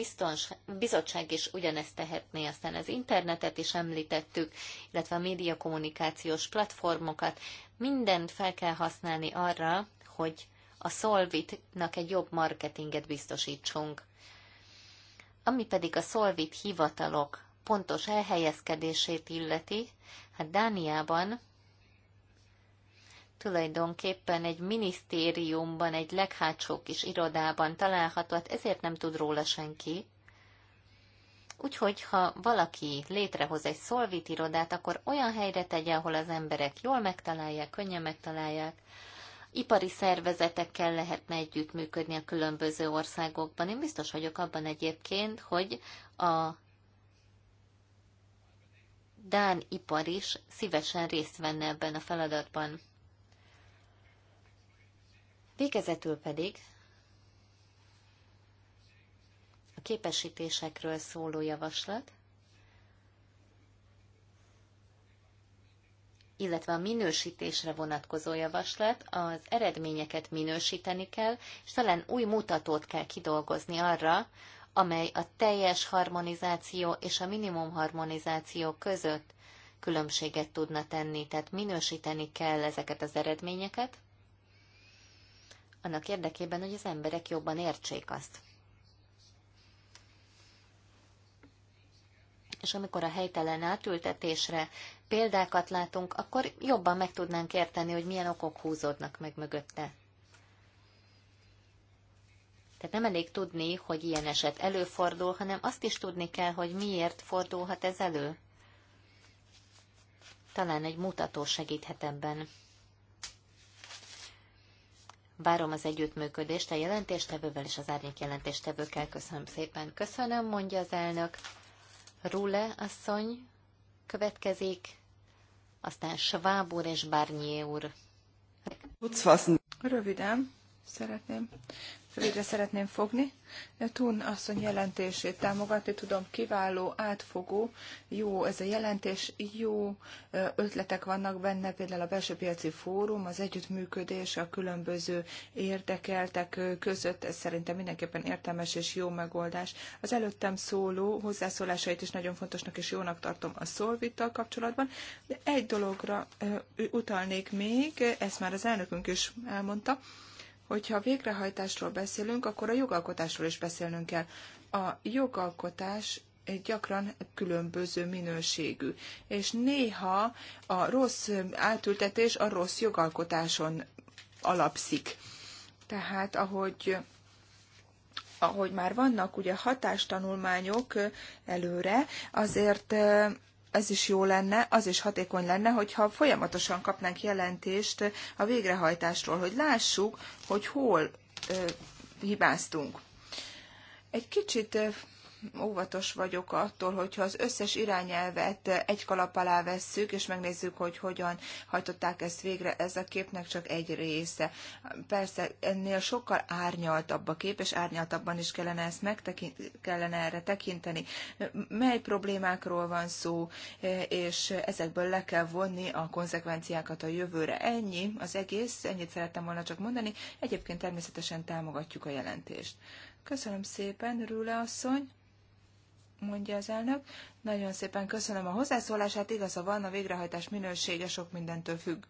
bizottság is ugyanezt tehetné, aztán az internetet is említettük, illetve a médiakommunikációs platformokat. Mindent fel kell használni arra, hogy a Solvit nak egy jobb marketinget biztosítsunk. Ami pedig a Solvit hivatalok pontos elhelyezkedését illeti, hát Dániában tulajdonképpen egy minisztériumban, egy leghátsó kis irodában található, hát ezért nem tud róla senki. Úgyhogy, ha valaki létrehoz egy szolvit irodát, akkor olyan helyre tegye, ahol az emberek jól megtalálják, könnyen megtalálják. Ipari szervezetekkel lehetne együttműködni a különböző országokban. Én biztos vagyok abban egyébként, hogy a Dán ipar is szívesen részt venne ebben a feladatban. Végezetül pedig a képesítésekről szóló javaslat, illetve a minősítésre vonatkozó javaslat, az eredményeket minősíteni kell, és talán új mutatót kell kidolgozni arra, amely a teljes harmonizáció és a minimum harmonizáció között különbséget tudna tenni, tehát minősíteni kell ezeket az eredményeket, annak érdekében, hogy az emberek jobban értsék azt. És amikor a helytelen átültetésre példákat látunk, akkor jobban meg tudnánk érteni, hogy milyen okok húzódnak meg mögötte. Tehát nem elég tudni, hogy ilyen eset előfordul, hanem azt is tudni kell, hogy miért fordulhat ez elő. Talán egy mutató segíthet ebben. Várom az együttműködést a jelentéstevővel és az árnyék jelentéstevőkkel. Köszönöm szépen. Köszönöm, mondja az elnök. Rule asszony következik, aztán Schwab úr és Barnier úr. Röviden szeretném végre szeretném fogni. Tun asszony jelentését támogatni tudom, kiváló, átfogó, jó ez a jelentés, jó ötletek vannak benne, például a belső piaci fórum, az együttműködés a különböző érdekeltek között, ez szerintem mindenképpen értelmes és jó megoldás. Az előttem szóló hozzászólásait is nagyon fontosnak és jónak tartom a szolvittal kapcsolatban, de egy dologra utalnék még, ezt már az elnökünk is elmondta, hogyha végrehajtásról beszélünk, akkor a jogalkotásról is beszélnünk kell. A jogalkotás gyakran különböző minőségű, és néha a rossz átültetés a rossz jogalkotáson alapszik. Tehát, ahogy ahogy már vannak ugye hatástanulmányok előre, azért ez is jó lenne, az is hatékony lenne, hogyha folyamatosan kapnánk jelentést a végrehajtásról, hogy lássuk, hogy hol ö, hibáztunk. Egy kicsit óvatos vagyok attól, hogyha az összes irányelvet egy kalap alá vesszük, és megnézzük, hogy hogyan hajtották ezt végre, ez a képnek csak egy része. Persze ennél sokkal árnyaltabb a kép, és árnyaltabban is kellene ezt kellene erre tekinteni. Mely problémákról van szó, és ezekből le kell vonni a konzekvenciákat a jövőre. Ennyi az egész, ennyit szerettem volna csak mondani. Egyébként természetesen támogatjuk a jelentést. Köszönöm szépen, Rüle asszony mondja az elnök. Nagyon szépen köszönöm a hozzászólását, igaza van, a végrehajtás minősége sok mindentől függ.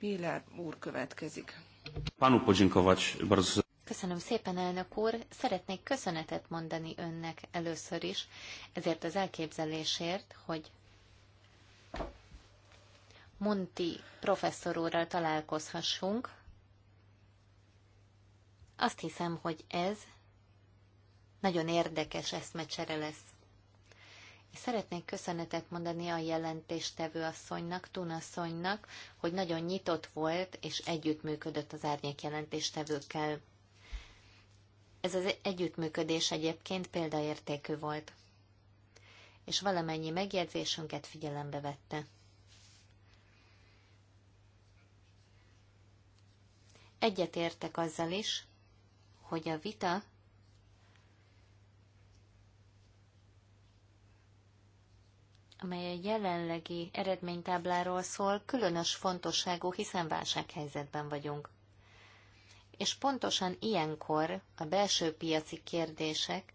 Miller úr következik. Köszönöm szépen, elnök úr! Szeretnék köszönetet mondani önnek először is, ezért az elképzelésért, hogy Monti professzor úrral találkozhassunk. Azt hiszem, hogy ez nagyon érdekes eszmecsere lesz. És szeretnék köszönetet mondani a jelentéstevő asszonynak, Tunasszonynak, hogy nagyon nyitott volt és együttműködött az árnyék jelentéstevőkkel. Ez az együttműködés egyébként példaértékű volt, és valamennyi megjegyzésünket figyelembe vette. Egyetértek azzal is, hogy a vita amely a jelenlegi eredménytábláról szól, különös fontosságú, hiszen válsághelyzetben vagyunk. És pontosan ilyenkor a belső piaci kérdések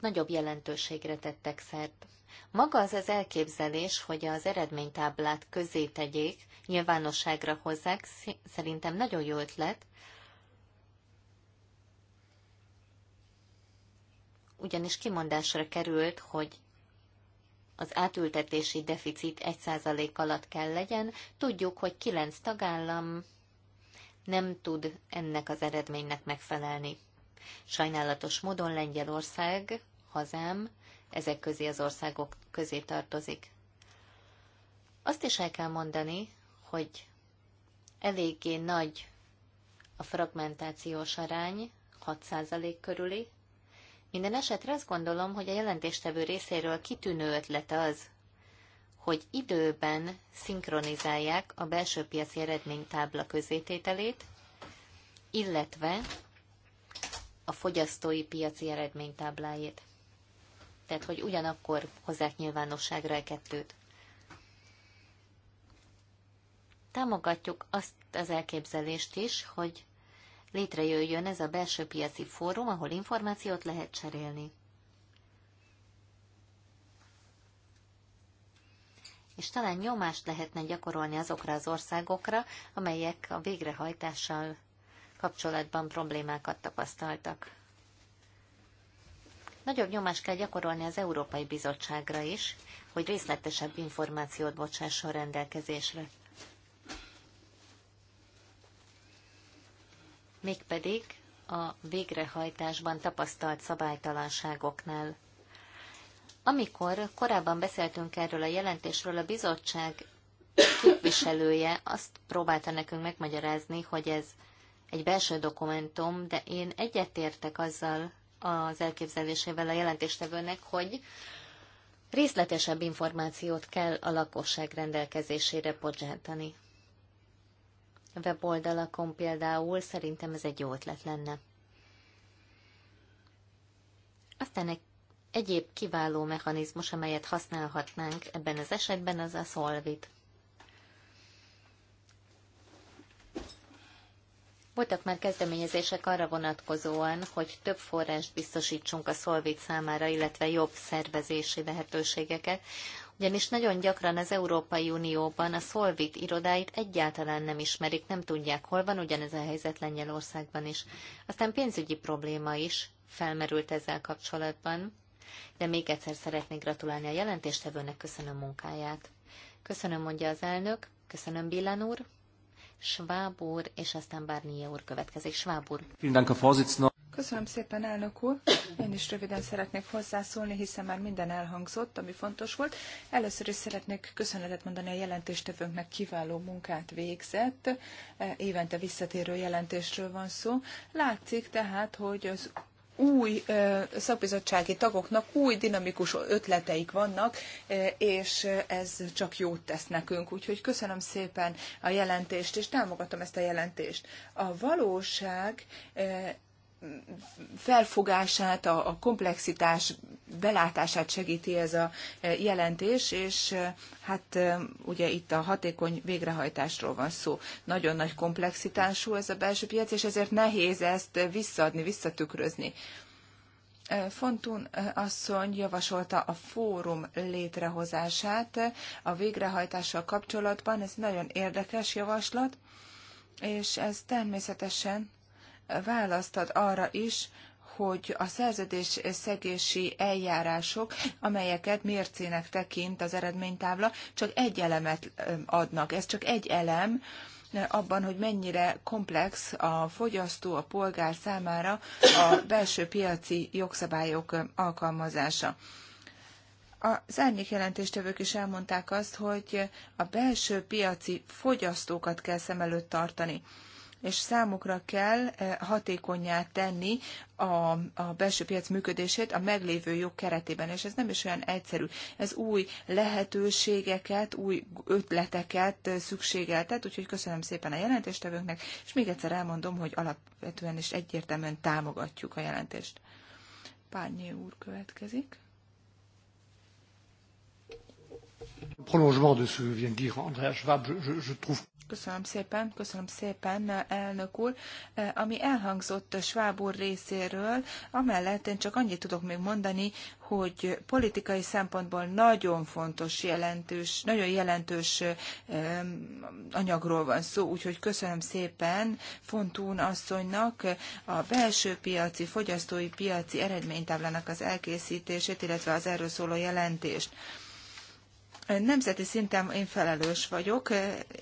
nagyobb jelentőségre tettek szert. Maga az az elképzelés, hogy az eredménytáblát közé tegyék, nyilvánosságra hozzák, szerintem nagyon jó ötlet, ugyanis kimondásra került, hogy az átültetési deficit 1% alatt kell legyen. Tudjuk, hogy 9 tagállam nem tud ennek az eredménynek megfelelni. Sajnálatos módon Lengyelország, hazám, ezek közé az országok közé tartozik. Azt is el kell mondani, hogy eléggé nagy a fragmentációs arány, 6% körüli, minden esetre azt gondolom, hogy a jelentéstevő részéről kitűnő ötlet az, hogy időben szinkronizálják a belső piaci eredménytábla közétételét, illetve a fogyasztói piaci eredménytábláit. Tehát, hogy ugyanakkor hozzák nyilvánosságra a e kettőt. Támogatjuk azt az elképzelést is, hogy létrejöjjön ez a belső piaci fórum, ahol információt lehet cserélni. És talán nyomást lehetne gyakorolni azokra az országokra, amelyek a végrehajtással kapcsolatban problémákat tapasztaltak. Nagyobb nyomást kell gyakorolni az Európai Bizottságra is, hogy részletesebb információt bocsásson rendelkezésre. mégpedig a végrehajtásban tapasztalt szabálytalanságoknál. Amikor korábban beszéltünk erről a jelentésről, a bizottság képviselője azt próbálta nekünk megmagyarázni, hogy ez egy belső dokumentum, de én egyetértek azzal az elképzelésével a jelentéstevőnek, hogy részletesebb információt kell a lakosság rendelkezésére bocsátani weboldalakon például, szerintem ez egy jó ötlet lenne. Aztán egy egyéb kiváló mechanizmus, amelyet használhatnánk ebben az esetben, az a Solvit. Voltak már kezdeményezések arra vonatkozóan, hogy több forrást biztosítsunk a Solvit számára, illetve jobb szervezési lehetőségeket ugyanis nagyon gyakran az Európai Unióban a Solvit irodáit egyáltalán nem ismerik, nem tudják, hol van, ugyanez a helyzet Lengyelországban is. Aztán pénzügyi probléma is felmerült ezzel kapcsolatban, de még egyszer szeretnék gratulálni a jelentéstevőnek, köszönöm munkáját. Köszönöm, mondja az elnök, köszönöm Billan úr, Schwab úr, és aztán Barnier úr következik. Schwab úr. Köszönöm szépen, elnök úr. Én is röviden szeretnék hozzászólni, hiszen már minden elhangzott, ami fontos volt. Először is szeretnék köszönetet mondani a jelentéstevőnknek, kiváló munkát végzett. E, évente visszatérő jelentésről van szó. Látszik tehát, hogy az új e, szakbizottsági tagoknak új dinamikus ötleteik vannak, e, és ez csak jót tesz nekünk. Úgyhogy köszönöm szépen a jelentést, és támogatom ezt a jelentést. A valóság felfogását, a, a komplexitás belátását segíti ez a e, jelentés, és e, hát e, ugye itt a hatékony végrehajtásról van szó. Nagyon nagy komplexitású ez a belső piac, és ezért nehéz ezt visszaadni, visszatükrözni. Fontún asszony javasolta a fórum létrehozását a végrehajtással kapcsolatban. Ez nagyon érdekes javaslat, és ez természetesen választ ad arra is, hogy a szerződés szegési eljárások, amelyeket mércének tekint az eredménytábla, csak egy elemet adnak. Ez csak egy elem abban, hogy mennyire komplex a fogyasztó, a polgár számára a belső piaci jogszabályok alkalmazása. Az árnyék jelentéstevők is elmondták azt, hogy a belső piaci fogyasztókat kell szem előtt tartani és számukra kell eh, hatékonyá tenni a, a belső piac működését a meglévő jog keretében, és ez nem is olyan egyszerű. Ez új lehetőségeket, új ötleteket eh, szükségeltet, úgyhogy köszönöm szépen a jelentéstevőknek, és még egyszer elmondom, hogy alapvetően és egyértelműen támogatjuk a jelentést. Párnyi úr következik. Prolongement de ce que vient de dire Andrea Schwab, je, je, je trouve Köszönöm szépen, köszönöm szépen, elnök úr. E, ami elhangzott Schwab úr részéről, amellett én csak annyit tudok még mondani, hogy politikai szempontból nagyon fontos, jelentős, nagyon jelentős e, anyagról van szó, úgyhogy köszönöm szépen Fontún asszonynak a belső piaci, fogyasztói piaci eredménytáblának az elkészítését, illetve az erről szóló jelentést. Nemzeti szinten én felelős vagyok.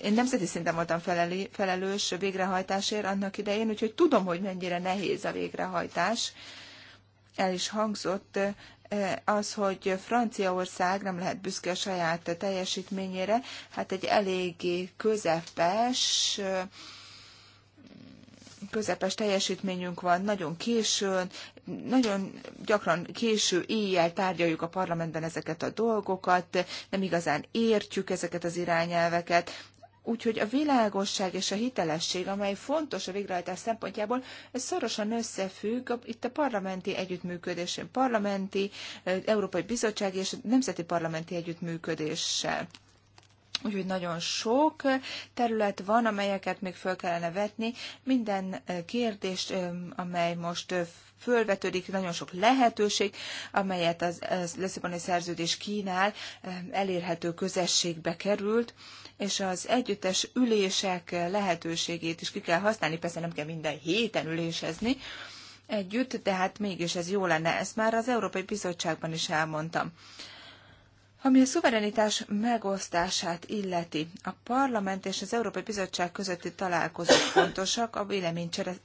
Én nemzeti szinten voltam feleli, felelős végrehajtásért annak idején, úgyhogy tudom, hogy mennyire nehéz a végrehajtás. El is hangzott eh, az, hogy Franciaország nem lehet büszke a saját teljesítményére, hát egy eléggé közepes eh, közepes teljesítményünk van, nagyon későn nagyon gyakran késő éjjel tárgyaljuk a parlamentben ezeket a dolgokat, nem igazán értjük ezeket az irányelveket, Úgyhogy a világosság és a hitelesség, amely fontos a végrehajtás szempontjából, ez szorosan összefügg itt a parlamenti együttműködésen parlamenti, Európai Bizottság és Nemzeti Parlamenti Együttműködéssel. Úgyhogy nagyon sok terület van, amelyeket még föl kellene vetni. Minden kérdést, amely most fölvetődik, nagyon sok lehetőség, amelyet az, az Lisszaboni szerződés kínál, eh, elérhető közességbe került, és az együttes ülések lehetőségét is ki kell használni, persze nem kell minden héten ülésezni, együtt, de hát mégis ez jó lenne, ezt már az Európai Bizottságban is elmondtam. Ami a szuverenitás megosztását illeti, a parlament és az Európai Bizottság közötti találkozók fontosak a véleménycsere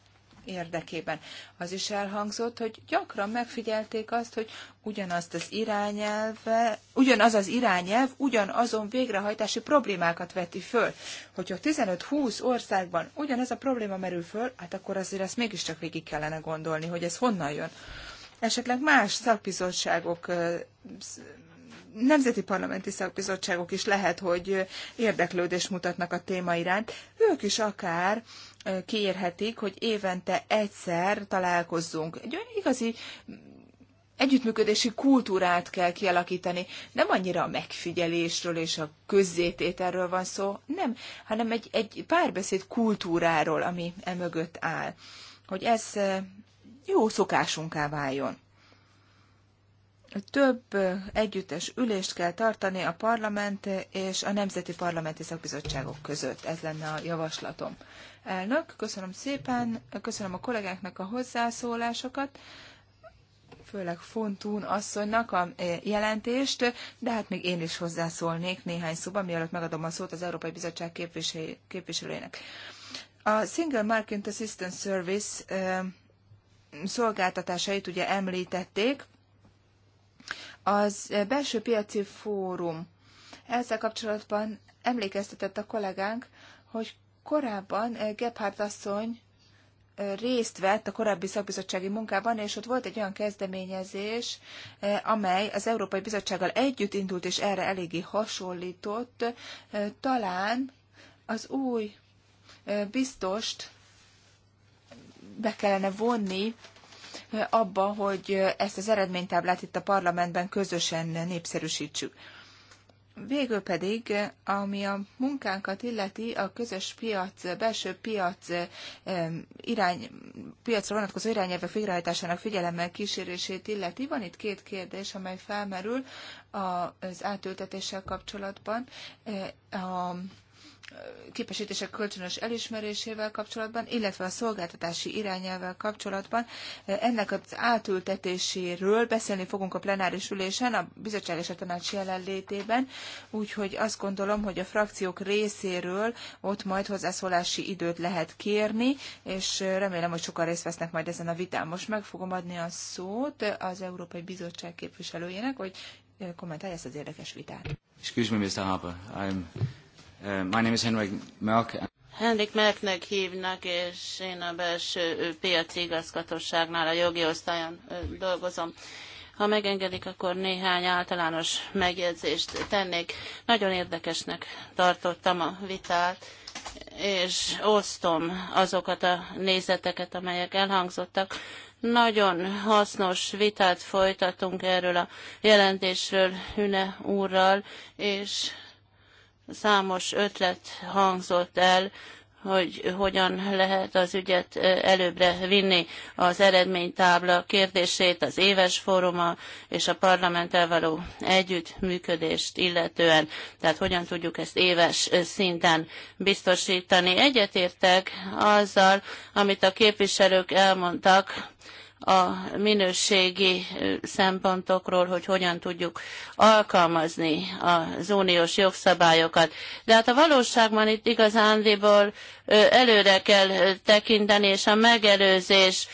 érdekében. Az is elhangzott, hogy gyakran megfigyelték azt, hogy ugyanazt az irányelve, ugyanaz az irányelv ugyanazon végrehajtási problémákat veti föl. Hogyha 15-20 országban ugyanez a probléma merül föl, hát akkor azért ezt mégiscsak végig kellene gondolni, hogy ez honnan jön. Esetleg más szakbizottságok nemzeti parlamenti szakbizottságok is lehet, hogy érdeklődést mutatnak a téma iránt, ők is akár kérhetik, hogy évente egyszer találkozzunk. Egy olyan igazi mm, együttműködési kultúrát kell kialakítani. Nem annyira a megfigyelésről és a közzététerről van szó, nem, hanem egy, egy párbeszéd kultúráról, ami emögött áll. Hogy ez jó szokásunká váljon. Több együttes ülést kell tartani a parlament és a nemzeti parlamenti szakbizottságok között. Ez lenne a javaslatom. Elnök, köszönöm szépen, köszönöm a kollégáknak a hozzászólásokat, főleg Fontún asszonynak a e, jelentést, de hát még én is hozzászólnék néhány szóban, mielőtt megadom a szót az Európai Bizottság képviselőjének. A Single Market Assistance Service e, szolgáltatásait ugye említették, az e, belső piaci fórum ezzel kapcsolatban emlékeztetett a kollégánk, hogy Korábban eh, Gebhardt asszony eh, részt vett a korábbi szakbizottsági munkában, és ott volt egy olyan kezdeményezés, eh, amely az Európai Bizottsággal együtt indult, és erre eléggé hasonlított. Talán az új biztost be kellene vonni abba, hogy ezt az eredménytáblát itt a parlamentben közösen népszerűsítsük. Végül pedig, ami a munkánkat illeti, a közös piac, belső piac irány, piacra vonatkozó irányelvek végrehajtásának figyelemmel kísérését illeti, van itt két kérdés, amely felmerül az átültetéssel kapcsolatban. E, a képesítések kölcsönös elismerésével kapcsolatban, illetve a szolgáltatási irányelvvel kapcsolatban. Ennek az átültetéséről beszélni fogunk a plenáris ülésen, a bizottság és a tanács jelenlétében, úgyhogy azt gondolom, hogy a frakciók részéről ott majd hozzászólási időt lehet kérni, és remélem, hogy sokan részt vesznek majd ezen a vitán. Most meg fogom adni a szót az Európai Bizottság képviselőjének, hogy kommentálja ezt az érdekes vitát. Excuse me, Mr. Harper. I'm Uh, my name is Henrik Melk. Henrik Melknek hívnak, és én a belső piaci igazgatóságnál, a jogi osztályon dolgozom. Ha megengedik, akkor néhány általános megjegyzést tennék. Nagyon érdekesnek tartottam a vitát, és osztom azokat a nézeteket, amelyek elhangzottak. Nagyon hasznos vitát folytatunk erről a jelentésről Hüne úrral, és Számos ötlet hangzott el, hogy hogyan lehet az ügyet előbbre vinni az eredménytábla kérdését, az éves fóruma és a parlamenttel való együttműködést illetően, tehát hogyan tudjuk ezt éves szinten biztosítani. Egyetértek azzal, amit a képviselők elmondtak, a minőségi szempontokról, hogy hogyan tudjuk alkalmazni az uniós jogszabályokat. De hát a valóságban itt igazándiból előre kell tekinteni, és a megelőzés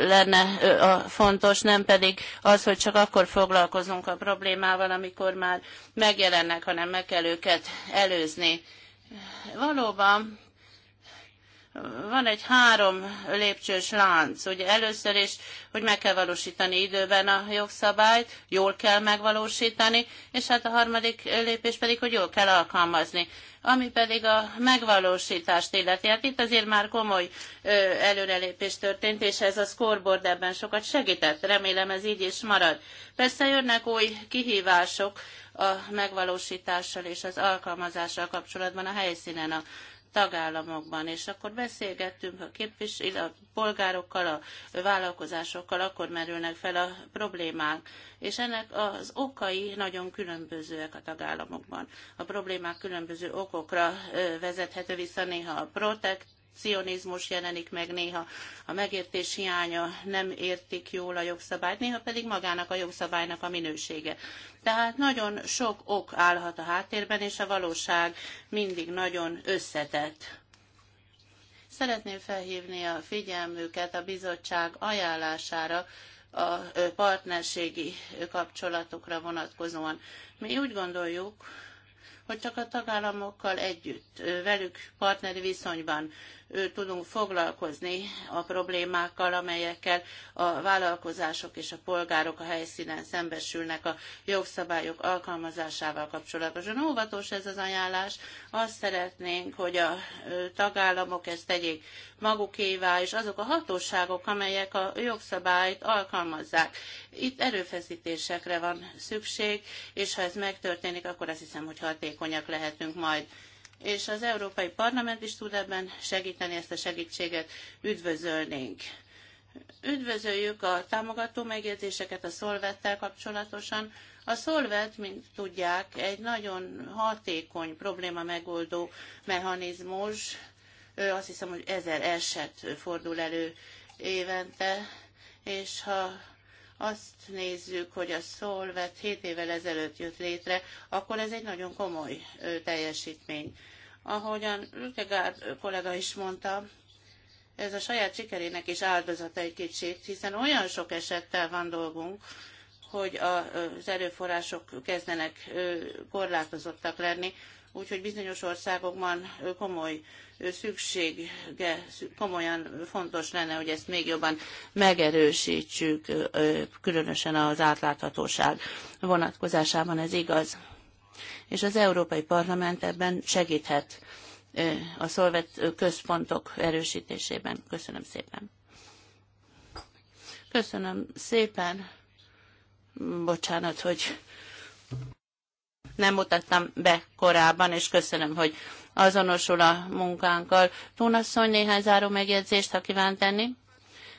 lenne a fontos, nem pedig az, hogy csak akkor foglalkozunk a problémával, amikor már megjelennek, hanem meg kell őket előzni. Valóban van egy három lépcsős lánc. Ugye először is, hogy meg kell valósítani időben a jogszabályt, jól kell megvalósítani, és hát a harmadik lépés pedig, hogy jól kell alkalmazni. Ami pedig a megvalósítást illeti, hát itt azért már komoly ö, előrelépés történt, és ez a scoreboard ebben sokat segített. Remélem ez így is marad. Persze jönnek új kihívások, a megvalósítással és az alkalmazással kapcsolatban a helyszínen a tagállamokban, és akkor beszélgettünk a, képvisel, a polgárokkal, a vállalkozásokkal, akkor merülnek fel a problémák, és ennek az okai nagyon különbözőek a tagállamokban. A problémák különböző okokra vezethető vissza néha a protect, protekcionizmus jelenik meg néha, a megértés hiánya, nem értik jól a jogszabályt, néha pedig magának a jogszabálynak a minősége. Tehát nagyon sok ok állhat a háttérben, és a valóság mindig nagyon összetett. Szeretném felhívni a figyelmüket a bizottság ajánlására, a partnerségi kapcsolatokra vonatkozóan. Mi úgy gondoljuk, hogy csak a tagállamokkal együtt, velük partneri viszonyban tudunk foglalkozni a problémákkal, amelyekkel a vállalkozások és a polgárok a helyszínen szembesülnek a jogszabályok alkalmazásával kapcsolatosan. Óvatos ez az ajánlás. Azt szeretnénk, hogy a tagállamok ezt tegyék magukévá, és azok a hatóságok, amelyek a jogszabályt alkalmazzák. Itt erőfeszítésekre van szükség, és ha ez megtörténik, akkor azt hiszem, hogy hatékonyak lehetünk majd és az Európai Parlament is tud ebben segíteni, ezt a segítséget üdvözölnénk. Üdvözöljük a támogató megjegyzéseket a szolvettel kapcsolatosan. A szolvet, mint tudják, egy nagyon hatékony probléma megoldó mechanizmus. Azt hiszem, hogy ezer eset fordul elő évente, és ha azt nézzük, hogy a Szolvet 7 évvel ezelőtt jött létre, akkor ez egy nagyon komoly teljesítmény. Ahogyan Lüttegárd kollega is mondta, ez a saját sikerének is áldozata egy kicsit, hiszen olyan sok esettel van dolgunk, hogy az erőforrások kezdenek korlátozottak lenni, úgyhogy bizonyos országokban komoly szüksége, komolyan fontos lenne, hogy ezt még jobban megerősítsük, különösen az átláthatóság vonatkozásában ez igaz és az Európai Parlament ebben segíthet a szolvet központok erősítésében. Köszönöm szépen. Köszönöm szépen. Bocsánat, hogy nem mutattam be korábban, és köszönöm, hogy azonosul a munkánkkal. Túnasszony néhány záró megjegyzést, ha kíván tenni.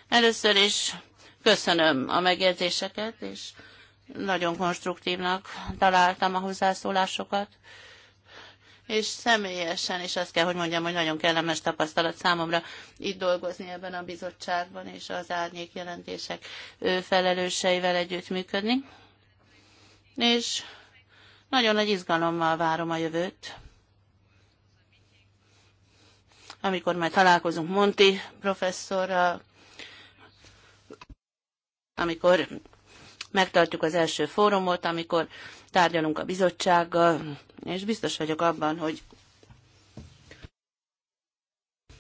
Először is köszönöm a megjegyzéseket, és nagyon konstruktívnak találtam a hozzászólásokat, és személyesen is azt kell, hogy mondjam, hogy nagyon kellemes tapasztalat számomra itt dolgozni ebben a bizottságban, és az árnyék jelentések felelőseivel együttműködni. És nagyon nagy izgalommal várom a jövőt amikor majd találkozunk Monti professzorral, amikor megtartjuk az első fórumot, amikor tárgyalunk a bizottsággal, és biztos vagyok abban, hogy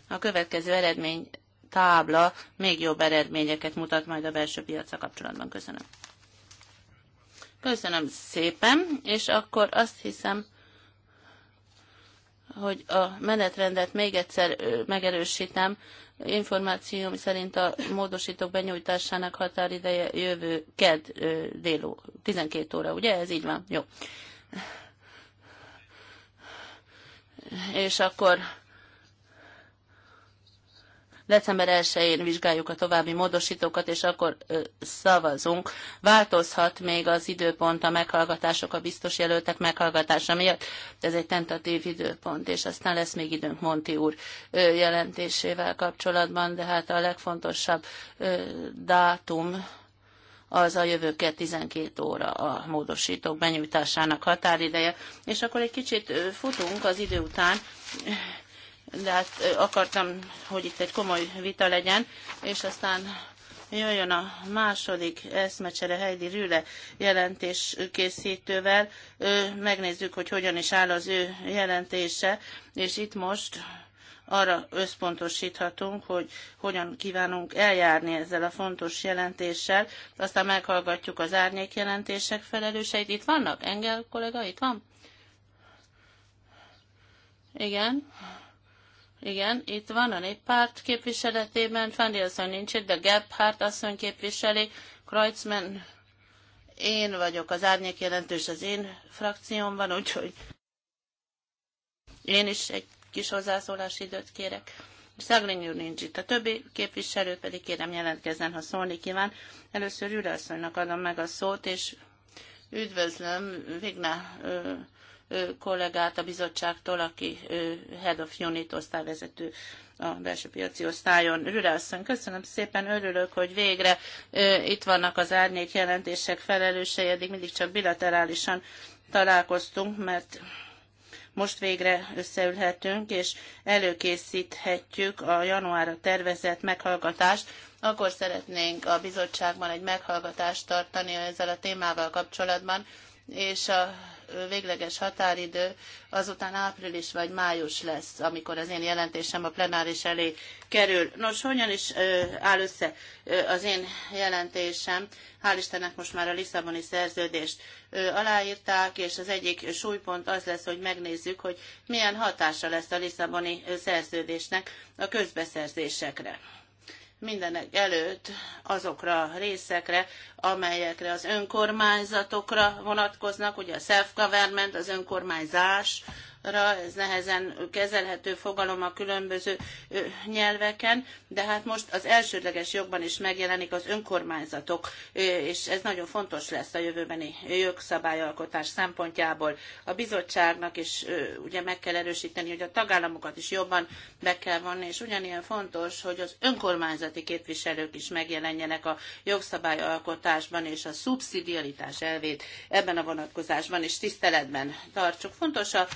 a következő eredmény tábla még jobb eredményeket mutat majd a belső piacra kapcsolatban. Köszönöm. Köszönöm szépen, és akkor azt hiszem, hogy a menetrendet még egyszer megerősítem. Információm szerint a módosítók benyújtásának határideje jövő ked déló 12 óra, ugye? Ez így van? Jó. És akkor December 1-én vizsgáljuk a további módosítókat, és akkor ö, szavazunk. Változhat még az időpont a meghallgatások, a biztos jelöltek meghallgatása miatt. Ez egy tentatív időpont, és aztán lesz még időnk Monti úr ö, jelentésével kapcsolatban, de hát a legfontosabb ö, dátum az a jövőket 12 óra a módosítók benyújtásának határideje. És akkor egy kicsit futunk az idő után, de hát akartam, hogy itt egy komoly vita legyen, és aztán jöjjön a második eszmecsere Heidi Rüle jelentés készítővel. Megnézzük, hogy hogyan is áll az ő jelentése, és itt most arra összpontosíthatunk, hogy hogyan kívánunk eljárni ezzel a fontos jelentéssel. Aztán meghallgatjuk az árnyék jelentések felelőseit. Itt vannak? Engel kollega, itt van? Igen. Igen, itt van a néppárt képviseletében, Fandi asszony nincs itt, de Gebhardt asszony képviseli, Kreutzmann, én vagyok, az árnyék jelentős az én frakciómban, úgyhogy én is egy kis hozzászólási időt kérek. Szegling úr nincs itt. A többi képviselő pedig kérem jelentkezzen, ha szólni kíván. Először Üle adom meg a szót, és üdvözlöm Vigna kollégát a bizottságtól, aki Head of Unit osztályvezető a belső piaci osztályon. Rürasszony, köszönöm szépen, örülök, hogy végre itt vannak az árnyék jelentések felelősei, eddig mindig csak bilaterálisan találkoztunk, mert most végre összeülhetünk, és előkészíthetjük a januárra tervezett meghallgatást, akkor szeretnénk a bizottságban egy meghallgatást tartani ezzel a témával kapcsolatban, és a végleges határidő azután április vagy május lesz, amikor az én jelentésem a plenáris elé kerül. Nos, hogyan is áll össze az én jelentésem? Hál' Istennek most már a Lisszaboni szerződést aláírták, és az egyik súlypont az lesz, hogy megnézzük, hogy milyen hatása lesz a Lisszaboni szerződésnek a közbeszerzésekre mindenek előtt azokra a részekre, amelyekre az önkormányzatokra vonatkoznak, ugye a self-government, az önkormányzás, ez nehezen kezelhető fogalom a különböző nyelveken, de hát most az elsődleges jogban is megjelenik az önkormányzatok, és ez nagyon fontos lesz a jövőbeni jogszabályalkotás szempontjából. A bizottságnak is ugye meg kell erősíteni, hogy a tagállamokat is jobban be kell vonni, és ugyanilyen fontos, hogy az önkormányzati képviselők is megjelenjenek a jogszabályalkotásban, és a szubszidiaritás elvét ebben a vonatkozásban és tiszteletben tartsuk. Fontos a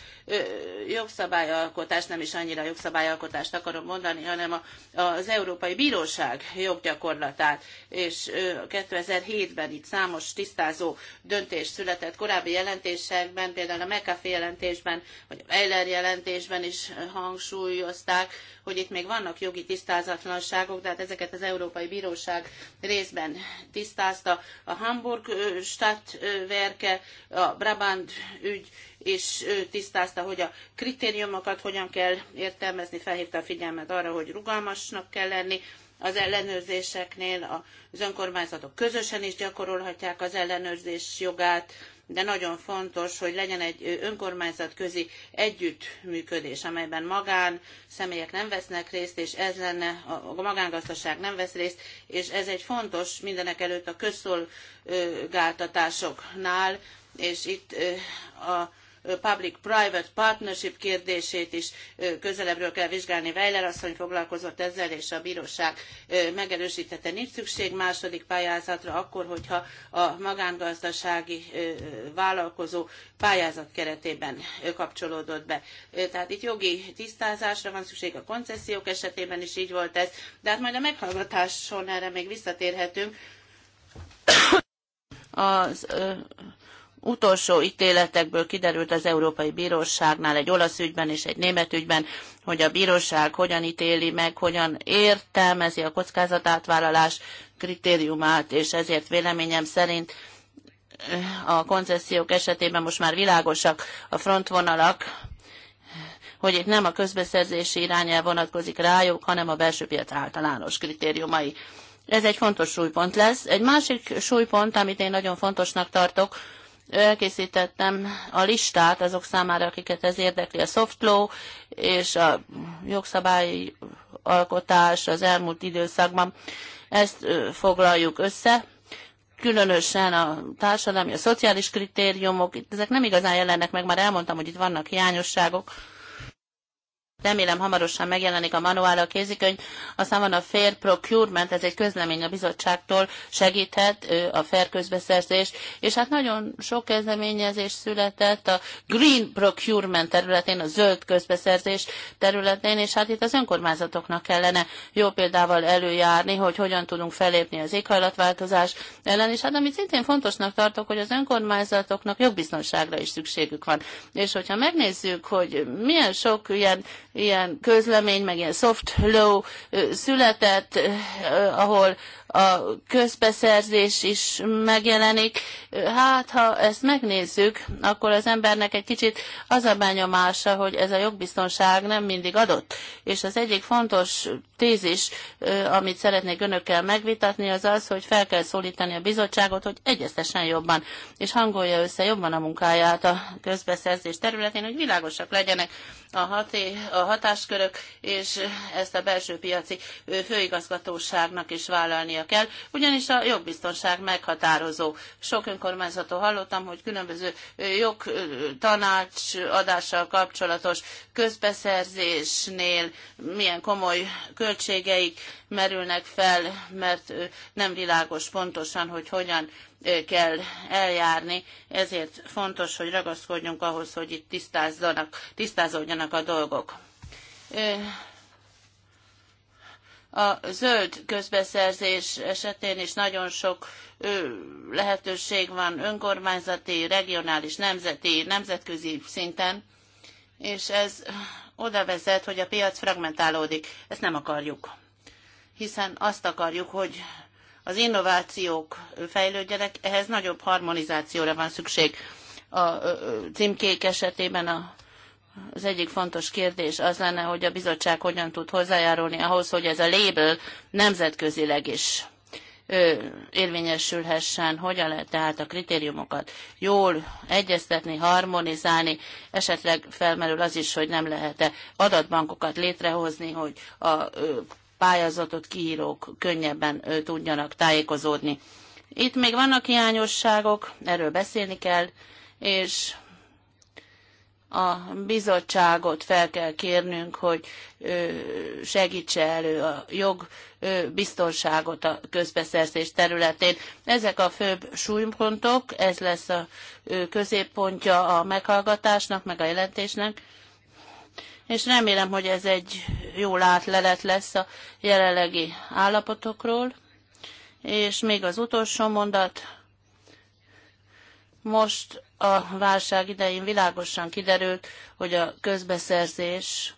jogszabályalkotás, nem is annyira jogszabályalkotást akarom mondani, hanem a, az Európai Bíróság joggyakorlatát, és 2007-ben itt számos tisztázó döntés született korábbi jelentésekben, például a McAfee jelentésben, vagy a Weiler jelentésben is hangsúlyozták, hogy itt még vannak jogi tisztázatlanságok, tehát ezeket az Európai Bíróság részben tisztázta. A Hamburg Stadtwerke, a Brabant ügy és tisztázta, hogy a kritériumokat hogyan kell értelmezni, felhívta a figyelmet arra, hogy rugalmasnak kell lenni, az ellenőrzéseknél az önkormányzatok közösen is gyakorolhatják az ellenőrzés jogát, de nagyon fontos, hogy legyen egy önkormányzatközi együttműködés, amelyben magán személyek nem vesznek részt, és ez lenne, a magángazdaság nem vesz részt, és ez egy fontos mindenekelőtt a közszolgáltatásoknál, és itt a public-private partnership kérdését is közelebbről kell vizsgálni. Weiler asszony foglalkozott ezzel, és a bíróság megerősítette. Nincs szükség második pályázatra akkor, hogyha a magángazdasági vállalkozó pályázat keretében kapcsolódott be. Tehát itt jogi tisztázásra van szükség a koncesziók esetében is így volt ez, de hát majd a meghallgatáson erre még visszatérhetünk. Az utolsó ítéletekből kiderült az Európai Bíróságnál egy olasz ügyben és egy német ügyben, hogy a bíróság hogyan ítéli meg, hogyan értelmezi a kockázatátvállalás kritériumát, és ezért véleményem szerint eh, a koncesziók esetében most már világosak a frontvonalak, hogy itt nem a közbeszerzési irányel vonatkozik rájuk, hanem a belső piac általános kritériumai. Ez egy fontos súlypont lesz. Egy másik súlypont, amit én nagyon fontosnak tartok, elkészítettem a listát azok számára, akiket ez érdekli, a soft law és a jogszabályi alkotás az elmúlt időszakban. Ezt foglaljuk össze, különösen a társadalmi, a szociális kritériumok, itt ezek nem igazán jelennek meg, már elmondtam, hogy itt vannak hiányosságok, remélem hamarosan megjelenik a manuál, a kézikönyv, aztán van a Fair Procurement, ez egy közlemény a bizottságtól segíthet a fair közbeszerzés, és hát nagyon sok kezdeményezés született a Green Procurement területén, a zöld közbeszerzés területén, és hát itt az önkormányzatoknak kellene jó példával előjárni, hogy hogyan tudunk felépni az éghajlatváltozás ellen, és hát amit szintén fontosnak tartok, hogy az önkormányzatoknak jogbiztonságra is szükségük van. És hogyha megnézzük, hogy milyen sok ilyen ilyen közlemény, meg ilyen soft law született, ahol a közbeszerzés is megjelenik. Hát, ha ezt megnézzük, akkor az embernek egy kicsit az a benyomása, hogy ez a jogbiztonság nem mindig adott. És az egyik fontos tézis, amit szeretnék önökkel megvitatni, az az, hogy fel kell szólítani a bizottságot, hogy egyeztesen jobban, és hangolja össze jobban a munkáját a közbeszerzés területén, hogy világosak legyenek a, haté, a hatáskörök, és ezt a belső piaci főigazgatóságnak is vállalnia kell, ugyanis a jogbiztonság meghatározó. Sok önkormányzatól hallottam, hogy különböző jogtanács adással kapcsolatos közbeszerzésnél milyen komoly költségeik merülnek fel, mert nem világos pontosan, hogy hogyan kell eljárni, ezért fontos, hogy ragaszkodjunk ahhoz, hogy itt tisztázzanak, tisztázódjanak a dolgok. A zöld közbeszerzés esetén is nagyon sok lehetőség van önkormányzati, regionális, nemzeti, nemzetközi szinten, és ez oda vezet, hogy a piac fragmentálódik. Ezt nem akarjuk, hiszen azt akarjuk, hogy az innovációk fejlődjenek, ehhez nagyobb harmonizációra van szükség. A címkék esetében a az egyik fontos kérdés az lenne, hogy a bizottság hogyan tud hozzájárulni ahhoz, hogy ez a label nemzetközileg is érvényesülhessen, hogyan lehet tehát a kritériumokat jól egyeztetni, harmonizálni, esetleg felmerül az is, hogy nem lehet-e adatbankokat létrehozni, hogy a pályázatot kiírók könnyebben tudjanak tájékozódni. Itt még vannak hiányosságok, erről beszélni kell, és a bizottságot fel kell kérnünk, hogy segítse elő a jogbiztonságot a közbeszerzés területén. Ezek a főbb súlypontok, ez lesz a középpontja a meghallgatásnak, meg a jelentésnek és remélem, hogy ez egy jó látlelet lesz a jelenlegi állapotokról. És még az utolsó mondat, most a válság idején világosan kiderült, hogy a közbeszerzés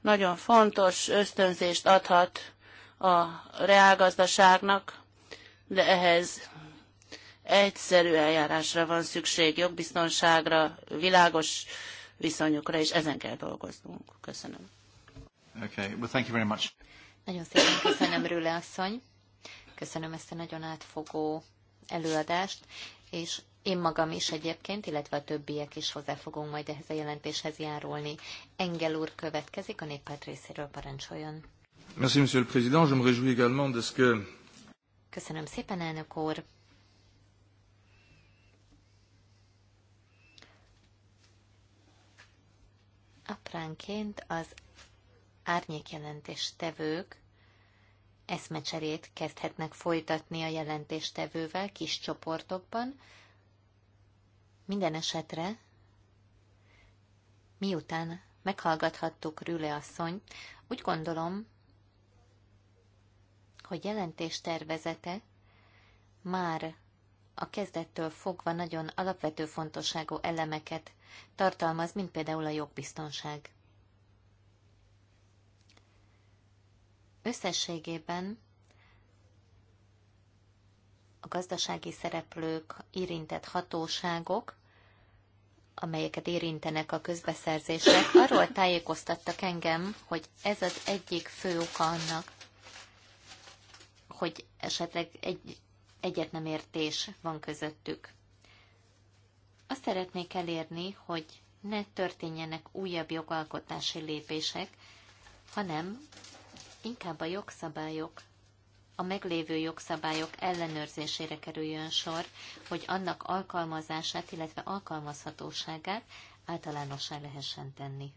nagyon fontos ösztönzést adhat a reálgazdaságnak, de ehhez egyszerű eljárásra van szükség, jogbiztonságra, világos viszonyokra, és ezen kell dolgoznunk. Köszönöm. Okay. Well, thank you very much. Nagyon szépen köszönöm, Rüle asszony. Köszönöm ezt a nagyon átfogó előadást, és én magam is egyébként, illetve a többiek is hozzá fogunk majd ehhez a jelentéshez járulni. Engel úr következik, a néppárt részéről parancsoljon. Merci, monsieur le président. Je me réjouis également de ce que... Köszönöm szépen, elnök úr. apránként az árnyékjelentéstevők eszmecserét kezdhetnek folytatni a jelentéstevővel kis csoportokban. Minden esetre, miután meghallgathattuk Rüle asszony, úgy gondolom, hogy jelentéstervezete már a kezdettől fogva nagyon alapvető fontosságú elemeket tartalmaz, mint például a jogbiztonság. Összességében a gazdasági szereplők, érintett hatóságok, amelyeket érintenek a közbeszerzések, arról tájékoztattak engem, hogy ez az egyik fő oka annak, hogy esetleg egy egyetnemértés van közöttük. Azt szeretnék elérni, hogy ne történjenek újabb jogalkotási lépések, hanem inkább a jogszabályok, a meglévő jogszabályok ellenőrzésére kerüljön sor, hogy annak alkalmazását, illetve alkalmazhatóságát általánossá lehessen tenni.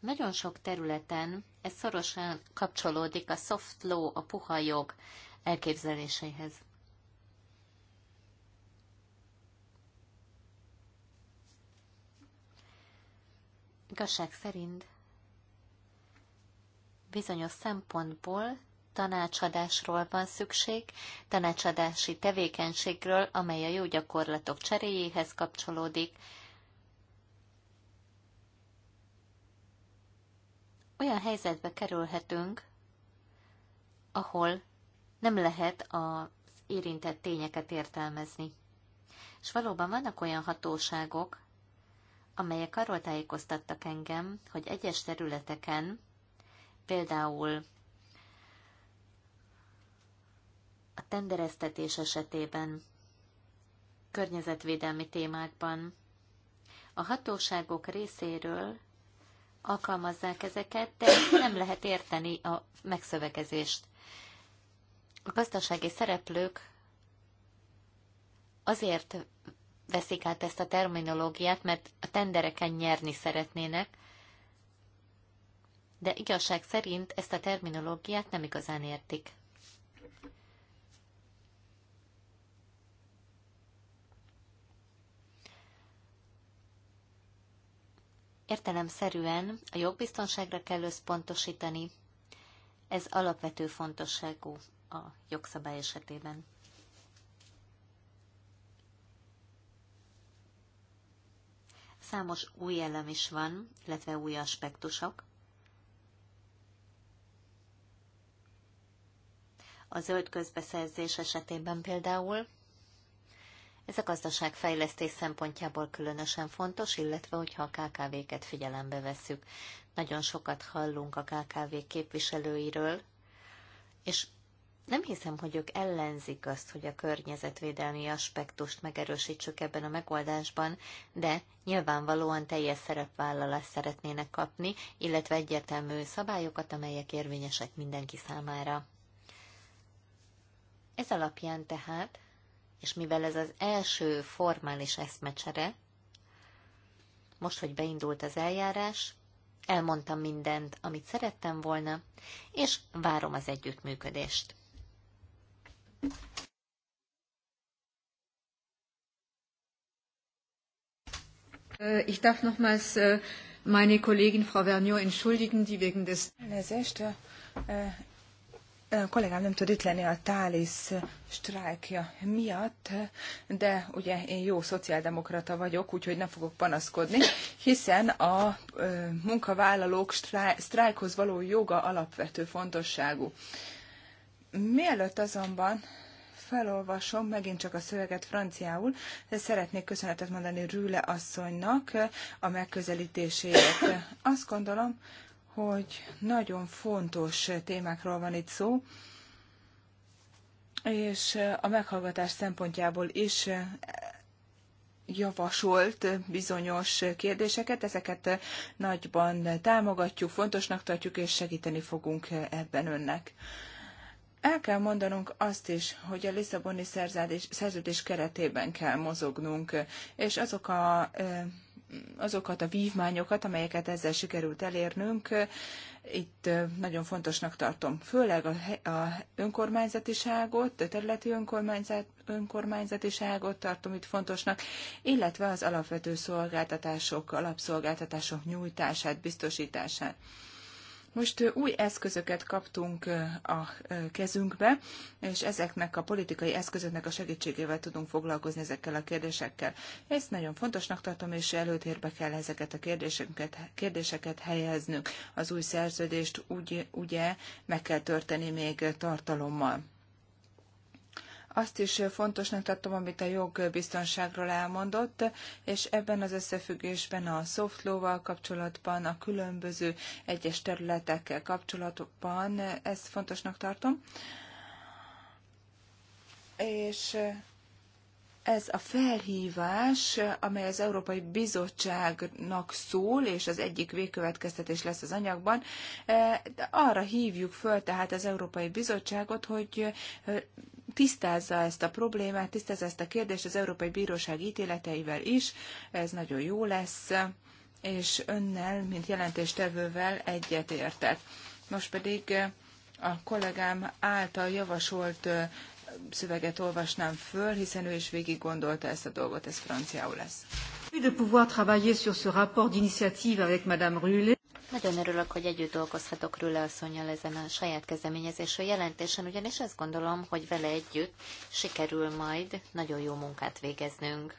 Nagyon sok területen ez szorosan kapcsolódik a soft law, a puha jog elképzeléseihez. Igazság szerint bizonyos szempontból tanácsadásról van szükség, tanácsadási tevékenységről, amely a jó gyakorlatok cseréjéhez kapcsolódik, olyan helyzetbe kerülhetünk, ahol nem lehet az érintett tényeket értelmezni. És valóban vannak olyan hatóságok, amelyek arról tájékoztattak engem, hogy egyes területeken, például a tendereztetés esetében, környezetvédelmi témákban, a hatóságok részéről alkalmazzák ezeket, de nem lehet érteni a megszövegezést. A gazdasági szereplők azért veszik át ezt a terminológiát, mert a tendereken nyerni szeretnének, de igazság szerint ezt a terminológiát nem igazán értik. Értelemszerűen a jogbiztonságra kell összpontosítani, ez alapvető fontosságú a jogszabály esetében. számos új elem is van, illetve új aspektusok. A zöld közbeszerzés esetében például ez a gazdaságfejlesztés szempontjából különösen fontos, illetve hogyha a KKV-ket figyelembe vesszük. Nagyon sokat hallunk a KKV képviselőiről, és nem hiszem, hogy ők ellenzik azt, hogy a környezetvédelmi aspektust megerősítsük ebben a megoldásban, de nyilvánvalóan teljes szerepvállalást szeretnének kapni, illetve egyértelmű szabályokat, amelyek érvényesek mindenki számára. Ez alapján tehát, és mivel ez az első formális eszmecsere, most, hogy beindult az eljárás, elmondtam mindent, amit szerettem volna, és várom az együttműködést. Äh, ich darf nochmals äh, meine Kollegin Frau Vernier entschuldigen, die wegen des... Elnézést, a kollégám nem tud itt lenni a Tális sztrájkja miatt, de ugye én jó szociáldemokrata vagyok, úgyhogy nem fogok panaszkodni, hiszen a munkavállalók sztrájkhoz való joga alapvető fontosságú. Mielőtt azonban felolvasom megint csak a szöveget franciául, de szeretnék köszönetet mondani Rüle asszonynak a megközelítéséért. Azt gondolom, hogy nagyon fontos témákról van itt szó, és a meghallgatás szempontjából is javasolt bizonyos kérdéseket, ezeket nagyban támogatjuk, fontosnak tartjuk, és segíteni fogunk ebben önnek. El kell mondanunk azt is, hogy a Lisszaboni szerződés, szerződés keretében kell mozognunk, és azok a azokat a vívmányokat, amelyeket ezzel sikerült elérnünk, itt nagyon fontosnak tartom. Főleg a, a önkormányzatiságot, a területi önkormányzat, önkormányzatiságot tartom itt fontosnak, illetve az alapvető szolgáltatások, alapszolgáltatások nyújtását, biztosítását. Most új eszközöket kaptunk a kezünkbe, és ezeknek a politikai eszközöknek a segítségével tudunk foglalkozni ezekkel a kérdésekkel. Ezt nagyon fontosnak tartom, és előtérbe kell ezeket a kérdéseket, kérdéseket helyeznünk. Az új szerződést úgy, ugye meg kell történni még tartalommal. Azt is fontosnak tartom, amit a jogbiztonságról elmondott, és ebben az összefüggésben a soft law-val kapcsolatban, a különböző egyes területekkel kapcsolatban ezt fontosnak tartom. És ez a felhívás, amely az Európai Bizottságnak szól, és az egyik végkövetkeztetés lesz az anyagban, eh, arra hívjuk föl tehát az Európai Bizottságot, hogy eh, tisztázza ezt a problémát, tisztázza ezt a kérdést az Európai Bíróság ítéleteivel is. Ez nagyon jó lesz, és önnel, mint jelentéstevővel egyetértek. Most pedig eh, a kollégám által javasolt eh, szöveget olvasnám föl, hiszen ő is végig gondolta ezt a dolgot, ez franciául lesz. de pouvoir travailler sur ce rapport d'initiative avec Madame Rulé. Nagyon örülök, hogy együtt dolgozhatok Rüle asszonyjal ezen a saját kezdeményezésű jelentésen, ugyanis azt gondolom, hogy vele együtt sikerül majd nagyon jó munkát végeznünk.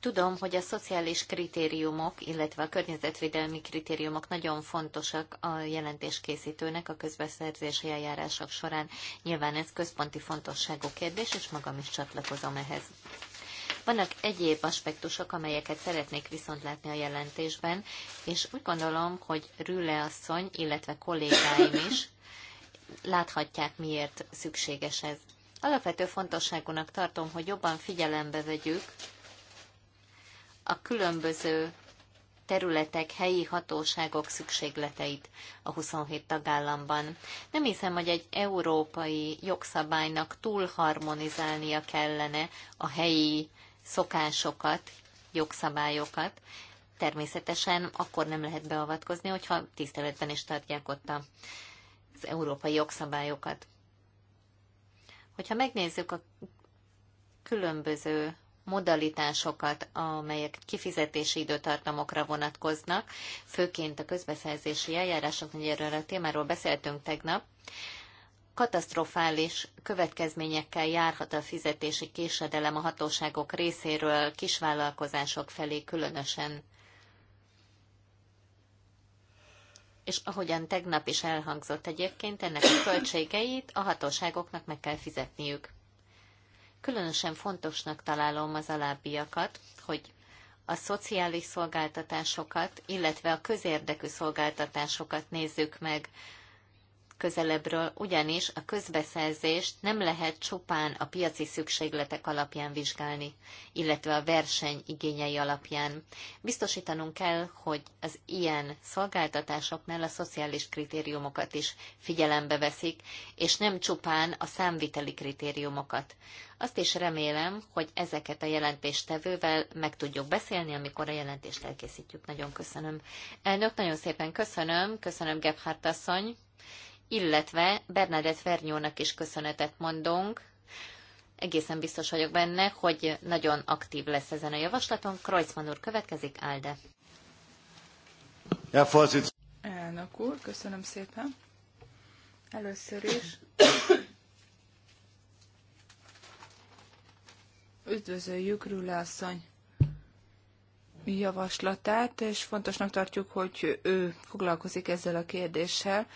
Tudom, hogy a szociális kritériumok, illetve a környezetvédelmi kritériumok nagyon fontosak a jelentéskészítőnek a közbeszerzési eljárások során. Nyilván ez központi fontosságú kérdés, és magam is csatlakozom ehhez. Vannak egyéb aspektusok, amelyeket szeretnék viszont látni a jelentésben, és úgy gondolom, hogy Rüle asszony, illetve kollégáim is láthatják, miért szükséges ez. Alapvető fontosságúnak tartom, hogy jobban figyelembe vegyük a különböző területek, helyi hatóságok szükségleteit a 27 tagállamban. Nem hiszem, hogy egy európai jogszabálynak túl harmonizálnia kellene a helyi szokásokat, jogszabályokat, természetesen akkor nem lehet beavatkozni, hogyha tiszteletben is tartják ott az európai jogszabályokat. Hogyha megnézzük a különböző modalitásokat, amelyek kifizetési időtartamokra vonatkoznak, főként a közbeszerzési eljárások, ugye erről a témáról beszéltünk tegnap, katasztrofális következményekkel járhat a fizetési késedelem a hatóságok részéről kisvállalkozások felé különösen. És ahogyan tegnap is elhangzott egyébként, ennek a költségeit a hatóságoknak meg kell fizetniük. Különösen fontosnak találom az alábbiakat, hogy a szociális szolgáltatásokat, illetve a közérdekű szolgáltatásokat nézzük meg közelebbről, ugyanis a közbeszerzést nem lehet csupán a piaci szükségletek alapján vizsgálni, illetve a verseny igényei alapján. Biztosítanunk kell, hogy az ilyen szolgáltatásoknál a szociális kritériumokat is figyelembe veszik, és nem csupán a számviteli kritériumokat. Azt is remélem, hogy ezeket a jelentéstevővel meg tudjuk beszélni, amikor a jelentést elkészítjük. Nagyon köszönöm. Elnök, nagyon szépen köszönöm. Köszönöm, Gebhardt asszony illetve Bernadett Vernyónak is köszönetet mondunk. Egészen biztos vagyok benne, hogy nagyon aktív lesz ezen a javaslaton. Kreuzmann úr következik, Álde. Ja, Elnök úr, köszönöm szépen. Először is üdvözöljük Rüle asszony javaslatát, és fontosnak tartjuk, hogy ő foglalkozik ezzel a kérdéssel.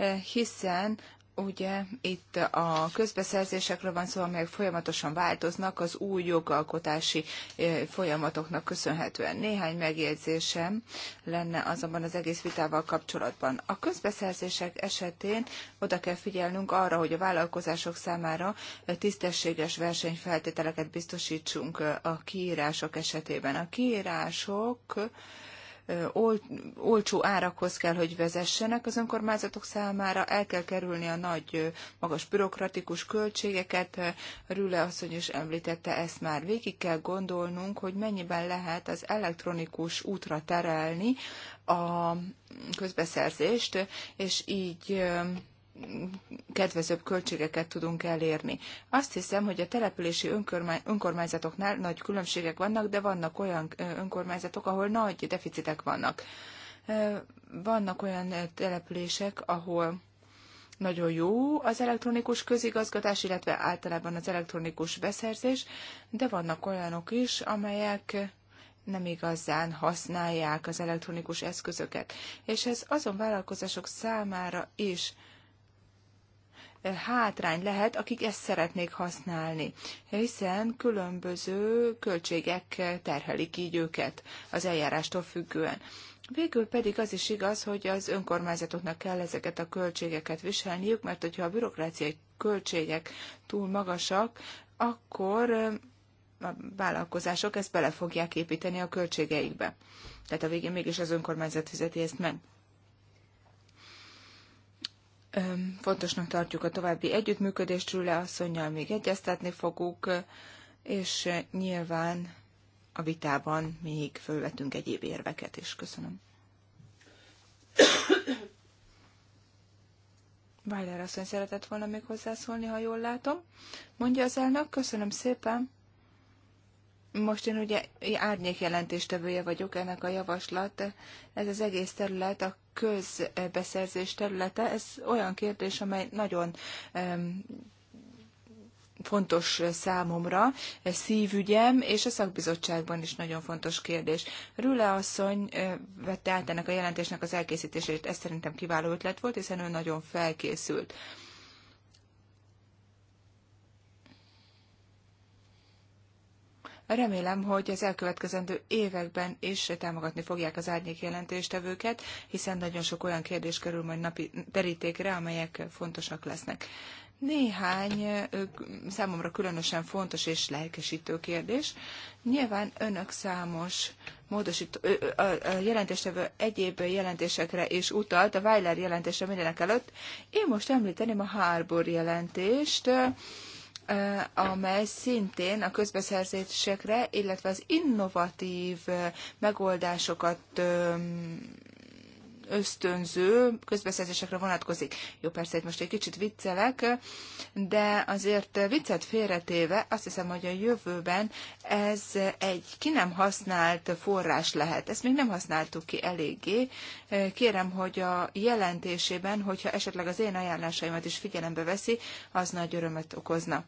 Eh, hiszen ugye itt a közbeszerzésekről van szó, amelyek folyamatosan változnak az új jogalkotási eh, folyamatoknak köszönhetően. Néhány megjegyzésem lenne azonban az egész vitával kapcsolatban. A közbeszerzések esetén oda kell figyelnünk arra, hogy a vállalkozások számára eh, tisztességes versenyfeltételeket biztosítsunk a kiírások esetében. A kiírások olcsó árakhoz kell, hogy vezessenek az önkormányzatok számára, el kell kerülni a nagy, magas bürokratikus költségeket. Rüle asszony is említette ezt már. Végig kell gondolnunk, hogy mennyiben lehet az elektronikus útra terelni a közbeszerzést, és így kedvezőbb költségeket tudunk elérni. Azt hiszem, hogy a települési önkormányzatoknál nagy különbségek vannak, de vannak olyan önkormányzatok, ahol nagy deficitek vannak. Vannak olyan települések, ahol nagyon jó az elektronikus közigazgatás, illetve általában az elektronikus beszerzés, de vannak olyanok is, amelyek nem igazán használják az elektronikus eszközöket. És ez azon vállalkozások számára is hátrány lehet, akik ezt szeretnék használni, hiszen különböző költségek terhelik így őket az eljárástól függően. Végül pedig az is igaz, hogy az önkormányzatoknak kell ezeket a költségeket viselniük, mert hogyha a bürokráciai költségek túl magasak, akkor a vállalkozások ezt bele fogják építeni a költségeikbe. Tehát a végén mégis az önkormányzat fizeti ezt meg. Fontosnak tartjuk a további együttműködést, Rüle asszonynal még egyeztetni fogunk, és nyilván a vitában még fölvetünk egyéb érveket is. Köszönöm. Weiler asszony szeretett volna még hozzászólni, ha jól látom. Mondja az elnök, köszönöm szépen. Most én ugye árnyék jelentéstevője vagyok ennek a javaslat. Ez az egész terület a közbeszerzés területe. Ez olyan kérdés, amely nagyon fontos számomra, szívügyem, és a szakbizottságban is nagyon fontos kérdés. Rüle asszony vette át ennek a jelentésnek az elkészítését, ez szerintem kiváló ötlet volt, hiszen ő nagyon felkészült. Remélem, hogy az elkövetkezendő években is támogatni fogják az árnyék jelentéstevőket, hiszen nagyon sok olyan kérdés kerül majd napi terítékre, amelyek fontosak lesznek. Néhány számomra különösen fontos és lelkesítő kérdés. Nyilván önök számos módosító, a jelentéstevő egyéb jelentésekre is utalt, a Weiler jelentésre mindenek előtt. Én most említeném a Harbour jelentést, amely szintén a közbeszerzésekre, illetve az innovatív megoldásokat ösztönző közbeszerzésekre vonatkozik. Jó, persze itt most egy kicsit viccelek, de azért viccet félretéve azt hiszem, hogy a jövőben ez egy ki nem használt forrás lehet. Ezt még nem használtuk ki eléggé. Kérem, hogy a jelentésében, hogyha esetleg az én ajánlásaimat is figyelembe veszi, az nagy örömet okozna.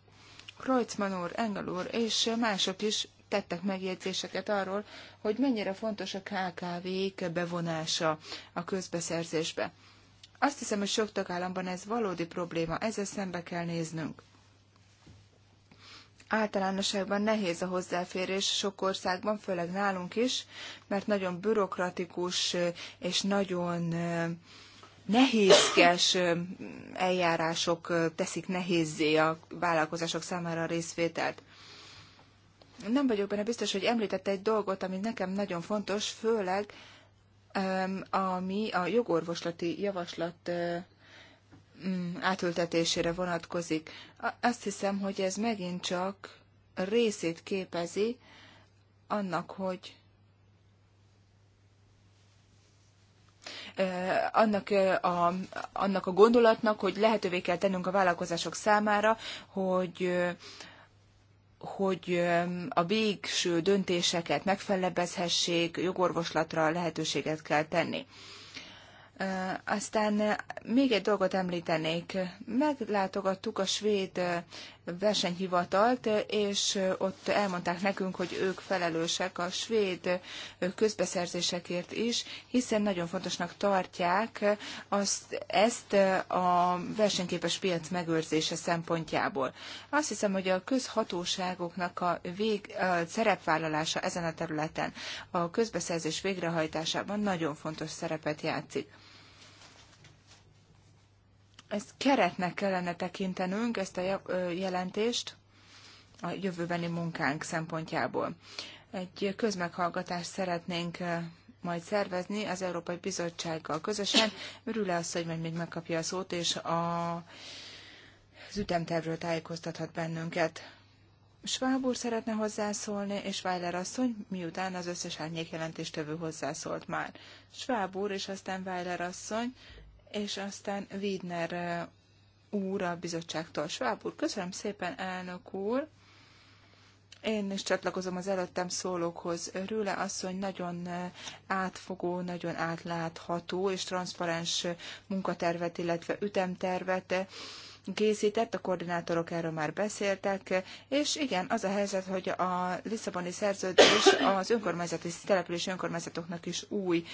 Kreutzmann úr, Engel úr és mások is tettek megjegyzéseket arról, hogy mennyire fontos a KKV-k bevonása a közbeszerzésbe. Azt hiszem, hogy sok tagállamban ez valódi probléma, ezzel szembe kell néznünk. Általánosságban nehéz a hozzáférés sok országban, főleg nálunk is, mert nagyon bürokratikus és nagyon nehézkes eljárások teszik nehézzé a vállalkozások számára a részvételt. Nem vagyok benne biztos, hogy említette egy dolgot, ami nekem nagyon fontos, főleg ami a jogorvoslati javaslat mm, átültetésére vonatkozik. Azt hiszem, hogy ez megint csak részét képezi annak, hogy annak a, annak a gondolatnak, hogy lehetővé kell tennünk a vállalkozások számára, hogy hogy a végső döntéseket megfelebezhessék, jogorvoslatra lehetőséget kell tenni. Aztán még egy dolgot említenék. Meglátogattuk a svéd versenyhivatalt, és ott elmondták nekünk, hogy ők felelősek a svéd közbeszerzésekért is, hiszen nagyon fontosnak tartják azt, ezt a versenyképes piac megőrzése szempontjából. Azt hiszem, hogy a közhatóságoknak a, vég, a szerepvállalása ezen a területen a közbeszerzés végrehajtásában nagyon fontos szerepet játszik ezt keretnek kellene tekintenünk, ezt a jelentést a jövőbeni munkánk szempontjából. Egy közmeghallgatást szeretnénk majd szervezni az Európai Bizottsággal közösen. örül le azt, hogy majd még megkapja a szót, és a, az ütemtervről tájékoztathat bennünket. Schwab úr szeretne hozzászólni, és Weiler asszony, miután az összes árnyékjelentéstevő hozzászólt már. Schwab úr, és aztán Weiler asszony, és aztán Wiedner eh, úr a bizottságtól. Schwab úr, köszönöm szépen, elnök úr. Én is csatlakozom az előttem szólókhoz. Rüle asszony nagyon eh, átfogó, nagyon átlátható és transzparens eh, munkatervet, illetve ütemtervet készített, a koordinátorok erről már beszéltek, és igen, az a helyzet, hogy a Lisszaboni szerződés az önkormányzati település önkormányzatoknak is új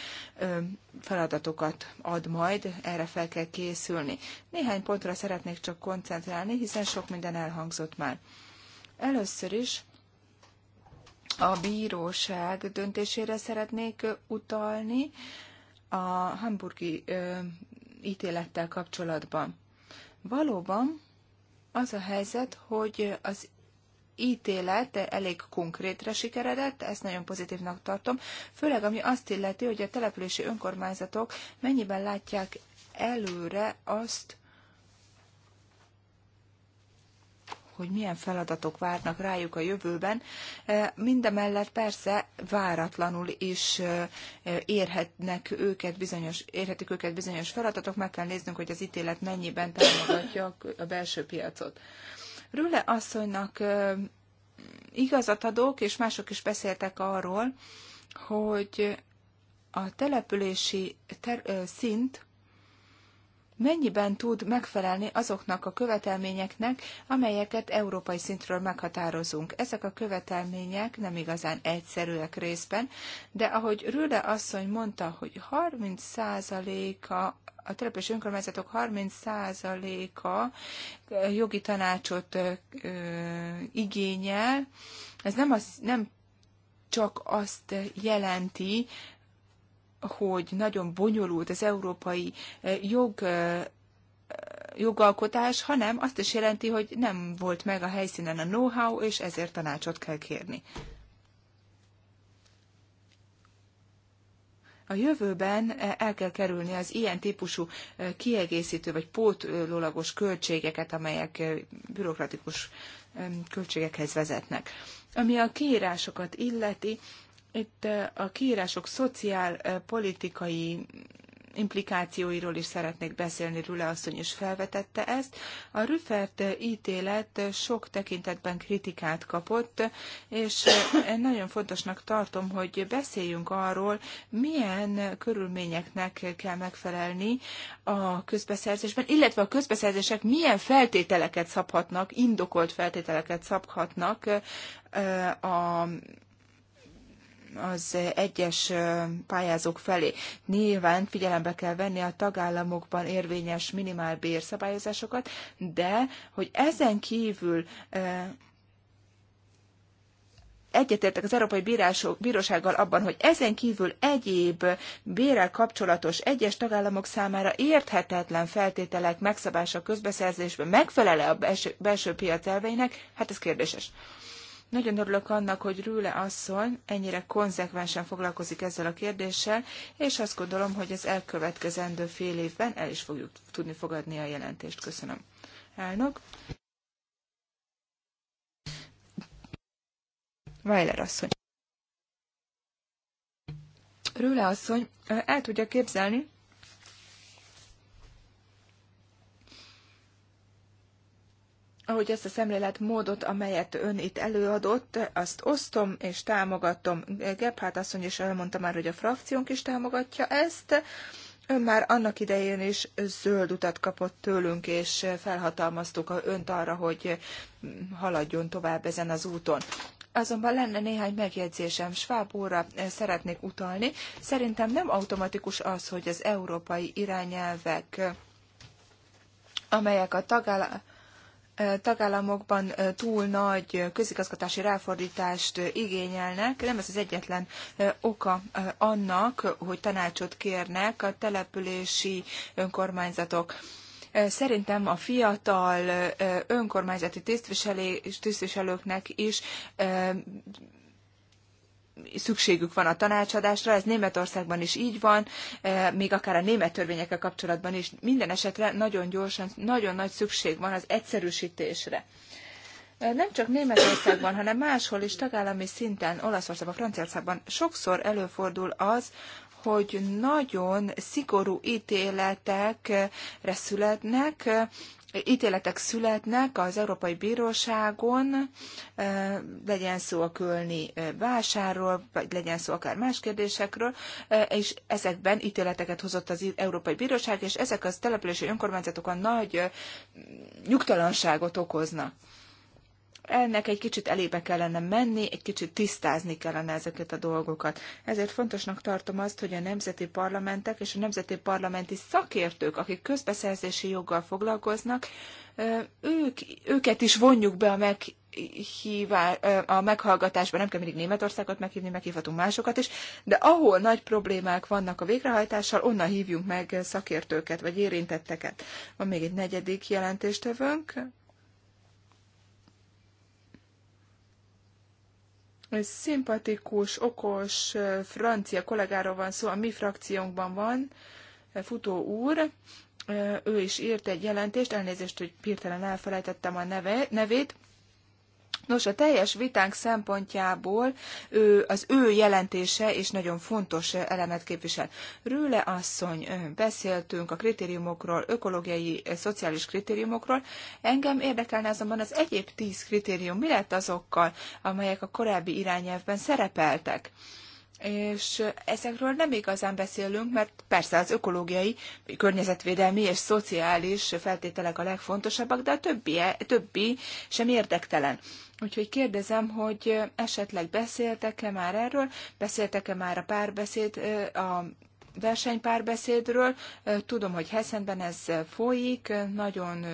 feladatokat ad majd, erre fel kell készülni. Néhány pontra szeretnék csak koncentrálni, hiszen sok minden elhangzott már. Először is a bíróság döntésére szeretnék utalni a hamburgi ítélettel kapcsolatban. Valóban az a helyzet, hogy az ítélet elég konkrétre sikeredett, ezt nagyon pozitívnak tartom, főleg ami azt illeti, hogy a települési önkormányzatok mennyiben látják előre azt, hogy milyen feladatok várnak rájuk a jövőben. E, mindemellett persze váratlanul is e, érhetnek őket bizonyos, érhetik őket bizonyos feladatok, meg kell néznünk, hogy az ítélet mennyiben támogatja a belső piacot. Rüle asszonynak e, igazat adok, és mások is beszéltek arról, hogy a települési ter- szint mennyiben tud megfelelni azoknak a követelményeknek, amelyeket európai szintről meghatározunk. Ezek a követelmények nem igazán egyszerűek részben, de ahogy Rüle asszony mondta, hogy 30%-a a telepési önkormányzatok 30%-a jogi tanácsot ö, igényel. Ez nem, az, nem csak azt jelenti, hogy nagyon bonyolult az európai eh, jog eh, jogalkotás, hanem azt is jelenti, hogy nem volt meg a helyszínen a know-how, és ezért tanácsot kell kérni. A jövőben eh, el kell kerülni az ilyen típusú kiegészítő vagy pótlólagos költségeket, amelyek bürokratikus költségekhez vezetnek. Ami a kiírásokat illeti, itt a kiírások szociálpolitikai implikációiról is szeretnék beszélni, Rüle asszony is felvetette ezt. A Rüfert ítélet sok tekintetben kritikát kapott, és nagyon fontosnak tartom, hogy beszéljünk arról, milyen körülményeknek kell megfelelni a közbeszerzésben, illetve a közbeszerzések milyen feltételeket szabhatnak, indokolt feltételeket szabhatnak a az egyes pályázók felé. Nyilván figyelembe kell venni a tagállamokban érvényes minimál bérszabályozásokat, de hogy ezen kívül egyetértek az Európai Bírások, Bírósággal abban, hogy ezen kívül egyéb bérrel kapcsolatos egyes tagállamok számára érthetetlen feltételek megszabása közbeszerzésben megfelele a belső piac elveinek, hát ez kérdéses. Nagyon örülök annak, hogy Rüle asszony ennyire konzekvensen foglalkozik ezzel a kérdéssel, és azt gondolom, hogy az elkövetkezendő fél évben el is fogjuk tudni fogadni a jelentést. Köszönöm. Elnök. Weiler asszony. Rüle asszony el tudja képzelni, ahogy ezt a szemléletmódot, amelyet ön itt előadott, azt osztom és támogatom. Gebhardt asszony is elmondta már, hogy a frakciónk is támogatja ezt. Ön már annak idején is zöld utat kapott tőlünk, és felhatalmaztuk önt arra, hogy haladjon tovább ezen az úton. Azonban lenne néhány megjegyzésem. Schwab úrra szeretnék utalni. Szerintem nem automatikus az, hogy az európai irányelvek, amelyek a tagállamok, tagállamokban túl nagy közigazgatási ráfordítást igényelnek. Nem ez az egyetlen oka annak, hogy tanácsot kérnek a települési önkormányzatok. Szerintem a fiatal önkormányzati tisztviselőknek is szükségük van a tanácsadásra, ez Németországban is így van, eh, még akár a német törvényekkel kapcsolatban is. Minden esetre nagyon gyorsan, nagyon nagy szükség van az egyszerűsítésre. Eh, nem csak Németországban, hanem máshol is, tagállami szinten, Olaszországban, Franciaországban sokszor előfordul az, hogy nagyon szigorú ítéletekre születnek, eh, ítéletek születnek az Európai Bíróságon, legyen szó a kölni vásárról, vagy legyen szó akár más kérdésekről, és ezekben ítéleteket hozott az Európai Bíróság, és ezek az települési önkormányzatokon nagy nyugtalanságot okoznak ennek egy kicsit elébe kellene menni, egy kicsit tisztázni kellene ezeket a dolgokat. Ezért fontosnak tartom azt, hogy a nemzeti parlamentek és a nemzeti parlamenti szakértők, akik közbeszerzési joggal foglalkoznak, ők, őket is vonjuk be a meg hívá, a meghallgatásban nem kell mindig Németországot meghívni, meghívhatunk másokat is, de ahol nagy problémák vannak a végrehajtással, onnan hívjunk meg szakértőket, vagy érintetteket. Van még egy negyedik jelentéstevőnk, szimpatikus, okos francia kollégáról van szó, a mi frakciónkban van, futó úr, ő is írt egy jelentést, elnézést, hogy hirtelen elfelejtettem a neve, nevét, Nos, a teljes vitánk szempontjából ő, az ő jelentése és nagyon fontos elemet képvisel. Rüle asszony, beszéltünk a kritériumokról, ökológiai, szociális kritériumokról. Engem érdekelne azonban az egyéb tíz kritérium, mi lett azokkal, amelyek a korábbi irányelvben szerepeltek és ezekről nem igazán beszélünk, mert persze az ökológiai, környezetvédelmi és szociális feltételek a legfontosabbak, de a többi, többi sem érdektelen. Úgyhogy kérdezem, hogy esetleg beszéltek-e már erről, beszéltek-e már a párbeszéd, a versenypárbeszédről. Tudom, hogy Hessenben ez folyik, nagyon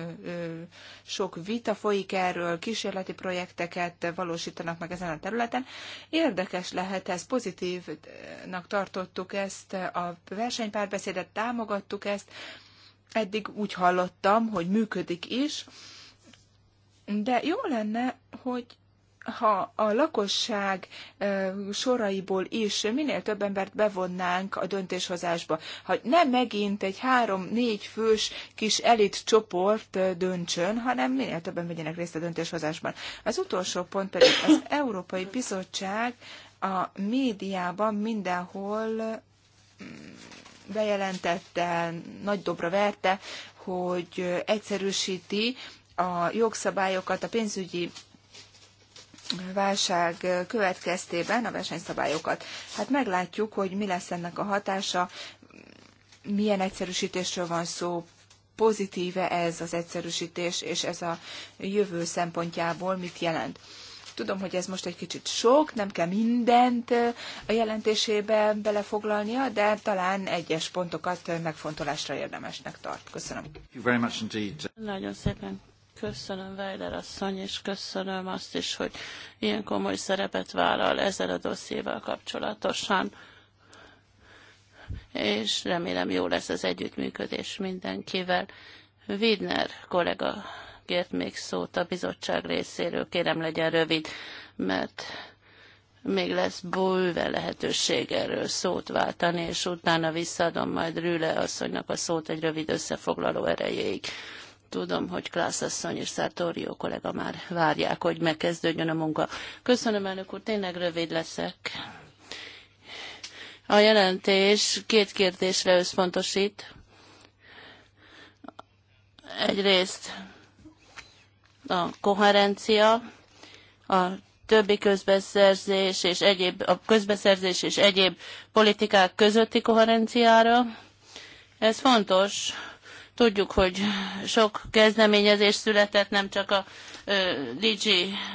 sok vita folyik erről, kísérleti projekteket valósítanak meg ezen a területen. Érdekes lehet ez, pozitívnak tartottuk ezt, a versenypárbeszédet támogattuk ezt, eddig úgy hallottam, hogy működik is, de jó lenne, hogy ha a lakosság soraiból is minél több embert bevonnánk a döntéshozásba, ha nem megint egy három-négy fős kis elit csoport döntsön, hanem minél többen vegyenek részt a döntéshozásban. Az utolsó pont pedig az Európai Bizottság a médiában mindenhol mm, bejelentette, nagy dobra verte, hogy egyszerűsíti a jogszabályokat a pénzügyi válság következtében a versenyszabályokat. Hát meglátjuk, hogy mi lesz ennek a hatása, milyen egyszerűsítésről van szó, pozitíve ez az egyszerűsítés, és ez a jövő szempontjából mit jelent. Tudom, hogy ez most egy kicsit sok, nem kell mindent a jelentésébe belefoglalnia, de talán egyes pontokat megfontolásra érdemesnek tart. Köszönöm. Nagyon szépen Köszönöm Weiler asszony, és köszönöm azt is, hogy ilyen komoly szerepet vállal ezzel a dossziéval kapcsolatosan. És remélem jó lesz az együttműködés mindenkivel. Widner kollega kért még szót a bizottság részéről. Kérem, legyen rövid, mert még lesz bőve lehetőség erről szót váltani, és utána visszaadom majd Rüle asszonynak a szót egy rövid összefoglaló erejéig. Tudom, hogy Klász asszony és Szártórió kollega már várják, hogy megkezdődjön a munka. Köszönöm, elnök úr, tényleg rövid leszek. A jelentés két kérdésre összpontosít. Egyrészt a koherencia, a többi közbeszerzés és egyéb, a közbeszerzés és egyéb politikák közötti koherenciára. Ez fontos, Tudjuk, hogy sok kezdeményezés született, nem csak a DG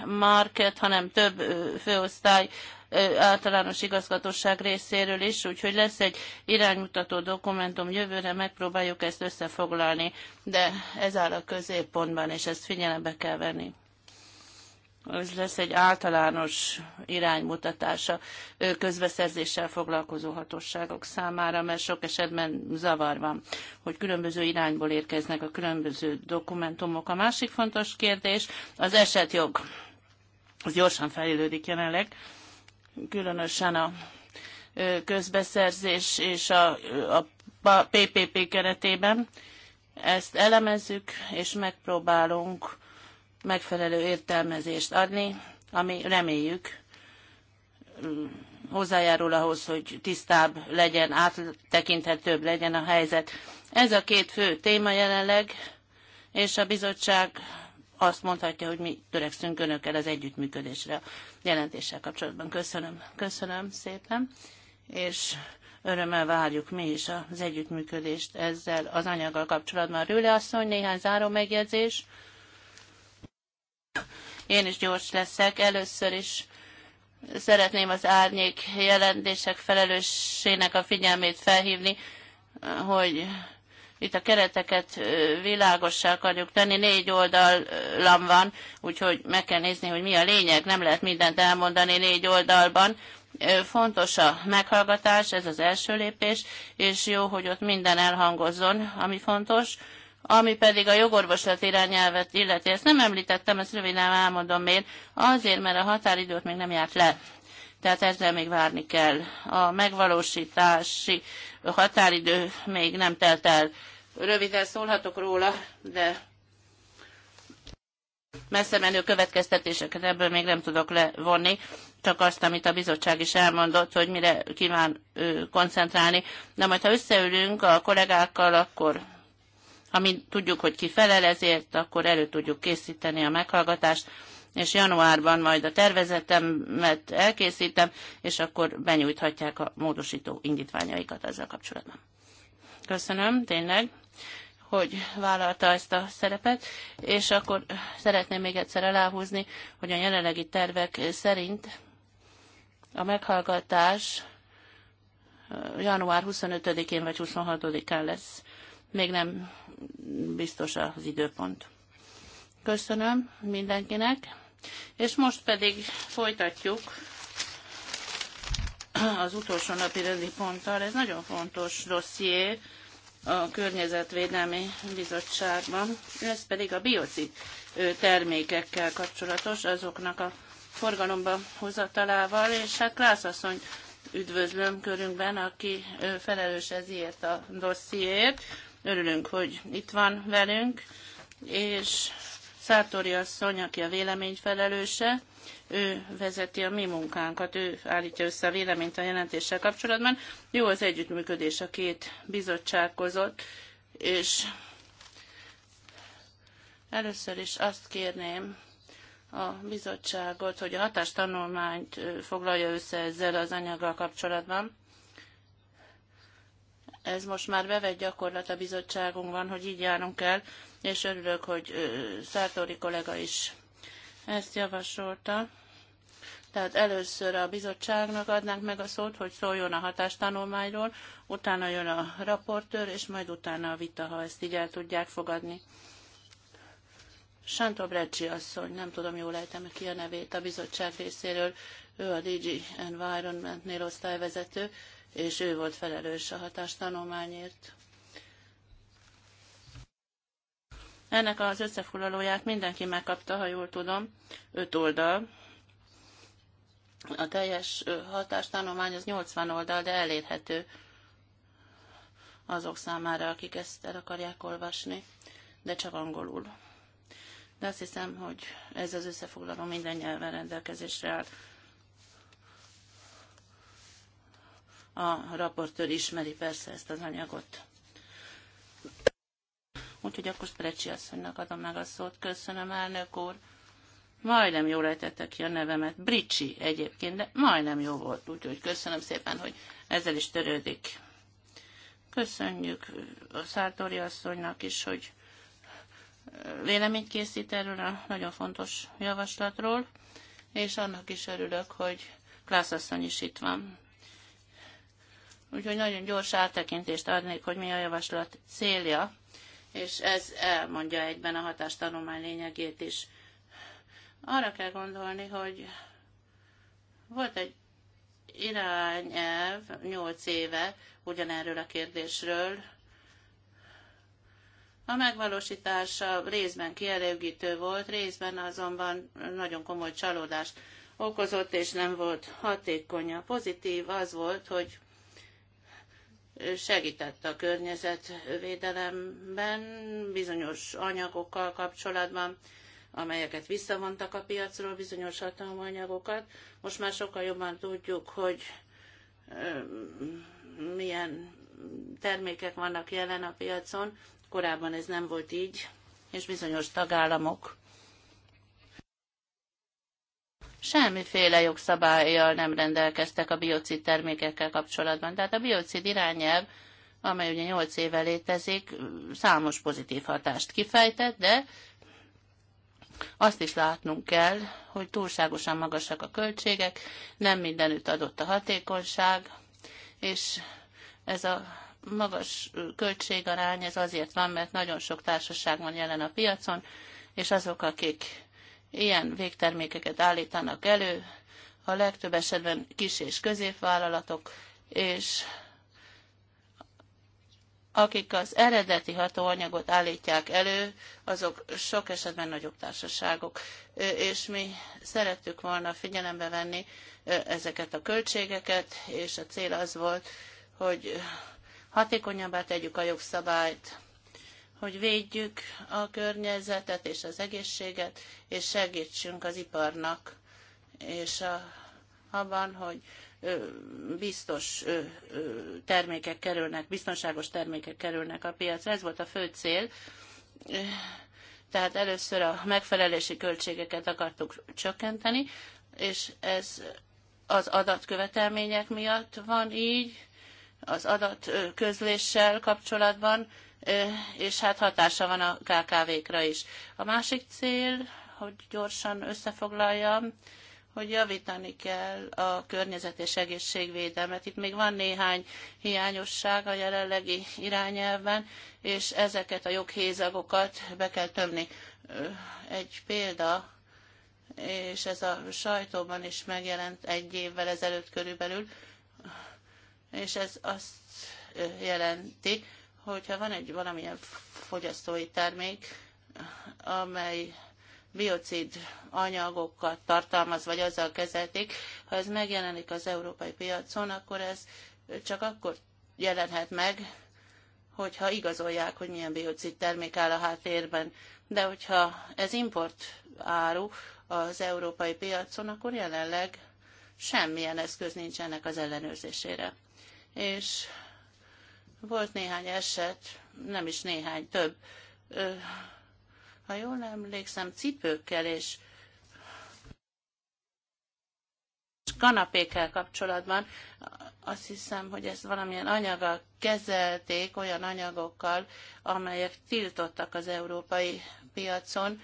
Market, hanem több főosztály általános igazgatóság részéről is, úgyhogy lesz egy iránymutató dokumentum jövőre, megpróbáljuk ezt összefoglalni, de ez áll a középpontban, és ezt figyelembe kell venni ez lesz egy általános iránymutatása közbeszerzéssel foglalkozó hatóságok számára, mert sok esetben zavar van, hogy különböző irányból érkeznek a különböző dokumentumok. A másik fontos kérdés az esetjog. Az gyorsan felélődik jelenleg, különösen a közbeszerzés és a, a PPP keretében. Ezt elemezzük, és megpróbálunk megfelelő értelmezést adni, ami reméljük mm, hozzájárul ahhoz, hogy tisztább legyen, áttekinthetőbb legyen a helyzet. Ez a két fő téma jelenleg, és a bizottság azt mondhatja, hogy mi törekszünk önökkel az együttműködésre a jelentéssel kapcsolatban. Köszönöm. Köszönöm szépen, és örömmel várjuk mi is az együttműködést ezzel az anyaggal kapcsolatban. Rőle asszony, néhány záró megjegyzés. Én is gyors leszek. Először is szeretném az árnyék jelentések felelőssének a figyelmét felhívni, hogy itt a kereteket világossá akarjuk tenni, négy oldalam van, úgyhogy meg kell nézni, hogy mi a lényeg, nem lehet mindent elmondani négy oldalban. Fontos a meghallgatás, ez az első lépés, és jó, hogy ott minden elhangozzon, ami fontos. Ami pedig a jogorvoslat irányelvet illeti, ezt nem említettem, ezt röviden elmondom én, azért, mert a határidőt még nem járt le. Tehát ezzel még várni kell. A megvalósítási határidő még nem telt el. Röviden szólhatok róla, de messze menő következtetéseket ebből még nem tudok levonni, csak azt, amit a bizottság is elmondott, hogy mire kíván ő, koncentrálni. De majd, ha összeülünk a kollégákkal, akkor ha mi tudjuk, hogy ki felel ezért, akkor elő tudjuk készíteni a meghallgatást, és januárban majd a tervezetemet elkészítem, és akkor benyújthatják a módosító indítványaikat ezzel kapcsolatban. Köszönöm, tényleg hogy vállalta ezt a szerepet, és akkor szeretném még egyszer aláhúzni, hogy a jelenlegi tervek szerint a meghallgatás január 25-én vagy 26-án lesz. Még nem biztos az időpont. Köszönöm mindenkinek, és most pedig folytatjuk az utolsó napi rendi ponttal. Ez nagyon fontos dosszié a Környezetvédelmi Bizottságban. Ez pedig a biocid termékekkel kapcsolatos, azoknak a forgalomba hozatalával, és hát Klász asszony üdvözlöm körünkben, aki felelős ezért a dossziért. Örülünk, hogy itt van velünk, és Szátori asszony, aki a felelőse, ő vezeti a mi munkánkat, ő állítja össze a véleményt a jelentéssel kapcsolatban. Jó az együttműködés a két bizottság között, és először is azt kérném a bizottságot, hogy a hatástanulmányt foglalja össze ezzel az anyaggal kapcsolatban. Ez most már bevett gyakorlat a bizottságunkban, hogy így járunk el, és örülök, hogy Szártóri kollega is ezt javasolta. Tehát először a bizottságnak adnánk meg a szót, hogy szóljon a hatástanulmányról, utána jön a raportőr, és majd utána a vita, ha ezt így el tudják fogadni. Santo Brecci asszony, nem tudom, jól ejtem ki a nevét a bizottság részéről, ő a DG Environmentnél osztályvezető, és ő volt felelős a hatástanományért. Ennek az összefoglalóját mindenki megkapta, ha jól tudom, öt oldal. A teljes hatástanomány az 80 oldal, de elérhető azok számára, akik ezt el akarják olvasni, de csak angolul. De azt hiszem, hogy ez az összefoglaló minden nyelven rendelkezésre áll. A raportőr ismeri persze ezt az anyagot. Úgyhogy akkor Sprecsi asszonynak adom meg a szót. Köszönöm, elnök úr. Majdnem jól ejtette ki a nevemet. Bricsi egyébként, de majdnem jó volt. Úgyhogy köszönöm szépen, hogy ezzel is törődik. Köszönjük a Szártori asszonynak is, hogy véleményt készít erről a nagyon fontos javaslatról, és annak is örülök, hogy Klász asszony is itt van. Úgyhogy nagyon gyors áttekintést adnék, hogy mi a javaslat célja, és ez elmondja egyben a hatástanulmány lényegét is. Arra kell gondolni, hogy volt egy irányelv 8 éve ugyanerről a kérdésről. A megvalósítása részben kielégítő volt, részben azonban nagyon komoly csalódást okozott, és nem volt hatékony. A pozitív az volt, hogy segített a környezetvédelemben bizonyos anyagokkal kapcsolatban, amelyeket visszavontak a piacról, bizonyos hatalmi anyagokat. Most már sokkal jobban tudjuk, hogy milyen termékek vannak jelen a piacon. Korábban ez nem volt így, és bizonyos tagállamok semmiféle jogszabályjal nem rendelkeztek a biocid termékekkel kapcsolatban. Tehát a biocid irányelv, amely ugye 8 éve létezik, számos pozitív hatást kifejtett, de azt is látnunk kell, hogy túlságosan magasak a költségek, nem mindenütt adott a hatékonyság, és ez a magas költségarány ez azért van, mert nagyon sok társaság van jelen a piacon, és azok, akik ilyen végtermékeket állítanak elő, a legtöbb esetben kis- és középvállalatok, és akik az eredeti hatóanyagot állítják elő, azok sok esetben nagyobb társaságok, és mi szerettük volna figyelembe venni ezeket a költségeket, és a cél az volt, hogy hatékonyabbá tegyük a jogszabályt, hogy védjük a környezetet és az egészséget, és segítsünk az iparnak, és a, abban, hogy biztos termékek kerülnek, biztonságos termékek kerülnek a piacra. Ez volt a fő cél. Tehát először a megfelelési költségeket akartuk csökkenteni, és ez az adatkövetelmények miatt van így, az adatközléssel kapcsolatban, és hát hatása van a KKV-kra is. A másik cél, hogy gyorsan összefoglaljam, hogy javítani kell a környezet és egészségvédelmet. Itt még van néhány hiányosság a jelenlegi irányelvben, és ezeket a joghézagokat be kell tömni. Egy példa, és ez a sajtóban is megjelent egy évvel ezelőtt körülbelül, és ez azt jelenti, hogyha van egy valamilyen fogyasztói termék, amely biocid anyagokat tartalmaz, vagy azzal kezelték, ha ez megjelenik az európai piacon, akkor ez csak akkor jelenhet meg, hogyha igazolják, hogy milyen biocid termék áll a háttérben. De hogyha ez import áru az európai piacon, akkor jelenleg semmilyen eszköz nincs ennek az ellenőrzésére. És volt néhány eset, nem is néhány, több. Ö, ha jól emlékszem, cipőkkel és kanapékkel kapcsolatban azt hiszem, hogy ezt valamilyen anyaggal kezelték, olyan anyagokkal, amelyek tiltottak az európai piacon,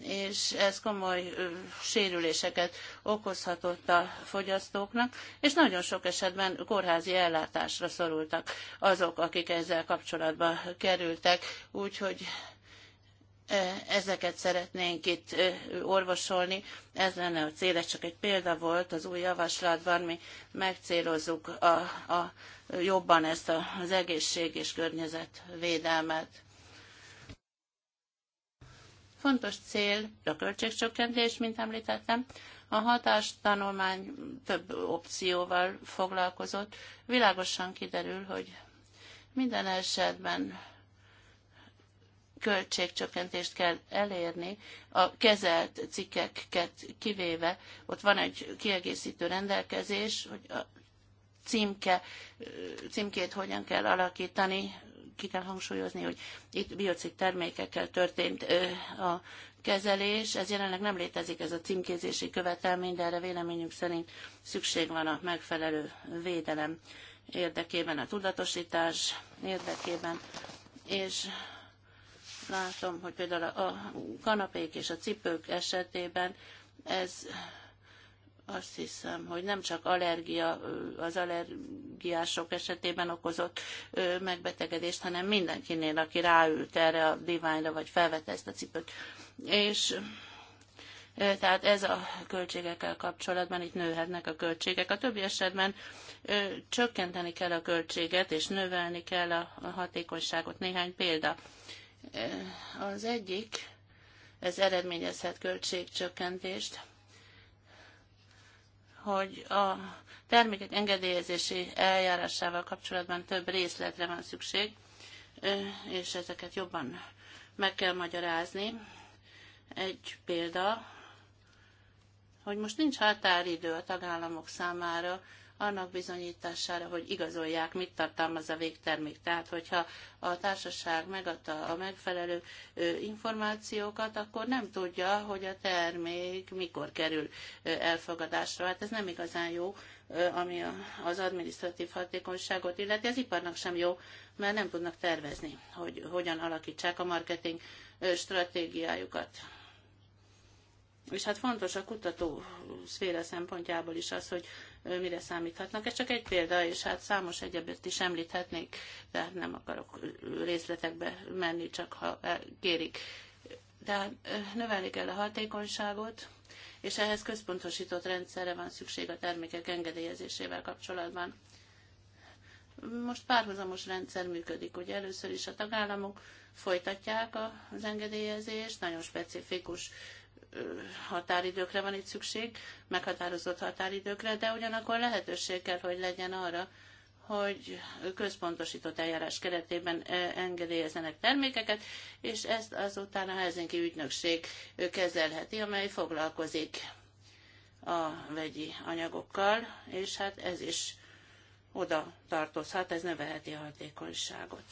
és ez komoly sérüléseket okozhatott a fogyasztóknak, és nagyon sok esetben kórházi ellátásra szorultak azok, akik ezzel kapcsolatba kerültek, úgyhogy ezeket szeretnénk itt orvosolni. Ez lenne a cél, ez csak egy példa volt az új javaslatban, mi megcélozzuk a, a jobban ezt az egészség és környezetvédelmet. Fontos cél a költségcsökkentés, mint említettem. A hatástanulmány több opcióval foglalkozott. Világosan kiderül, hogy minden esetben költségcsökkentést kell elérni, a kezelt cikkeket kivéve, ott van egy kiegészítő rendelkezés, hogy a címke, címkét hogyan kell alakítani, ki kell hangsúlyozni, hogy itt biocid termékekkel történt a kezelés, ez jelenleg nem létezik ez a címkézési követelmény, de erre véleményünk szerint szükség van a megfelelő védelem érdekében, a tudatosítás érdekében, és látom, hogy például a kanapék és a cipők esetében ez azt hiszem, hogy nem csak allergia, az allergiások esetében okozott megbetegedést, hanem mindenkinél, aki ráült erre a diványra, vagy felvette ezt a cipőt. És tehát ez a költségekkel kapcsolatban itt nőhetnek a költségek. A többi esetben ö, csökkenteni kell a költséget, és növelni kell a, a hatékonyságot. Néhány példa. Az egyik, ez eredményezhet költségcsökkentést, hogy a termékek engedélyezési eljárásával kapcsolatban több részletre van szükség, és ezeket jobban meg kell magyarázni. Egy példa, hogy most nincs határidő a tagállamok számára annak bizonyítására, hogy igazolják, mit tartalmaz a végtermék. Tehát, hogyha a társaság megadta a megfelelő információkat, akkor nem tudja, hogy a termék mikor kerül elfogadásra. Hát ez nem igazán jó, ami az adminisztratív hatékonyságot illeti. Az iparnak sem jó, mert nem tudnak tervezni, hogy hogyan alakítsák a marketing stratégiájukat. És hát fontos a kutató szféra szempontjából is az, hogy mire számíthatnak. Ez csak egy példa, és hát számos egyebet is említhetnék, de nem akarok részletekbe menni, csak ha kérik. de növelni kell a hatékonyságot, és ehhez központosított rendszerre van szükség a termékek engedélyezésével kapcsolatban. Most párhuzamos rendszer működik, hogy először is a tagállamok folytatják az engedélyezést, nagyon specifikus határidőkre van itt szükség, meghatározott határidőkre, de ugyanakkor lehetőség kell, hogy legyen arra, hogy központosított eljárás keretében engedélyezzenek termékeket, és ezt azután a Helsinki ügynökség kezelheti, amely foglalkozik a vegyi anyagokkal, és hát ez is oda tartozhat, ez növelheti a hatékonyságot.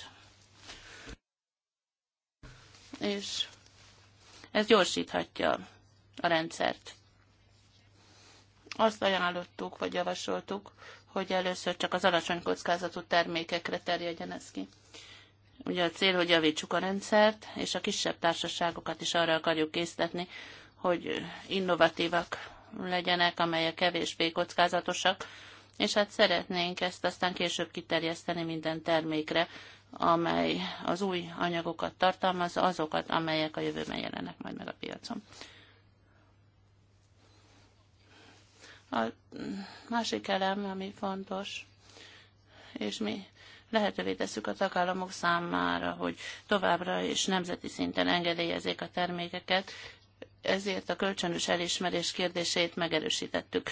És ez gyorsíthatja a rendszert. Azt ajánlottuk, vagy javasoltuk, hogy először csak az alacsony kockázatú termékekre terjedjen ez ki. Ugye a cél, hogy javítsuk a rendszert, és a kisebb társaságokat is arra akarjuk készíteni, hogy innovatívak legyenek, amelyek kevésbé kockázatosak, és hát szeretnénk ezt aztán később kiterjeszteni minden termékre, amely az új anyagokat tartalmazza, azokat, amelyek a jövőben jelennek majd meg a piacon. A másik elem, ami fontos, és mi lehetővé tesszük a tagállamok számára, hogy továbbra is nemzeti szinten engedélyezzék a termékeket, ezért a kölcsönös elismerés kérdését megerősítettük.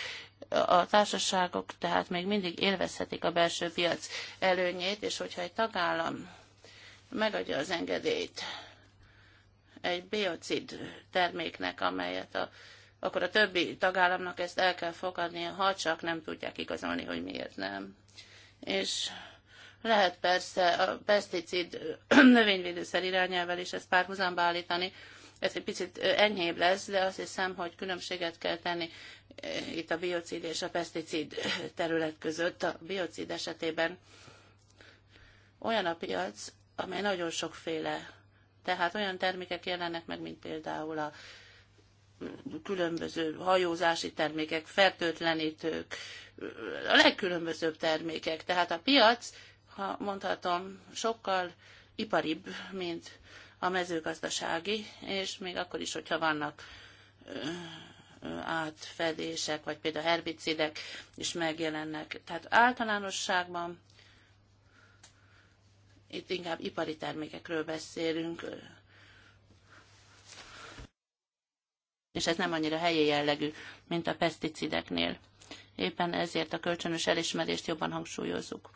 A társaságok tehát még mindig élvezhetik a belső piac előnyét, és hogyha egy tagállam megadja az engedélyt egy biocid terméknek, amelyet a akkor a többi tagállamnak ezt el kell fogadnia, ha csak nem tudják igazolni, hogy miért nem. És lehet persze a peszticid növényvédőszer irányelvel is ezt párhuzamba állítani, ez egy picit enyhébb lesz, de azt hiszem, hogy különbséget kell tenni itt a biocid és a peszticid terület között. A biocid esetében olyan a piac, amely nagyon sokféle. Tehát olyan termékek jelennek meg, mint például a különböző hajózási termékek, fertőtlenítők, a legkülönbözőbb termékek. Tehát a piac, ha mondhatom, sokkal iparibb, mint a mezőgazdasági, és még akkor is, hogyha vannak átfedések, vagy például herbicidek is megjelennek. Tehát általánosságban itt inkább ipari termékekről beszélünk, és ez nem annyira helyi jellegű, mint a peszticideknél. Éppen ezért a kölcsönös elismerést jobban hangsúlyozzuk.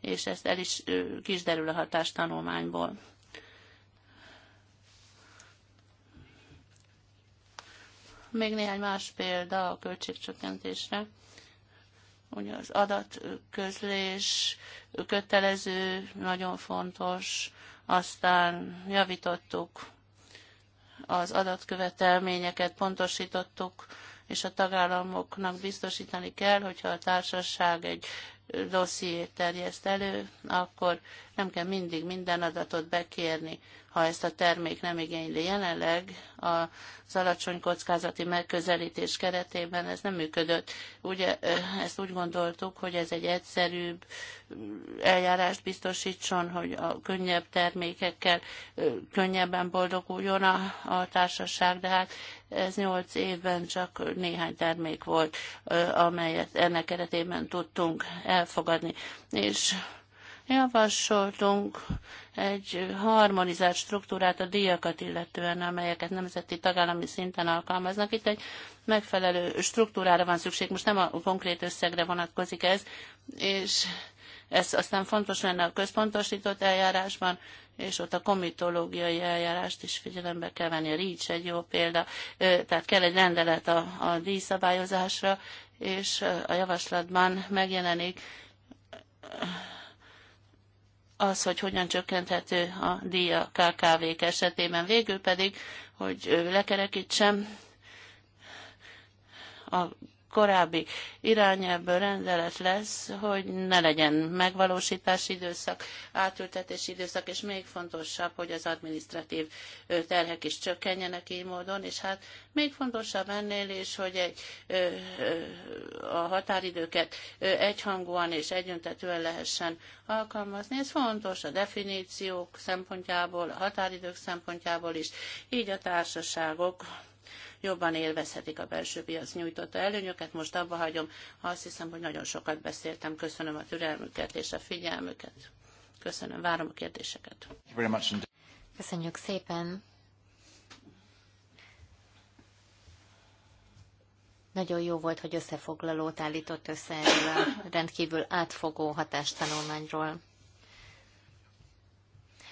És ezt el is kisderül a hatástanulmányból. Még néhány más példa a költségcsökkentésre. Ugye az adatközlés kötelező, nagyon fontos, aztán javítottuk az adatkövetelményeket, pontosítottuk, és a tagállamoknak biztosítani kell, hogyha a társaság egy dossziét terjeszt elő, akkor nem kell mindig minden adatot bekérni, ha ezt a termék nem igényli. Jelenleg az alacsony kockázati megközelítés keretében ez nem működött. Ugye ezt úgy gondoltuk, hogy ez egy egyszerűbb eljárást biztosítson, hogy a könnyebb termékekkel könnyebben boldoguljon a, a társaság, de hát ez nyolc évben csak néhány termék volt, amelyet ennek keretében tudtunk elfogadni. És Javasoltunk egy harmonizált struktúrát a díjakat illetően, amelyeket nemzeti tagállami szinten alkalmaznak. Itt egy megfelelő struktúrára van szükség, most nem a konkrét összegre vonatkozik ez, és ez aztán fontos lenne a központosított eljárásban, és ott a komitológiai eljárást is figyelembe kell venni. A REACH egy jó példa, tehát kell egy rendelet a, a díjszabályozásra, és a javaslatban megjelenik az, hogy hogyan csökkenthető a a KKV-k esetében. Végül pedig, hogy lekerekítsem, a korábbi irányelvből rendelet lesz, hogy ne legyen megvalósítási időszak, átültetési időszak, és még fontosabb, hogy az administratív terhek is csökkenjenek így módon, és hát még fontosabb ennél is, hogy egy, a határidőket egyhangúan és egyöntetően lehessen alkalmazni. Ez fontos a definíciók szempontjából, a határidők szempontjából is, így a társaságok jobban élvezhetik a belső piac nyújtotta előnyöket. Most abba hagyom, ha azt hiszem, hogy nagyon sokat beszéltem. Köszönöm a türelmüket és a figyelmüket. Köszönöm, várom a kérdéseket. Köszönjük szépen. Nagyon jó volt, hogy összefoglalót állított össze erről a rendkívül átfogó hatástanulmányról.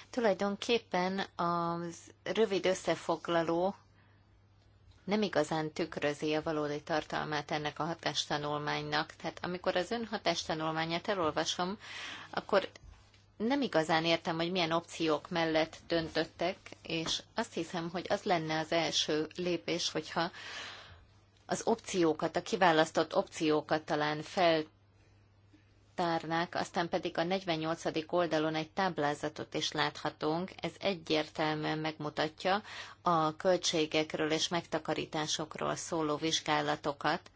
Tulajdonképpen a rövid összefoglaló nem igazán tükrözi a valódi tartalmát ennek a hatástanulmánynak. Tehát amikor az ön hatástanulmányát elolvasom, akkor nem igazán értem, hogy milyen opciók mellett döntöttek, és azt hiszem, hogy az lenne az első lépés, hogyha az opciókat, a kiválasztott opciókat talán fel tárnák, aztán pedig a 48. oldalon egy táblázatot is láthatunk. Ez egyértelműen megmutatja a költségekről és megtakarításokról szóló vizsgálatokat.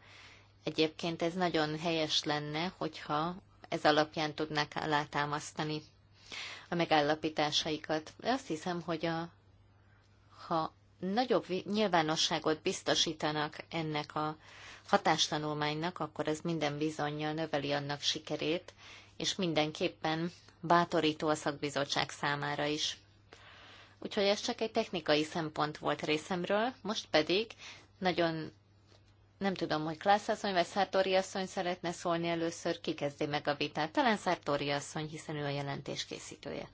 Egyébként ez nagyon helyes lenne, hogyha ez alapján tudnák alátámasztani a megállapításaikat. De azt hiszem, hogy a, ha nagyobb nyilvánosságot biztosítanak ennek a hatástanulmánynak, akkor ez minden bizonyjal növeli annak sikerét, és mindenképpen bátorító a szakbizottság számára is. Úgyhogy ez csak egy technikai szempont volt részemről, most pedig nagyon nem tudom, hogy Klász asszony vagy Szártóri asszony szeretne szólni először, ki kezdi meg a vitát. Talán Szártóri asszony, hiszen ő a jelentés készítője.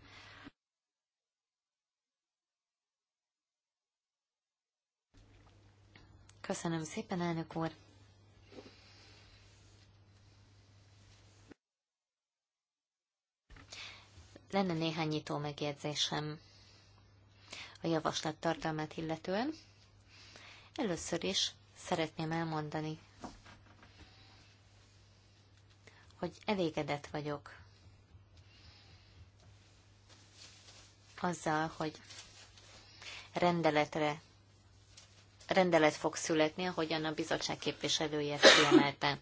Köszönöm szépen, elnök úr. Lenne néhány nyitó megjegyzésem a javaslat tartalmát illetően. Először is szeretném elmondani, hogy elégedett vagyok azzal, hogy rendeletre rendelet fog születni, ahogyan a bizottság képviselője ezt kiemelte.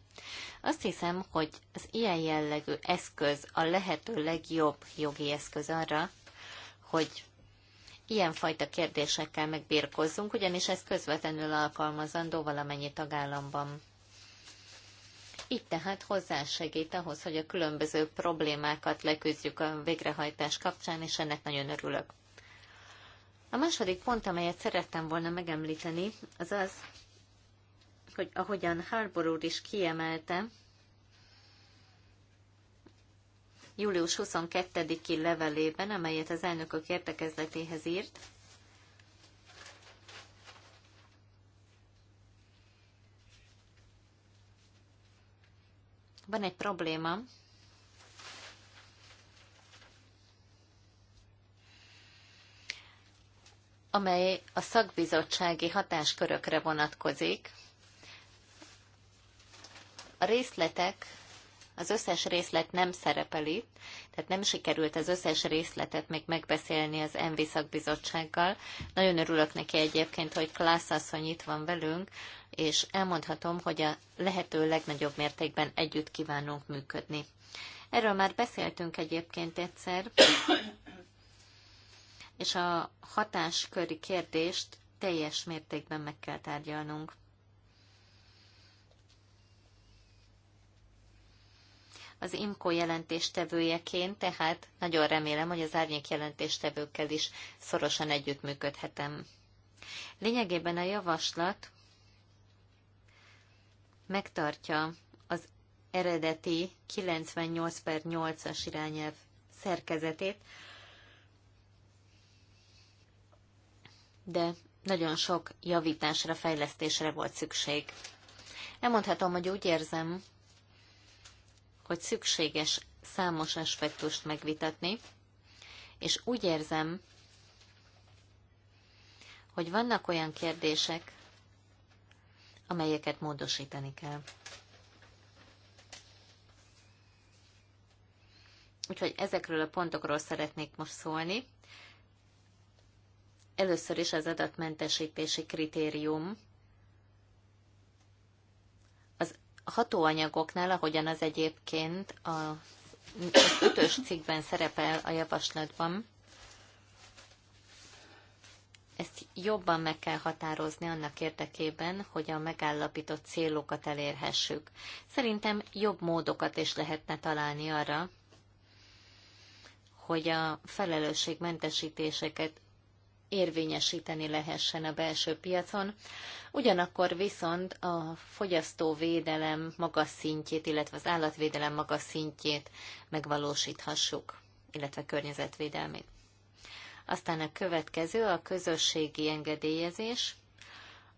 Azt hiszem, hogy az ilyen jellegű eszköz a lehető legjobb jogi eszköz arra, hogy ilyenfajta kérdésekkel megbírkozzunk, ugyanis ez közvetlenül alkalmazandó valamennyi tagállamban. Így tehát hozzásegít ahhoz, hogy a különböző problémákat leküzdjük a végrehajtás kapcsán, és ennek nagyon örülök. A második pont, amelyet szerettem volna megemlíteni, az az, hogy ahogyan Harbor úr is kiemelte, július 22-i levelében, amelyet az elnökök értekezletéhez írt, van egy probléma, amely a szakbizottsági hatáskörökre vonatkozik. A részletek, az összes részlet nem szerepel itt, tehát nem sikerült az összes részletet még megbeszélni az ENVI szakbizottsággal. Nagyon örülök neki egyébként, hogy Klász asszony itt van velünk, és elmondhatom, hogy a lehető legnagyobb mértékben együtt kívánunk működni. Erről már beszéltünk egyébként egyszer, és a hatásköri kérdést teljes mértékben meg kell tárgyalnunk. Az IMCO jelentéstevőjeként, tehát nagyon remélem, hogy az árnyék jelentéstevőkkel is szorosan együttműködhetem. Lényegében a javaslat megtartja az eredeti 98 per 8-as irányelv szerkezetét, de nagyon sok javításra, fejlesztésre volt szükség. mondhatom, hogy úgy érzem, hogy szükséges számos aspektust megvitatni, és úgy érzem, hogy vannak olyan kérdések, amelyeket módosítani kell. Úgyhogy ezekről a pontokról szeretnék most szólni. Először is az adatmentesítési kritérium. Az hatóanyagoknál, ahogyan az egyébként a az ötös cikkben szerepel a javaslatban, ezt jobban meg kell határozni annak érdekében, hogy a megállapított célokat elérhessük. Szerintem jobb módokat is lehetne találni arra, hogy a felelősségmentesítéseket érvényesíteni lehessen a belső piacon. Ugyanakkor viszont a fogyasztóvédelem magas szintjét, illetve az állatvédelem magas szintjét megvalósíthassuk, illetve környezetvédelmét. Aztán a következő a közösségi engedélyezés.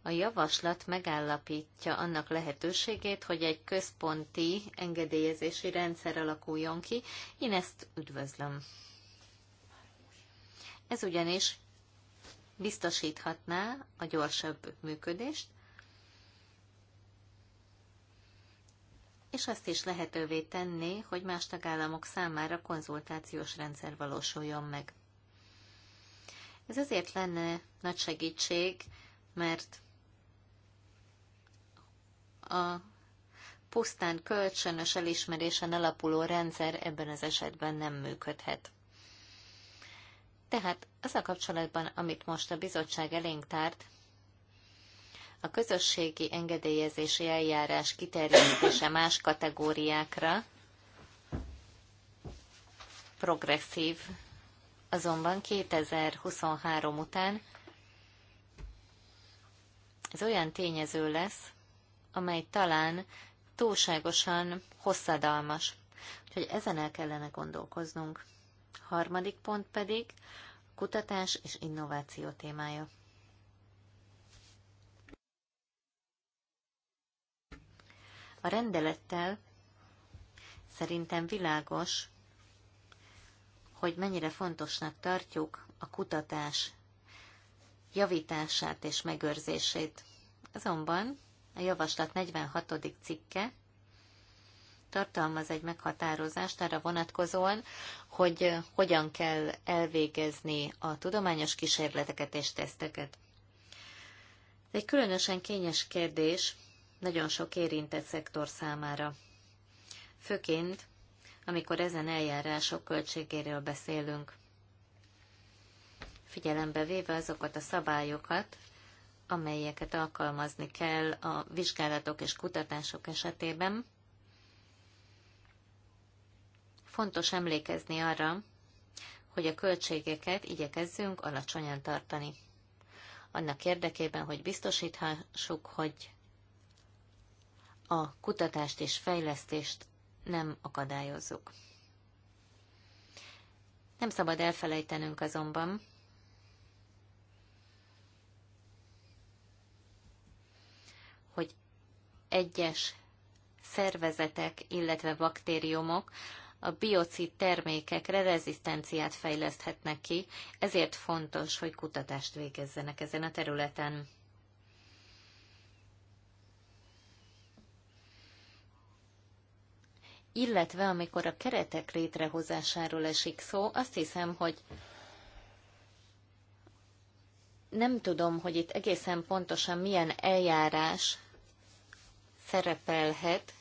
A javaslat megállapítja annak lehetőségét, hogy egy központi engedélyezési rendszer alakuljon ki. Én ezt üdvözlöm. Ez ugyanis biztosíthatná a gyorsabb működést, és azt is lehetővé tenné, hogy más tagállamok számára konzultációs rendszer valósuljon meg. Ez azért lenne nagy segítség, mert a pusztán kölcsönös elismerésen alapuló rendszer ebben az esetben nem működhet. Tehát az a kapcsolatban, amit most a bizottság elénk tárt, a közösségi engedélyezési eljárás kiterjesztése más kategóriákra progresszív, azonban 2023 után ez olyan tényező lesz, amely talán túlságosan hosszadalmas. Úgyhogy ezen el kellene gondolkoznunk. Harmadik pont pedig kutatás és innováció témája. A rendelettel szerintem világos, hogy mennyire fontosnak tartjuk a kutatás javítását és megőrzését. Azonban a javaslat 46. cikke tartalmaz egy meghatározást arra vonatkozóan, hogy eh, hogyan kell elvégezni a tudományos kísérleteket és teszteket. Ez egy különösen kényes kérdés nagyon sok érintett szektor számára. Főként, amikor ezen eljárások költségéről beszélünk. Figyelembe véve azokat a szabályokat, amelyeket alkalmazni kell a vizsgálatok és kutatások esetében, Fontos emlékezni arra, hogy a költségeket igyekezzünk alacsonyan tartani. Annak érdekében, hogy biztosíthassuk, hogy a kutatást és fejlesztést nem akadályozzuk. Nem szabad elfelejtenünk azonban, hogy egyes szervezetek, illetve baktériumok a biocid termékekre rezisztenciát fejleszthetnek ki, ezért fontos, hogy kutatást végezzenek ezen a területen. Illetve amikor a keretek létrehozásáról esik szó, azt hiszem, hogy nem tudom, hogy itt egészen pontosan milyen eljárás szerepelhet,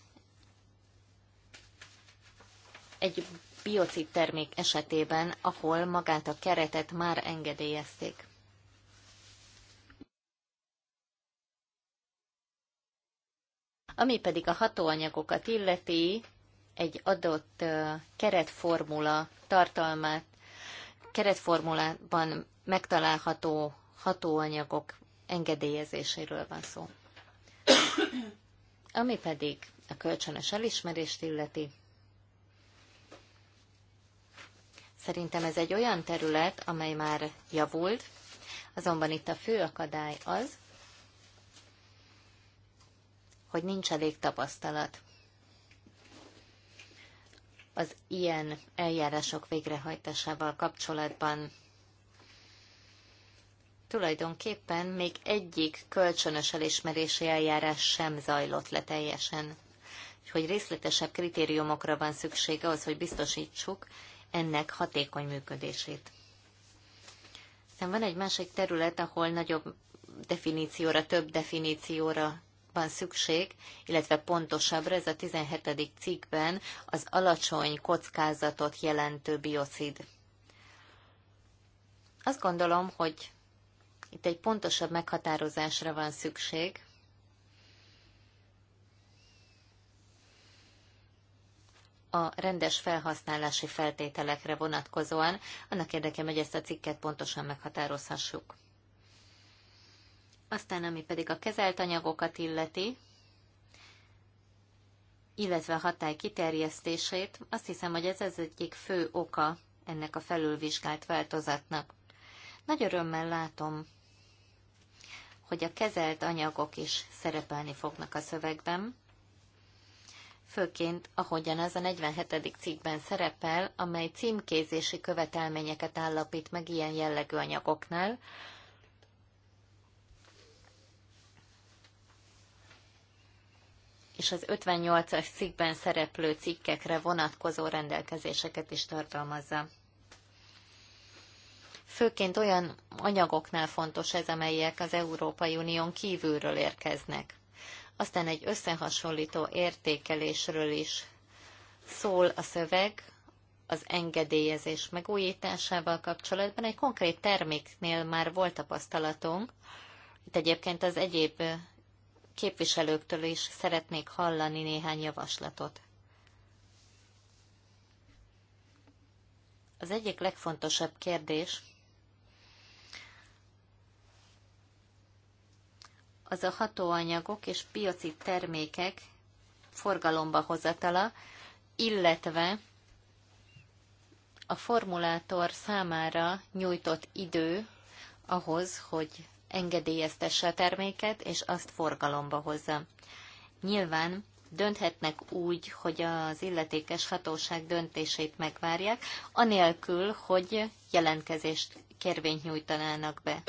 egy biocid termék esetében, ahol magát a keretet már engedélyezték. Ami pedig a hatóanyagokat illeti, egy adott keretformula tartalmát, keretformulában megtalálható hatóanyagok engedélyezéséről van szó. Ami pedig a kölcsönös elismerést illeti, Szerintem ez egy olyan terület, amely már javult, azonban itt a fő akadály az, hogy nincs elég tapasztalat az ilyen eljárások végrehajtásával kapcsolatban. Tulajdonképpen még egyik kölcsönös elismerési eljárás sem zajlott le teljesen. Hogy részletesebb kritériumokra van szüksége az, hogy biztosítsuk, ennek hatékony működését. Aztán van egy másik terület, ahol nagyobb definícióra, több definícióra van szükség, illetve pontosabbra, ez a 17. cikkben az alacsony kockázatot jelentő biocid. Azt gondolom, hogy itt egy pontosabb meghatározásra van szükség, a rendes felhasználási feltételekre vonatkozóan, annak érdekében, hogy ezt a cikket pontosan meghatározhassuk. Aztán, ami pedig a kezelt anyagokat illeti, illetve a hatály kiterjesztését, azt hiszem, hogy ez az egyik fő oka ennek a felülvizsgált változatnak. Nagy örömmel látom, hogy a kezelt anyagok is szerepelni fognak a szövegben, főként ahogyan az a 47. cikkben szerepel, amely címkézési követelményeket állapít meg ilyen jellegű anyagoknál, és az 58-as cikkben szereplő cikkekre vonatkozó rendelkezéseket is tartalmazza. Főként olyan anyagoknál fontos ez, amelyek az Európai Unión kívülről érkeznek. Aztán egy összehasonlító értékelésről is szól a szöveg az engedélyezés megújításával kapcsolatban. Egy konkrét terméknél már volt tapasztalatunk. Itt egyébként az egyéb képviselőktől is szeretnék hallani néhány javaslatot. Az egyik legfontosabb kérdés, az a hatóanyagok és piaci termékek forgalomba hozatala, illetve a formulátor számára nyújtott idő ahhoz, hogy engedélyeztesse a terméket, és azt forgalomba hozza. Nyilván dönthetnek úgy, hogy az illetékes hatóság döntését megvárják, anélkül, hogy jelentkezést, kérvényt nyújtanának be.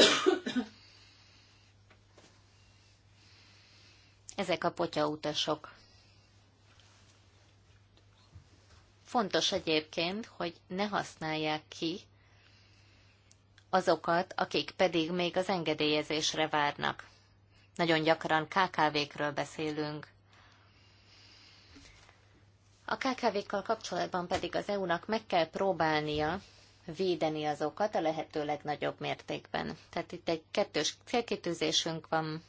Ezek a potyautasok. Fontos egyébként, hogy ne használják ki azokat, akik pedig még az engedélyezésre várnak. Nagyon gyakran KKV-kről beszélünk. A KKV-kkal kapcsolatban pedig az EU-nak meg kell próbálnia védeni azokat a lehető legnagyobb mértékben. Tehát itt egy kettős célkitűzésünk van,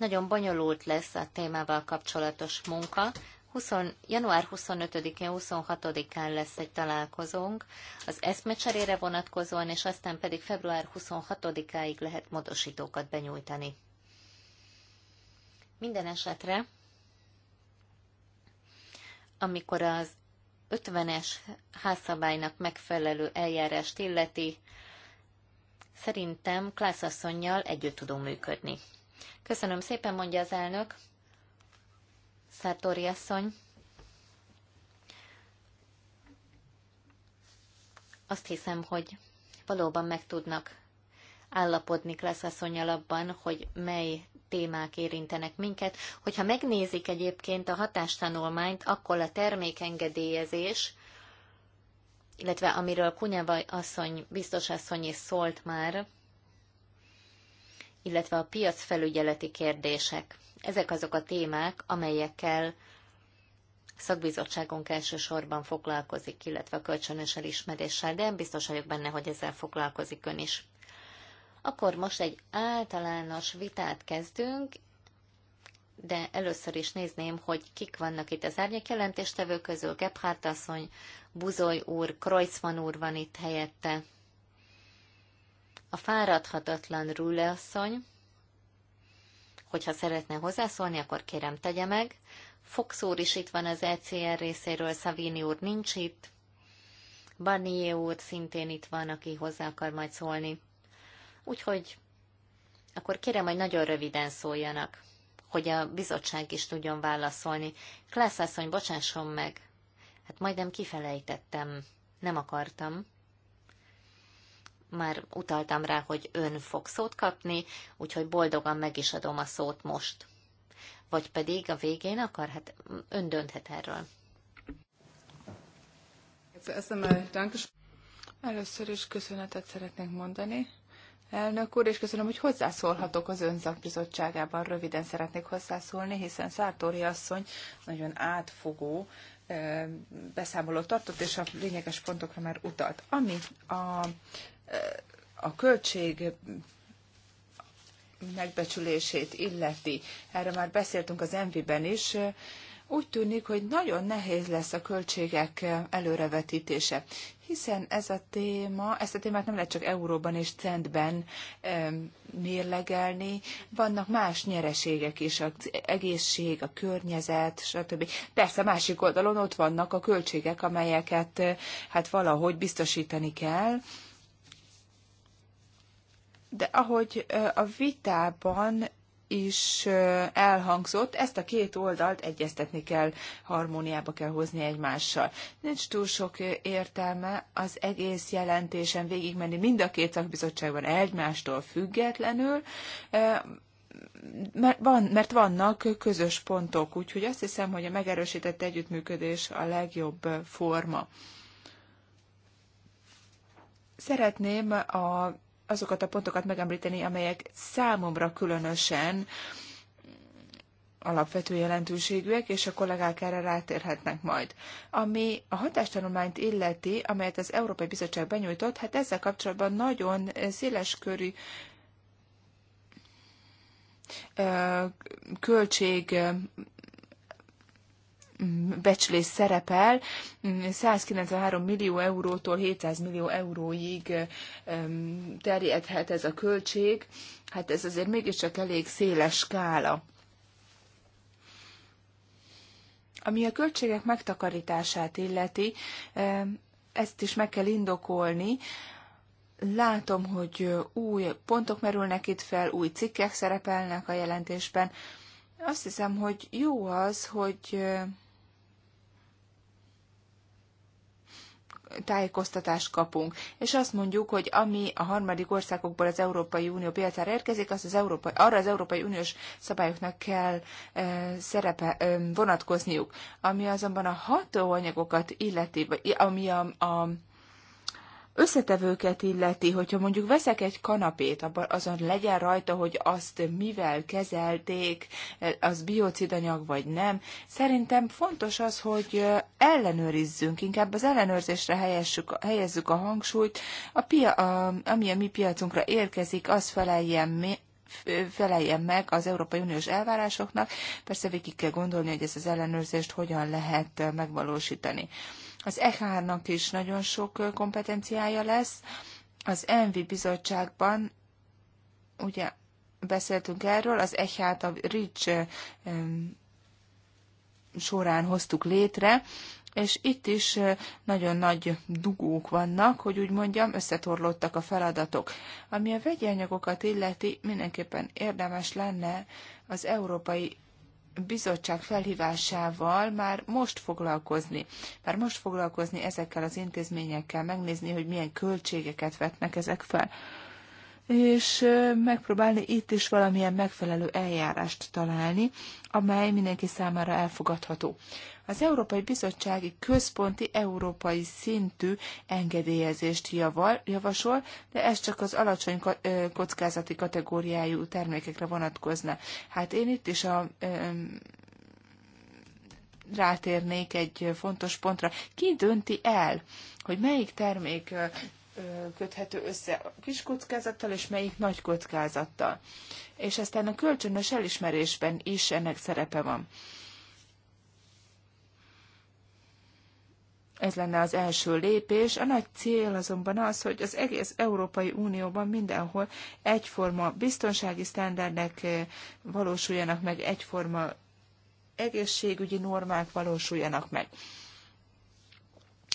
nagyon bonyolult lesz a témával kapcsolatos munka. 20, január 25-én, 26-án lesz egy találkozónk az eszmecserére vonatkozóan, és aztán pedig február 26-áig lehet módosítókat benyújtani. Minden esetre, amikor az 50-es házszabálynak megfelelő eljárást illeti, szerintem Klászasszonynal együtt tudunk működni. Köszönöm szépen, mondja az elnök. Szátori asszony. Azt hiszem, hogy valóban meg tudnak állapodni klasszasszonyal abban, hogy mely témák érintenek minket. Hogyha megnézik egyébként a hatástanulmányt, akkor a termékengedélyezés, illetve amiről Kunyava asszony, biztos asszony is szólt már, illetve a piacfelügyeleti kérdések. Ezek azok a témák, amelyekkel szakbizottságunk elsősorban foglalkozik, illetve a kölcsönös elismeréssel, de én biztos vagyok benne, hogy ezzel foglalkozik ön is. Akkor most egy általános vitát kezdünk, de először is nézném, hogy kik vannak itt az árnyékjelentéstevő közül. Gebhardt asszony, Buzoly úr, Kreuzmann úr van itt helyette. A fáradhatatlan Rüle asszony, hogyha szeretne hozzászólni, akkor kérem tegye meg. Fox úr is itt van az ECR részéről, Szavini úr nincs itt. Barnier úr szintén itt van, aki hozzá akar majd szólni. Úgyhogy akkor kérem, hogy nagyon röviden szóljanak, hogy a bizottság is tudjon válaszolni. Klász asszony, bocsásson meg. Hát majdnem kifelejtettem. Nem akartam már utaltam rá, hogy ön fog szót kapni, úgyhogy boldogan meg is adom a szót most. Vagy pedig a végén akar, hát ön dönthet erről. Először is köszönetet szeretnék mondani. Elnök úr, és köszönöm, hogy hozzászólhatok az önszakbizottságában. Röviden szeretnék hozzászólni, hiszen Szártóri asszony nagyon átfogó eh, beszámolót tartott, és a lényeges pontokra már utalt. Ami a a költség megbecsülését illeti, erre már beszéltünk az mv ben is, úgy tűnik, hogy nagyon nehéz lesz a költségek előrevetítése, hiszen ez a téma, ezt a témát nem lehet csak euróban és centben mérlegelni, vannak más nyereségek is, az egészség, a környezet, stb. Persze másik oldalon ott vannak a költségek, amelyeket hát valahogy biztosítani kell, de ahogy a vitában is elhangzott, ezt a két oldalt egyeztetni kell, harmóniába kell hozni egymással. Nincs túl sok értelme az egész jelentésen végigmenni mind a két szakbizottságban egymástól függetlenül, mert, van, mert vannak közös pontok, úgyhogy azt hiszem, hogy a megerősített együttműködés a legjobb forma. Szeretném a azokat a pontokat megemlíteni, amelyek számomra különösen alapvető jelentőségűek, és a kollégák erre rátérhetnek majd. Ami a hatástanulmányt illeti, amelyet az Európai Bizottság benyújtott, hát ezzel kapcsolatban nagyon széleskörű költség becslés szerepel, 193 millió eurótól 700 millió euróig terjedhet ez a költség, hát ez azért mégiscsak elég széles skála. Ami a költségek megtakarítását illeti, ezt is meg kell indokolni, látom, hogy új pontok merülnek itt fel, új cikkek szerepelnek a jelentésben. Azt hiszem, hogy jó az, hogy tájékoztatást kapunk, és azt mondjuk, hogy ami a harmadik országokból az Európai Unió piacára érkezik, az az Európai, arra az Európai Uniós szabályoknak kell e, szerepe, e, vonatkozniuk. Ami azonban a hatóanyagokat illeti, vagy ami a, a összetevőket illeti, hogyha mondjuk veszek egy kanapét, abban azon legyen rajta, hogy azt mivel kezelték, az biocidanyag vagy nem. Szerintem fontos az, hogy ellenőrizzünk, inkább az ellenőrzésre helyessük, helyezzük a hangsúlyt, a pia, a, ami a mi piacunkra érkezik, az feleljen mi, feleljen meg az Európai Uniós elvárásoknak. Persze végig kell gondolni, hogy ezt az ellenőrzést hogyan lehet megvalósítani. Az EHR-nak is nagyon sok kompetenciája lesz. Az ENVI bizottságban, ugye beszéltünk erről, az EHR-t a RICS során hoztuk létre, és itt is nagyon nagy dugók vannak, hogy úgy mondjam, összetorlódtak a feladatok. Ami a vegyi anyagokat illeti, mindenképpen érdemes lenne az Európai bizottság felhívásával már most foglalkozni, már most foglalkozni ezekkel az intézményekkel, megnézni, hogy milyen költségeket vetnek ezek fel, és megpróbálni itt is valamilyen megfelelő eljárást találni, amely mindenki számára elfogadható. Az Európai Bizottsági Központi Európai Szintű engedélyezést javasol, de ez csak az alacsony kockázati kategóriájú termékekre vonatkozna. Hát én itt is a rátérnék egy fontos pontra. Ki dönti el, hogy melyik termék köthető össze a kis kockázattal, és melyik nagy kockázattal. És aztán a kölcsönös elismerésben is ennek szerepe van. Ez lenne az első lépés. A nagy cél azonban az, hogy az egész Európai Unióban mindenhol egyforma biztonsági sztenderdek eh, valósuljanak meg, egyforma egészségügyi normák valósuljanak meg.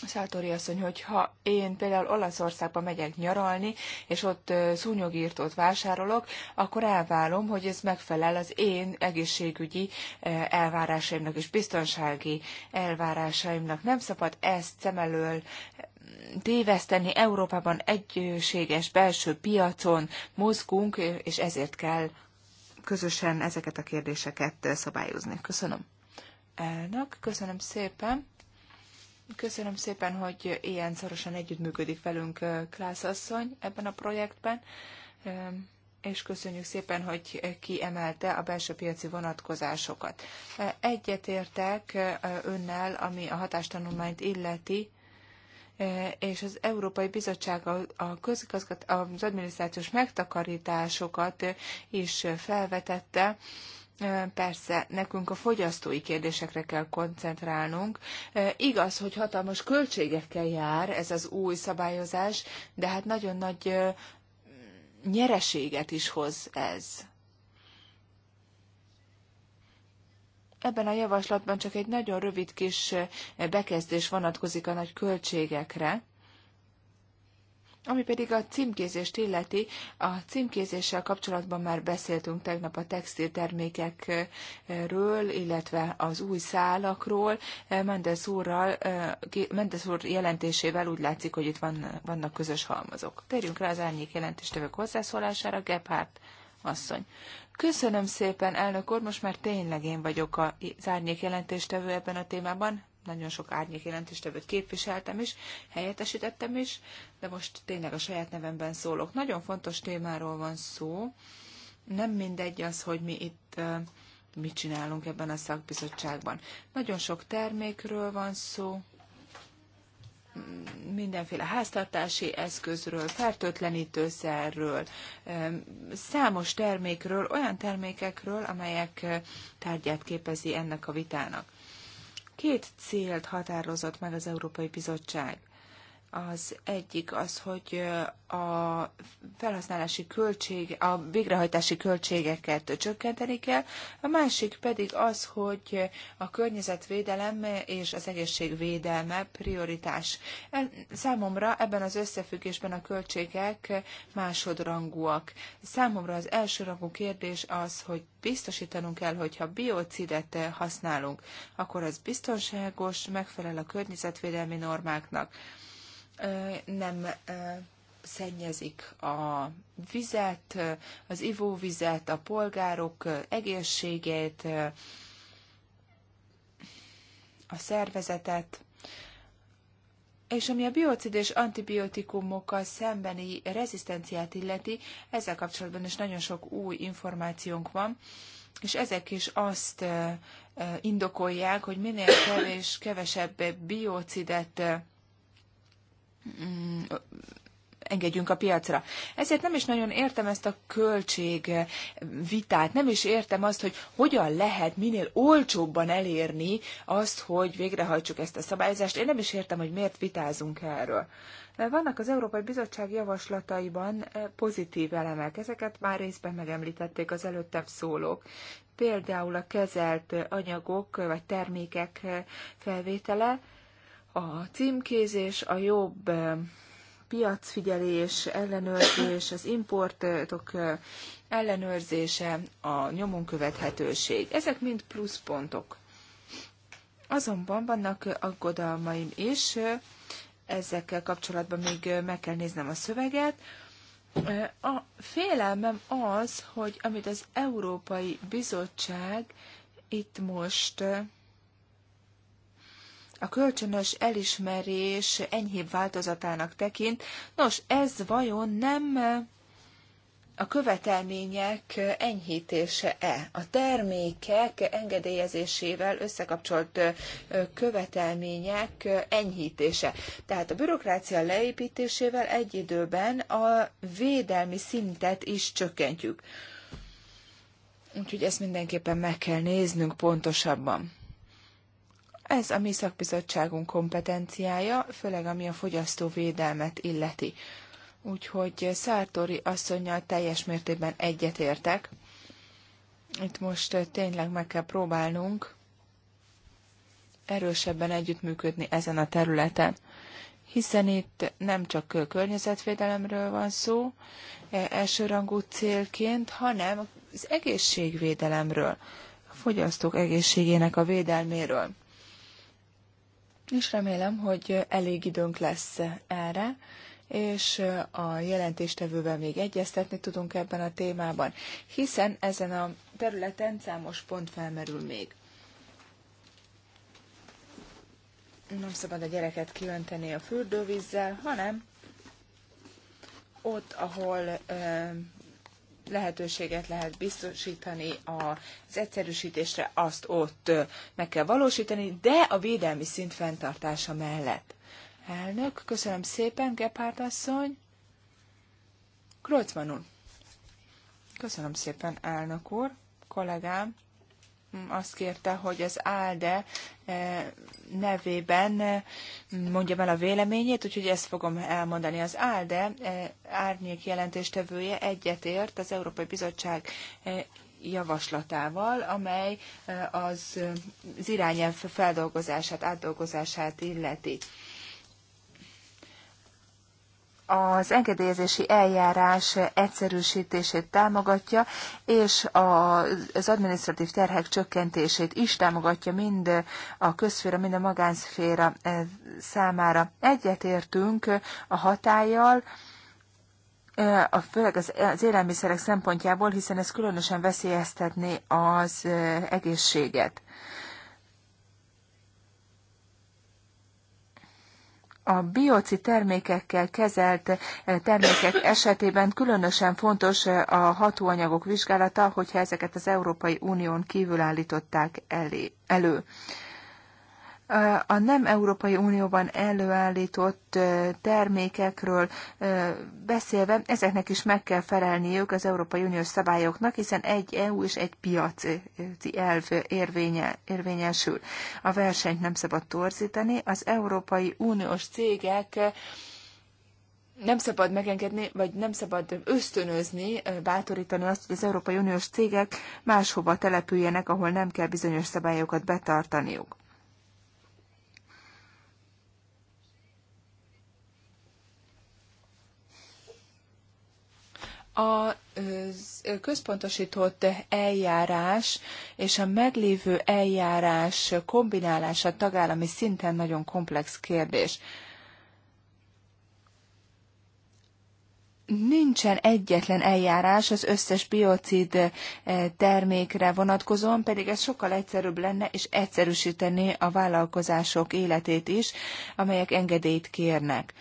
Szátori asszony, hogy ha én például Olaszországba megyek nyaralni, és ott szúnyogírtót vásárolok, akkor elvárom, hogy ez megfelel az én egészségügyi elvárásaimnak és biztonsági elvárásaimnak. Nem szabad ezt szem elől mm, téveszteni. Európában egységes belső piacon mozgunk, és ezért kell közösen ezeket a kérdéseket szabályozni. Köszönöm. Elnök, köszönöm szépen. Köszönöm szépen, hogy ilyen szorosan együttműködik velünk Klász asszony ebben a projektben, és köszönjük szépen, hogy kiemelte a belső piaci vonatkozásokat. Egyetértek önnel, ami a hatástanulmányt illeti, és az Európai Bizottság a közigazgat, az adminisztrációs megtakarításokat is felvetette, Persze, nekünk a fogyasztói kérdésekre kell koncentrálnunk. Igaz, hogy hatalmas költségekkel jár ez az új szabályozás, de hát nagyon nagy nyereséget is hoz ez. Ebben a javaslatban csak egy nagyon rövid kis bekezdés vonatkozik a nagy költségekre ami pedig a címkézést illeti, a címkézéssel kapcsolatban már beszéltünk tegnap a textiltermékekről, illetve az új szálakról. Mendes, úrral, Mendes úr jelentésével úgy látszik, hogy itt van, vannak közös halmazok. Térjünk rá az árnyék jelentéstevők hozzászólására, Gebhardt asszony. Köszönöm szépen, elnök úr, most már tényleg én vagyok az árnyék jelentéstevő ebben a témában nagyon sok árnyék jelentéstevőt képviseltem is, helyettesítettem is, de most tényleg a saját nevemben szólok. Nagyon fontos témáról van szó. Nem mindegy az, hogy mi itt mit csinálunk ebben a szakbizottságban. Nagyon sok termékről van szó, mindenféle háztartási eszközről, fertőtlenítőszerről, számos termékről, olyan termékekről, amelyek tárgyát képezi ennek a vitának. Két célt határozott meg az Európai Bizottság – az egyik az, hogy a felhasználási költség, a végrehajtási költségeket csökkenteni kell, a másik pedig az, hogy a környezetvédelem és az egészségvédelme prioritás. E, számomra ebben az összefüggésben a költségek másodrangúak. Számomra az elsőrangú kérdés az, hogy biztosítanunk kell, hogyha biocidet használunk, akkor az biztonságos, megfelel a környezetvédelmi normáknak nem szennyezik a vizet, az ivóvizet, a polgárok egészségét, a szervezetet. És ami a biocid és antibiotikumokkal szembeni rezisztenciát illeti, ezzel kapcsolatban is nagyon sok új információnk van, és ezek is azt indokolják, hogy minél kevés, kevesebb biocidet Mm, engedjünk a piacra. Ezért nem is nagyon értem ezt a költség eh, vitát, nem is értem azt, hogy hogyan lehet minél olcsóbban elérni azt, hogy végrehajtsuk ezt a szabályozást. Én nem is értem, hogy miért vitázunk erről. Mert vannak az Európai Bizottság javaslataiban eh, pozitív elemek, ezeket már részben megemlítették az előttebb szólók. Például a kezelt anyagok vagy termékek eh, felvétele, a címkézés, a jobb piacfigyelés, ellenőrzés, az importok ellenőrzése, a nyomon követhetőség. Ezek mind pluszpontok. Azonban vannak aggodalmaim is, ezekkel kapcsolatban még meg kell néznem a szöveget. A félelmem az, hogy amit az Európai Bizottság itt most a kölcsönös elismerés enyhébb változatának tekint. Nos, ez vajon nem a követelmények enyhítése-e? A termékek engedélyezésével összekapcsolt követelmények enyhítése. Tehát a bürokrácia leépítésével egy időben a védelmi szintet is csökkentjük. Úgyhogy ezt mindenképpen meg kell néznünk pontosabban. Ez a mi szakbizottságunk kompetenciája, főleg ami a fogyasztóvédelmet illeti. Úgyhogy Szártori asszonynal teljes mértékben egyetértek. Itt most eh, tényleg meg kell próbálnunk erősebben együttműködni ezen a területen, hiszen itt nem csak környezetvédelemről van szó eh, elsőrangú célként, hanem az egészségvédelemről, a fogyasztók egészségének a védelméről és remélem, hogy elég időnk lesz erre, és a jelentéstevővel még egyeztetni tudunk ebben a témában, hiszen ezen a területen számos pont felmerül még. Nem szabad a gyereket kiönteni a fürdővízzel, hanem ott, ahol lehetőséget lehet biztosítani az egyszerűsítésre, azt ott meg kell valósítani, de a védelmi szint fenntartása mellett. Elnök, köszönöm szépen, Gephardt asszony. Krolcman Köszönöm szépen, elnök úr, kollégám azt kérte, hogy az Álde eh, nevében eh, mondjam el a véleményét, úgyhogy ezt fogom elmondani. Az Álde eh, árnyék jelentéstevője egyetért az Európai Bizottság javaslatával, amely az, az irányelv feldolgozását, átdolgozását illeti az engedélyezési eljárás egyszerűsítését támogatja, és az adminisztratív terhek csökkentését is támogatja mind a közféra, mind a magánszféra eh, számára. Egyetértünk a hatállyal, eh, a, főleg az, az élelmiszerek szempontjából, hiszen ez különösen veszélyeztetné az eh, egészséget. a bioci termékekkel kezelt eh, termékek esetében különösen fontos eh, a hatóanyagok vizsgálata, hogyha ezeket az Európai Unión kívül állították elő a nem Európai Unióban előállított termékekről beszélve, ezeknek is meg kell felelniük az Európai Uniós szabályoknak, hiszen egy EU és egy piaci elv érvénye, érvényesül. A versenyt nem szabad torzítani, az Európai Uniós cégek nem szabad megengedni, vagy nem szabad ösztönözni, bátorítani azt, hogy az Európai Uniós cégek máshova települjenek, ahol nem kell bizonyos szabályokat betartaniuk. a központosított eljárás és a meglévő eljárás kombinálása tagállami szinten nagyon komplex kérdés. Nincsen egyetlen eljárás az összes biocid eh, termékre vonatkozóan, pedig ez sokkal egyszerűbb lenne, és egyszerűsítené a vállalkozások életét is, amelyek engedélyt kérnek.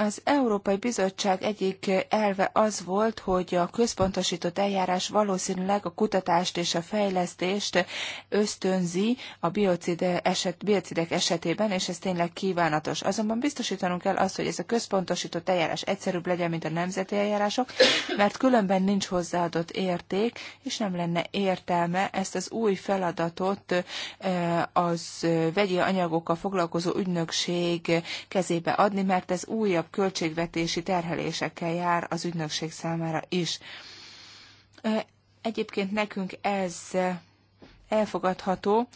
Az Európai Bizottság egyik elve az volt, hogy a központosított eljárás valószínűleg a kutatást és a fejlesztést ösztönzi a biocide eset, biocidek esetében, és ez tényleg kívánatos. Azonban biztosítanunk kell azt, hogy ez a központosított eljárás egyszerűbb legyen, mint a nemzeti eljárások, mert különben nincs hozzáadott érték, és nem lenne értelme ezt az új feladatot e, az vegyi anyagokkal foglalkozó ügynökség kezébe adni, mert ez újabb újabb költségvetési terhelésekkel jár az ügynökség számára is. Egyébként nekünk ez elfogadható,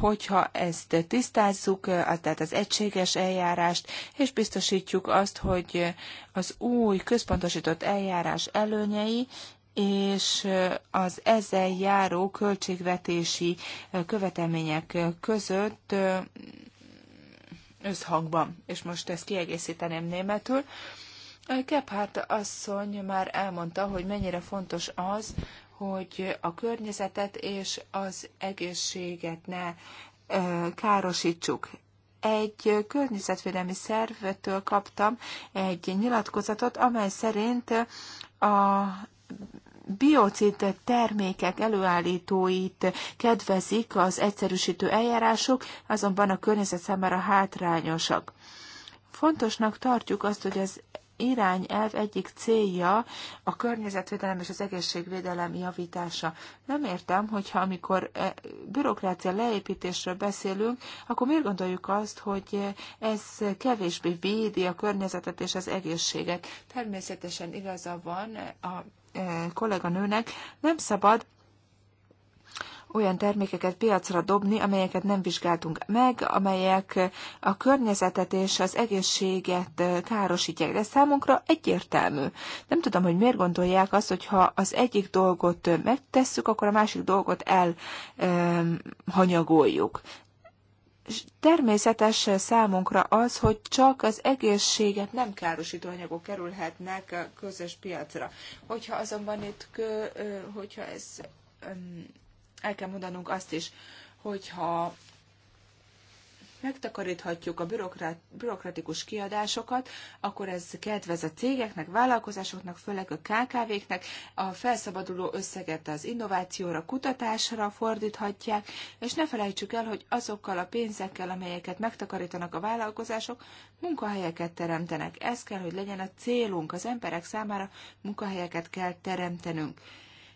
hogyha ezt tisztázzuk, tehát az egységes eljárást, és biztosítjuk azt, hogy az új központosított eljárás előnyei és az ezzel járó költségvetési követelmények között összhangban, és most ezt kiegészíteném németül. Kephárt asszony már elmondta, hogy mennyire fontos az, hogy a környezetet és az egészséget ne károsítsuk. Egy környezetvédelmi szervtől kaptam egy nyilatkozatot, amely szerint a biocid termékek előállítóit kedvezik az egyszerűsítő eljárások, azonban a környezet számára hátrányosak. Fontosnak tartjuk azt, hogy az irányelv egyik célja a környezetvédelem és az egészségvédelem javítása. Nem értem, hogyha amikor eh, bürokrácia leépítésről beszélünk, akkor miért gondoljuk azt, hogy ez kevésbé védi a környezetet és az egészséget. Természetesen igaza van a Eh, kolléganőnek, nem szabad olyan termékeket piacra dobni, amelyeket nem vizsgáltunk meg, amelyek a környezetet és az egészséget eh, károsítják. De számunkra egyértelmű. Nem tudom, hogy miért gondolják azt, hogy ha az egyik dolgot megtesszük, akkor a másik dolgot elhanyagoljuk. Eh, természetes számunkra az, hogy csak az egészséget nem károsító anyagok kerülhetnek a közös piacra. Hogyha azonban itt, hogyha ez, el kell mondanunk azt is, hogyha megtakaríthatjuk a bürokrat, bürokratikus kiadásokat, akkor ez kedvez a cégeknek, vállalkozásoknak, főleg a KKV-knek, a felszabaduló összeget az innovációra, kutatásra fordíthatják, és ne felejtsük el, hogy azokkal a pénzekkel, amelyeket megtakarítanak a vállalkozások, munkahelyeket teremtenek. Ez kell, hogy legyen a célunk, az emberek számára munkahelyeket kell teremtenünk.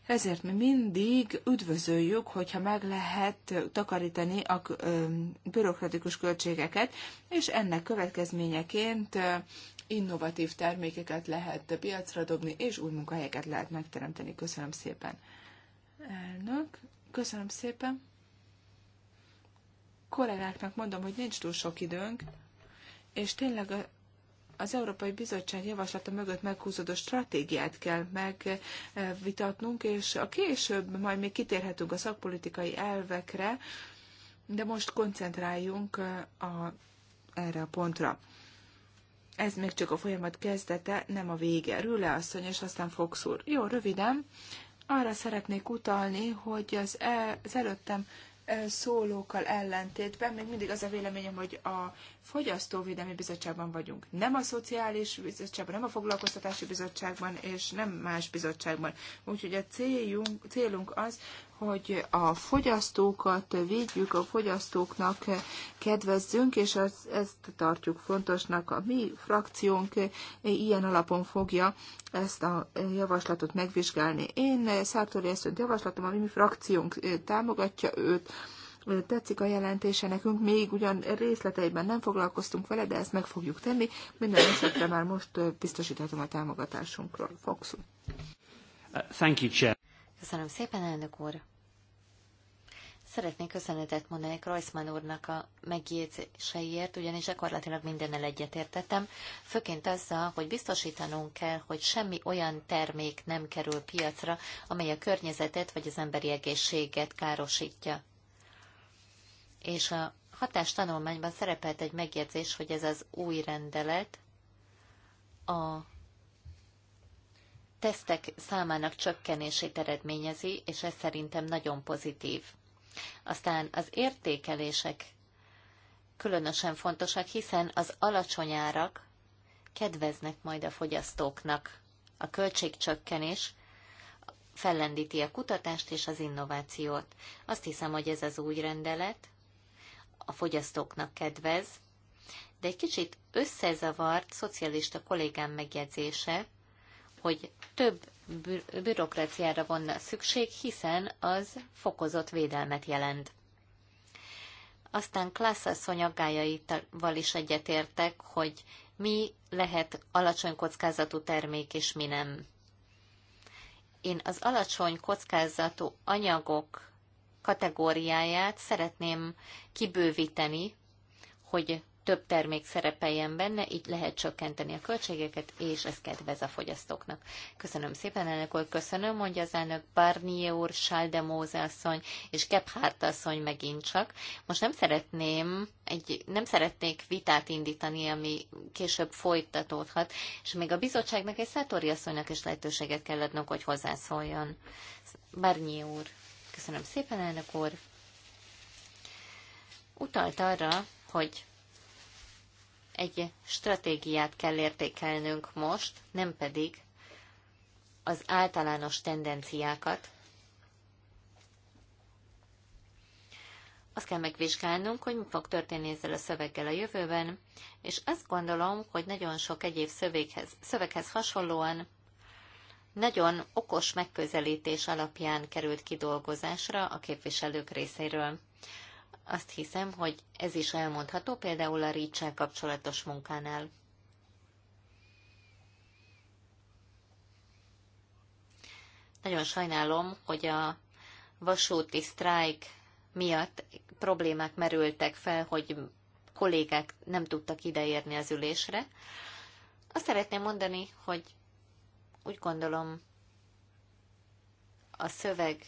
Ezért mi mindig üdvözöljük, hogyha meg lehet takarítani a bürokratikus költségeket, és ennek következményeként innovatív termékeket lehet piacra dobni, és új munkahelyeket lehet megteremteni. Köszönöm szépen. Elnök, köszönöm szépen. Kollégáknak mondom, hogy nincs túl sok időnk, és tényleg az Európai Bizottság javaslata mögött meghúzódó stratégiát kell megvitatnunk, és a később majd még kitérhetünk a szakpolitikai elvekre, de most koncentráljunk a, erre a pontra. Ez még csak a folyamat kezdete, nem a vége. Rüle asszony, és aztán foxur úr. Jó, röviden. Arra szeretnék utalni, hogy az, el, az előttem szólókkal ellentétben még mindig az a véleményem, hogy a fogyasztóvédelmi bizottságban vagyunk, nem a szociális bizottságban, nem a foglalkoztatási bizottságban, és nem más bizottságban. Úgyhogy a céljunk, célunk az, hogy a fogyasztókat védjük, a fogyasztóknak kedvezzünk, és az, ezt tartjuk fontosnak. A mi frakciónk ilyen alapon fogja ezt a javaslatot megvizsgálni. Én Szártori Eszönt javaslatom, a mi frakciónk támogatja őt, Tetszik a jelentése nekünk, még ugyan részleteiben nem foglalkoztunk vele, de ezt meg fogjuk tenni. Minden esetre már most biztosíthatom a támogatásunkról. fogsz. Uh, thank you, Chair. Köszönöm szépen, elnök úr. Szeretnék köszönetet mondani Kreuzmann úrnak a megjegyzéseiért, ugyanis gyakorlatilag mindennel egyetértettem, főként azzal, hogy biztosítanunk kell, hogy semmi olyan termék nem kerül piacra, amely a környezetet vagy az emberi egészséget károsítja és a hatástanulmányban szerepelt egy megjegyzés, hogy ez az új rendelet a tesztek számának csökkenését eredményezi, és ez szerintem nagyon pozitív. Aztán az értékelések különösen fontosak, hiszen az alacsony árak kedveznek majd a fogyasztóknak. A költségcsökkenés fellendíti a kutatást és az innovációt. Azt hiszem, hogy ez az új rendelet a fogyasztóknak kedvez, de egy kicsit összezavart szocialista kollégám megjegyzése, hogy több bürokráciára van szükség, hiszen az fokozott védelmet jelent. Aztán klasszasszony aggájaival is egyetértek, hogy mi lehet alacsony kockázatú termék és mi nem. Én az alacsony kockázatú anyagok kategóriáját szeretném kibővíteni, hogy több termék szerepeljen benne, így lehet csökkenteni a költségeket, és ez kedvez a fogyasztóknak. Köszönöm szépen, elnök úr, köszönöm, mondja az elnök Barnier úr, Sáldemóze asszony és Gebhardt asszony megint csak. Most nem szeretném, egy, nem szeretnék vitát indítani, ami később folytatódhat, és még a bizottságnak és Szátori asszonynak is lehetőséget kell adnunk, hogy hozzászóljon. Barnier úr. Köszönöm szépen, elnök úr. Utalt arra, hogy egy stratégiát kell értékelnünk most, nem pedig az általános tendenciákat. Azt kell megvizsgálnunk, hogy mi fog történni ezzel a szöveggel a jövőben, és azt gondolom, hogy nagyon sok egyéb szöveghez, szöveghez hasonlóan nagyon okos megközelítés alapján került kidolgozásra a képviselők részéről. Azt hiszem, hogy ez is elmondható például a rics kapcsolatos munkánál. Nagyon sajnálom, hogy a vasúti sztrájk miatt problémák merültek fel, hogy kollégák nem tudtak ideérni az ülésre. Azt szeretném mondani, hogy úgy gondolom, a szöveg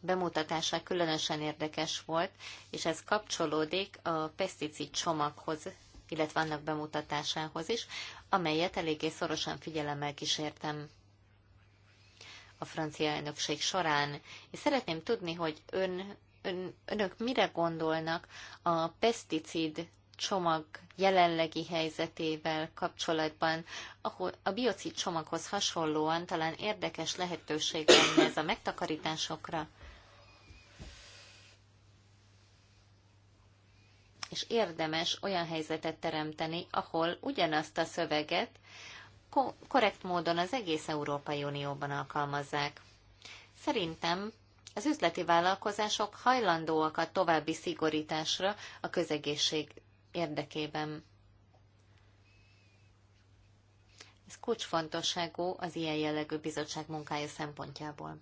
bemutatása különösen érdekes volt, és ez kapcsolódik a peszticid csomaghoz, illetve annak bemutatásához is, amelyet eléggé szorosan figyelemmel kísértem a francia elnökség során. És szeretném tudni, hogy ön, ön, önök mire gondolnak a peszticid csomag jelenlegi helyzetével kapcsolatban, ahol a biocid csomaghoz hasonlóan talán érdekes lehetőség lenne ez a megtakarításokra. És érdemes olyan helyzetet teremteni, ahol ugyanazt a szöveget korrekt módon az egész Európai Unióban alkalmazzák. Szerintem az üzleti vállalkozások hajlandóak a további szigorításra a közegészség érdekében. Ez kulcsfontosságú az ilyen jellegű bizottság munkája szempontjából.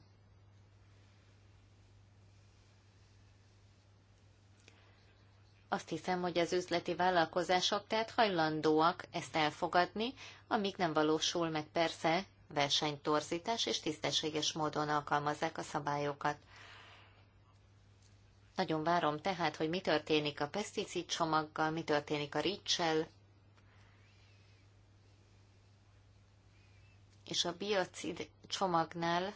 Azt hiszem, hogy az üzleti vállalkozások tehát hajlandóak ezt elfogadni, amíg nem valósul meg persze versenytorzítás, és tisztességes módon alkalmazzák a szabályokat. Nagyon várom tehát, hogy mi történik a peszticid csomaggal, mi történik a ricsel, és a biocid csomagnál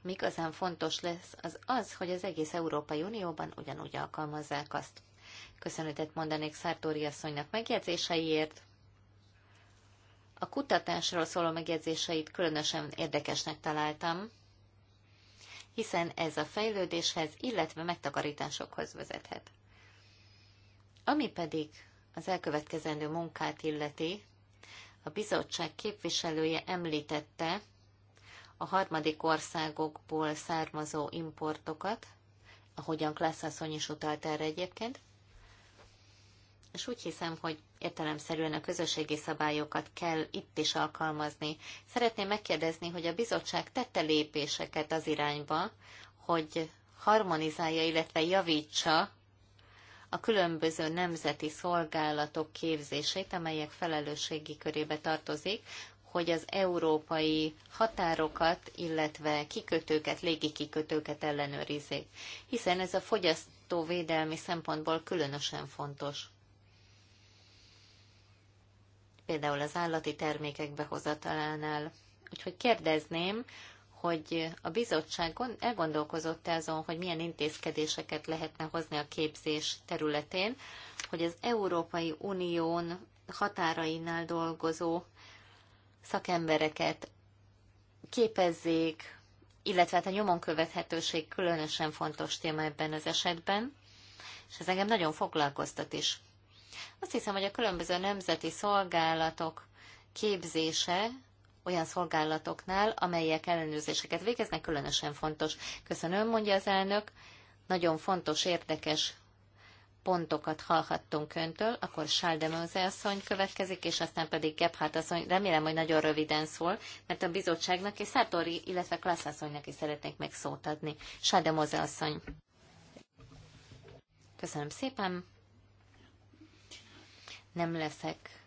mi igazán fontos lesz, az az, hogy az egész Európai Unióban ugyanúgy alkalmazzák azt. Köszönetet mondanék Szártóri asszonynak megjegyzéseiért. A kutatásról szóló megjegyzéseit különösen érdekesnek találtam hiszen ez a fejlődéshez, illetve megtakarításokhoz vezethet. Ami pedig az elkövetkezendő munkát illeti, a bizottság képviselője említette a harmadik országokból származó importokat, ahogyan Klász asszony is utalt erre egyébként, és úgy hiszem, hogy értelemszerűen a közösségi szabályokat kell itt is alkalmazni. Szeretném megkérdezni, hogy a bizottság tette lépéseket az irányba, hogy harmonizálja, illetve javítsa a különböző nemzeti szolgálatok képzését, amelyek felelősségi körébe tartozik, hogy az európai határokat, illetve kikötőket, légikikötőket ellenőrizzék, hiszen ez a fogyasztóvédelmi szempontból különösen fontos például az állati termékek behozatalánál. Úgyhogy kérdezném, hogy a bizottság elgondolkozott -e azon, hogy milyen intézkedéseket lehetne hozni a képzés területén, hogy az Európai Unión határainál dolgozó szakembereket képezzék, illetve hát a nyomon követhetőség különösen fontos téma ebben az esetben, és ez engem nagyon foglalkoztat is. Azt hiszem, hogy a különböző nemzeti szolgálatok képzése olyan szolgálatoknál, amelyek ellenőrzéseket végeznek, különösen fontos. Köszönöm, mondja az elnök. Nagyon fontos, érdekes pontokat hallhattunk öntől, akkor Sáldemőze asszony következik, és aztán pedig Gebhardt asszony, remélem, hogy nagyon röviden szól, mert a bizottságnak és Szátori, illetve Klassz asszonynak is szeretnék meg szót adni. Sáldemőze asszony. Köszönöm szépen nem leszek.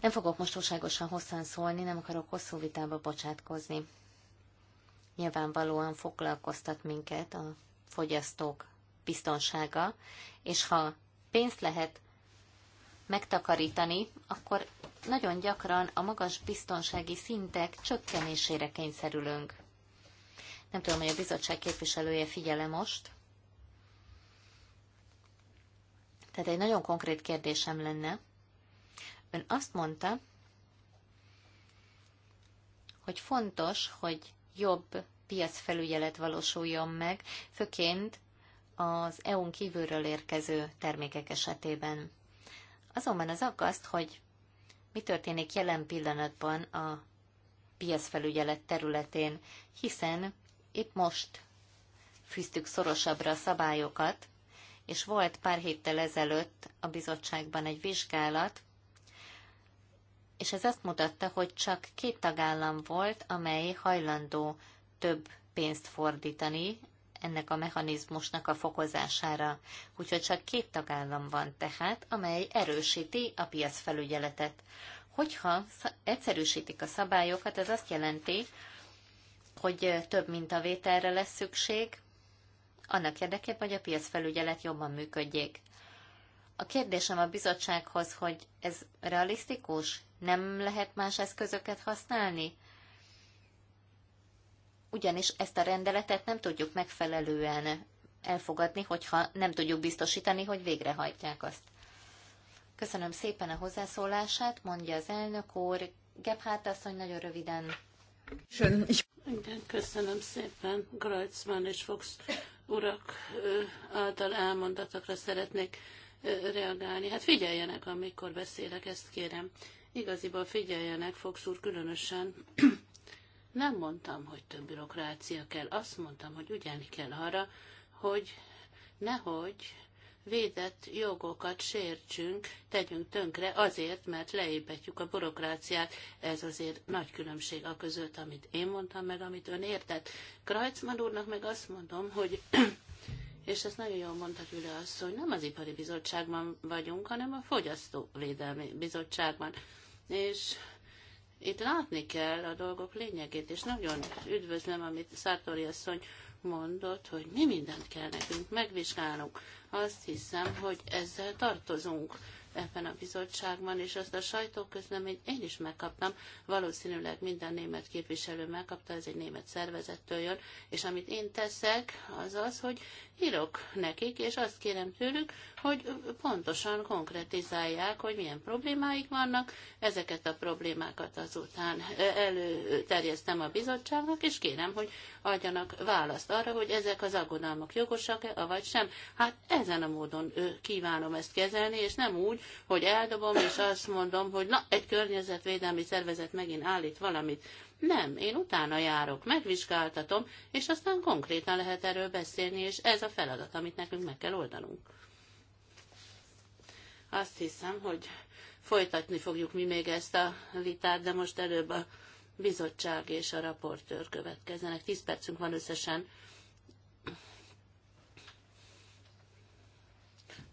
Nem fogok most túlságosan hosszan szólni, nem akarok hosszú vitába bocsátkozni. Nyilvánvalóan foglalkoztat minket a fogyasztók biztonsága, és ha pénzt lehet megtakarítani, akkor nagyon gyakran a magas biztonsági szintek csökkenésére kényszerülünk. Nem tudom, hogy a bizottság képviselője figyele most. Tehát egy nagyon konkrét kérdésem lenne. Ön azt mondta, hogy fontos, hogy jobb piacfelügyelet valósuljon meg, főként az EU-n kívülről érkező termékek esetében. Azonban az aggaszt, hogy mi történik jelen pillanatban a piacfelügyelet területén, hiszen itt most fűztük szorosabbra a szabályokat, és volt pár héttel ezelőtt a bizottságban egy vizsgálat, és ez azt mutatta, hogy csak két tagállam volt, amely hajlandó több pénzt fordítani ennek a mechanizmusnak a fokozására. Úgyhogy csak két tagállam van tehát, amely erősíti a piacfelügyeletet. Hogyha egyszerűsítik a szabályokat, ez azt jelenti, hogy több mintavételre lesz szükség, annak érdekében, hogy a piacfelügyelet jobban működjék. A kérdésem a bizottsághoz, hogy ez realisztikus? Nem lehet más eszközöket használni? Ugyanis ezt a rendeletet nem tudjuk megfelelően elfogadni, hogyha nem tudjuk biztosítani, hogy végrehajtják azt. Köszönöm szépen a hozzászólását, mondja az elnök úr. Gebhardt asszony nagyon röviden. Igen, köszönöm szépen Grajcman és Fox urak által elmondatokra szeretnék reagálni. Hát figyeljenek, amikor beszélek, ezt kérem. Igaziban figyeljenek, Fox úr, különösen. Nem mondtam, hogy több bürokrácia kell. Azt mondtam, hogy ugyanik kell arra, hogy nehogy védett jogokat sértsünk, tegyünk tönkre azért, mert leépetjük a burokráciát. Ez azért nagy különbség a között, amit én mondtam meg, amit ön értett. Krajcman úrnak meg azt mondom, hogy és ezt nagyon jól mondta Gyula azt, hogy nem az Ipari Bizottságban vagyunk, hanem a Fogyasztóvédelmi Bizottságban. És itt látni kell a dolgok lényegét, és nagyon üdvözlöm, amit Szártori asszony mondott, hogy mi mindent kell nekünk megvizsgálnunk azt hiszem, hogy ezzel tartozunk ebben a bizottságban, és azt a sajtóközleményt én is megkaptam, valószínűleg minden német képviselő megkapta, ez egy német szervezettől jön, és amit én teszek, az az, hogy írok nekik, és azt kérem tőlük, hogy pontosan konkretizálják, hogy milyen problémáik vannak, ezeket a problémákat azután előterjesztem a bizottságnak, és kérem, hogy adjanak választ arra, hogy ezek az aggodalmak jogosak-e, vagy sem. Hát ezen a módon kívánom ezt kezelni, és nem úgy, hogy eldobom, és azt mondom, hogy na, egy környezetvédelmi szervezet megint állít valamit. Nem, én utána járok, megvizsgáltatom, és aztán konkrétan lehet erről beszélni, és ez a feladat, amit nekünk meg kell oldanunk. Azt hiszem, hogy folytatni fogjuk mi még ezt a vitát, de most előbb a bizottság és a raportőr következzenek. Tíz percünk van összesen.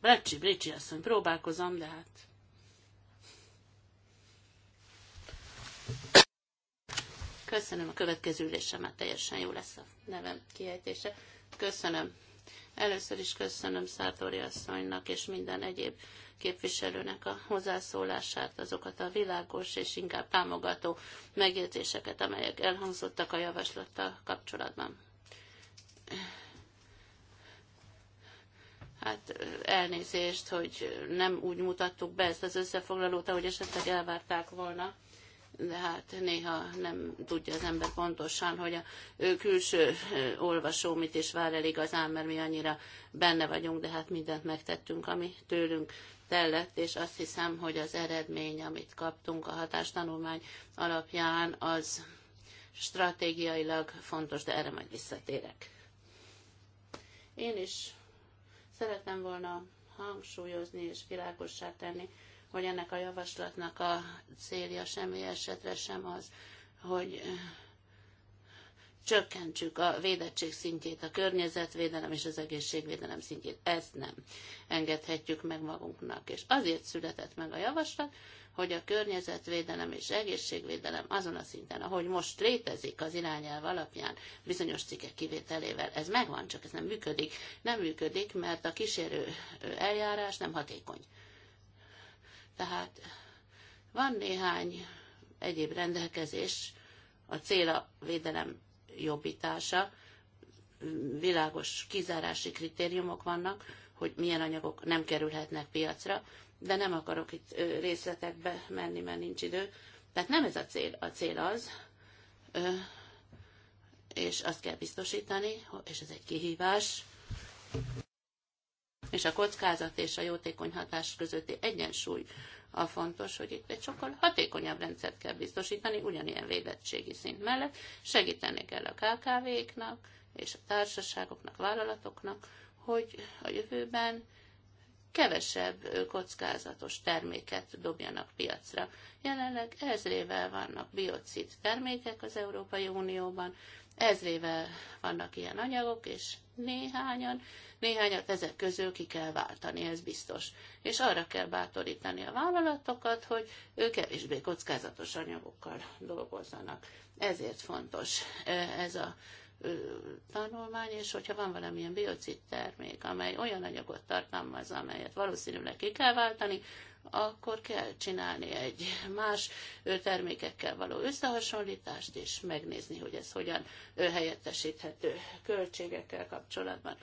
Brecsi, Brecsi asszony, próbálkozom, de hát... Köszönöm a következő ülésre, mert teljesen jó lesz a nevem kiejtése. Köszönöm. Először is köszönöm Szártori asszonynak és minden egyéb képviselőnek a hozzászólását, azokat a világos és inkább támogató megjegyzéseket, amelyek elhangzottak a javaslattal kapcsolatban. Hát elnézést, hogy nem úgy mutattuk be ezt az összefoglalót, ahogy esetleg elvárták volna de hát néha nem tudja az ember pontosan, hogy a külső olvasó mit is vár el igazán, mert mi annyira benne vagyunk, de hát mindent megtettünk, ami tőlünk tellett, és azt hiszem, hogy az eredmény, amit kaptunk a hatástanulmány alapján, az stratégiailag fontos, de erre majd visszatérek. Én is szeretem volna hangsúlyozni és világossá tenni, hogy ennek a javaslatnak a célja semmi esetre sem az, hogy csökkentsük a védettség szintjét, a környezetvédelem és az egészségvédelem szintjét. Ezt nem engedhetjük meg magunknak. És azért született meg a javaslat, hogy a környezetvédelem és egészségvédelem azon a szinten, ahogy most létezik az irányelv alapján, bizonyos cikkek kivételével, ez megvan, csak ez nem működik. Nem működik, mert a kísérő eljárás nem hatékony. Tehát van néhány egyéb rendelkezés, a cél a védelem jobbítása. Világos kizárási kritériumok vannak, hogy milyen anyagok nem kerülhetnek piacra, de nem akarok itt részletekbe menni, mert nincs idő. Tehát nem ez a cél. A cél az, és azt kell biztosítani, és ez egy kihívás, és a kockázat és a jótékony hatás közötti egyensúly a fontos, hogy itt egy sokkal hatékonyabb rendszert kell biztosítani, ugyanilyen védettségi szint mellett segíteni kell a KKV-knak és a társaságoknak, vállalatoknak, hogy a jövőben kevesebb kockázatos terméket dobjanak piacra. Jelenleg ezrével vannak biocid termékek az Európai Unióban, Ezrével vannak ilyen anyagok, és néhányan, néhányat ezek közül ki kell váltani, ez biztos. És arra kell bátorítani a vállalatokat, hogy ők kevésbé kockázatos anyagokkal dolgozzanak. Ezért fontos e, ez a tanulmány, és hogyha van valamilyen biocid termék, amely olyan anyagot tartalmaz, amelyet valószínűleg ki kell váltani, akkor kell csinálni egy más termékekkel való összehasonlítást, és megnézni, hogy ez hogyan helyettesíthető költségekkel kapcsolatban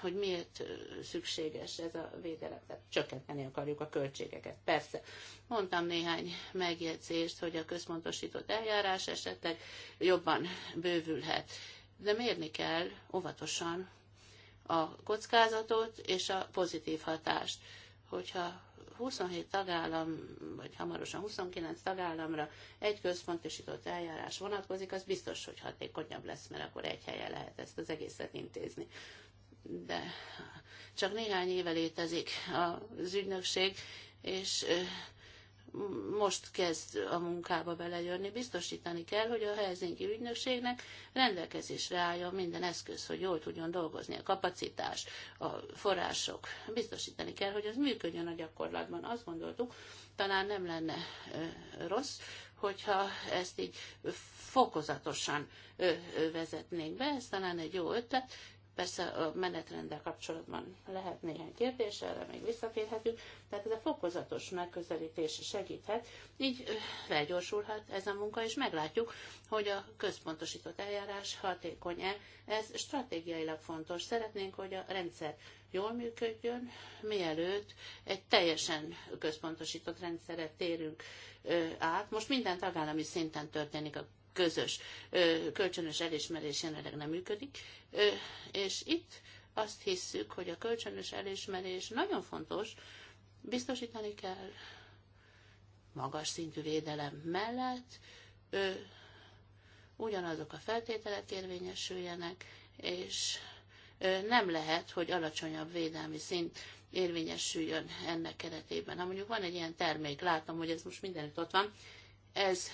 hogy miért szükséges ez a védelem, tehát csökkenteni akarjuk a költségeket. Persze, mondtam néhány megjegyzést, hogy a központosított eljárás esetleg jobban bővülhet, de mérni kell óvatosan a kockázatot és a pozitív hatást hogyha 27 tagállam, vagy hamarosan 29 tagállamra egy központosított eljárás vonatkozik, az biztos, hogy hatékonyabb lesz, mert akkor egy helyen lehet ezt az egészet intézni. De csak néhány éve létezik az ügynökség, és most kezd a munkába belejönni, biztosítani kell, hogy a Helsinki ügynökségnek rendelkezésre álljon minden eszköz, hogy jól tudjon dolgozni a kapacitás, a források. Biztosítani kell, hogy ez működjön a gyakorlatban. Azt gondoltuk, talán nem lenne rossz, hogyha ezt így fokozatosan vezetnénk be, ez talán egy jó ötlet, Persze a menetrenddel kapcsolatban lehet néhány kérdés, erre még visszatérhetünk, tehát ez a fokozatos megközelítés segíthet, így felgyorsulhat ez a munka, és meglátjuk, hogy a központosított eljárás hatékony-e. Ez stratégiailag fontos. Szeretnénk, hogy a rendszer jól működjön, mielőtt egy teljesen központosított rendszerre térünk át. Most minden tagállami szinten történik a közös kölcsönös elismerés jelenleg nem működik, és itt azt hisszük, hogy a kölcsönös elismerés nagyon fontos, biztosítani kell magas szintű védelem mellett, ugyanazok a feltételek érvényesüljenek, és nem lehet, hogy alacsonyabb védelmi szint érvényesüljön ennek keretében. Ha mondjuk van egy ilyen termék, látom, hogy ez most mindenütt ott van, ez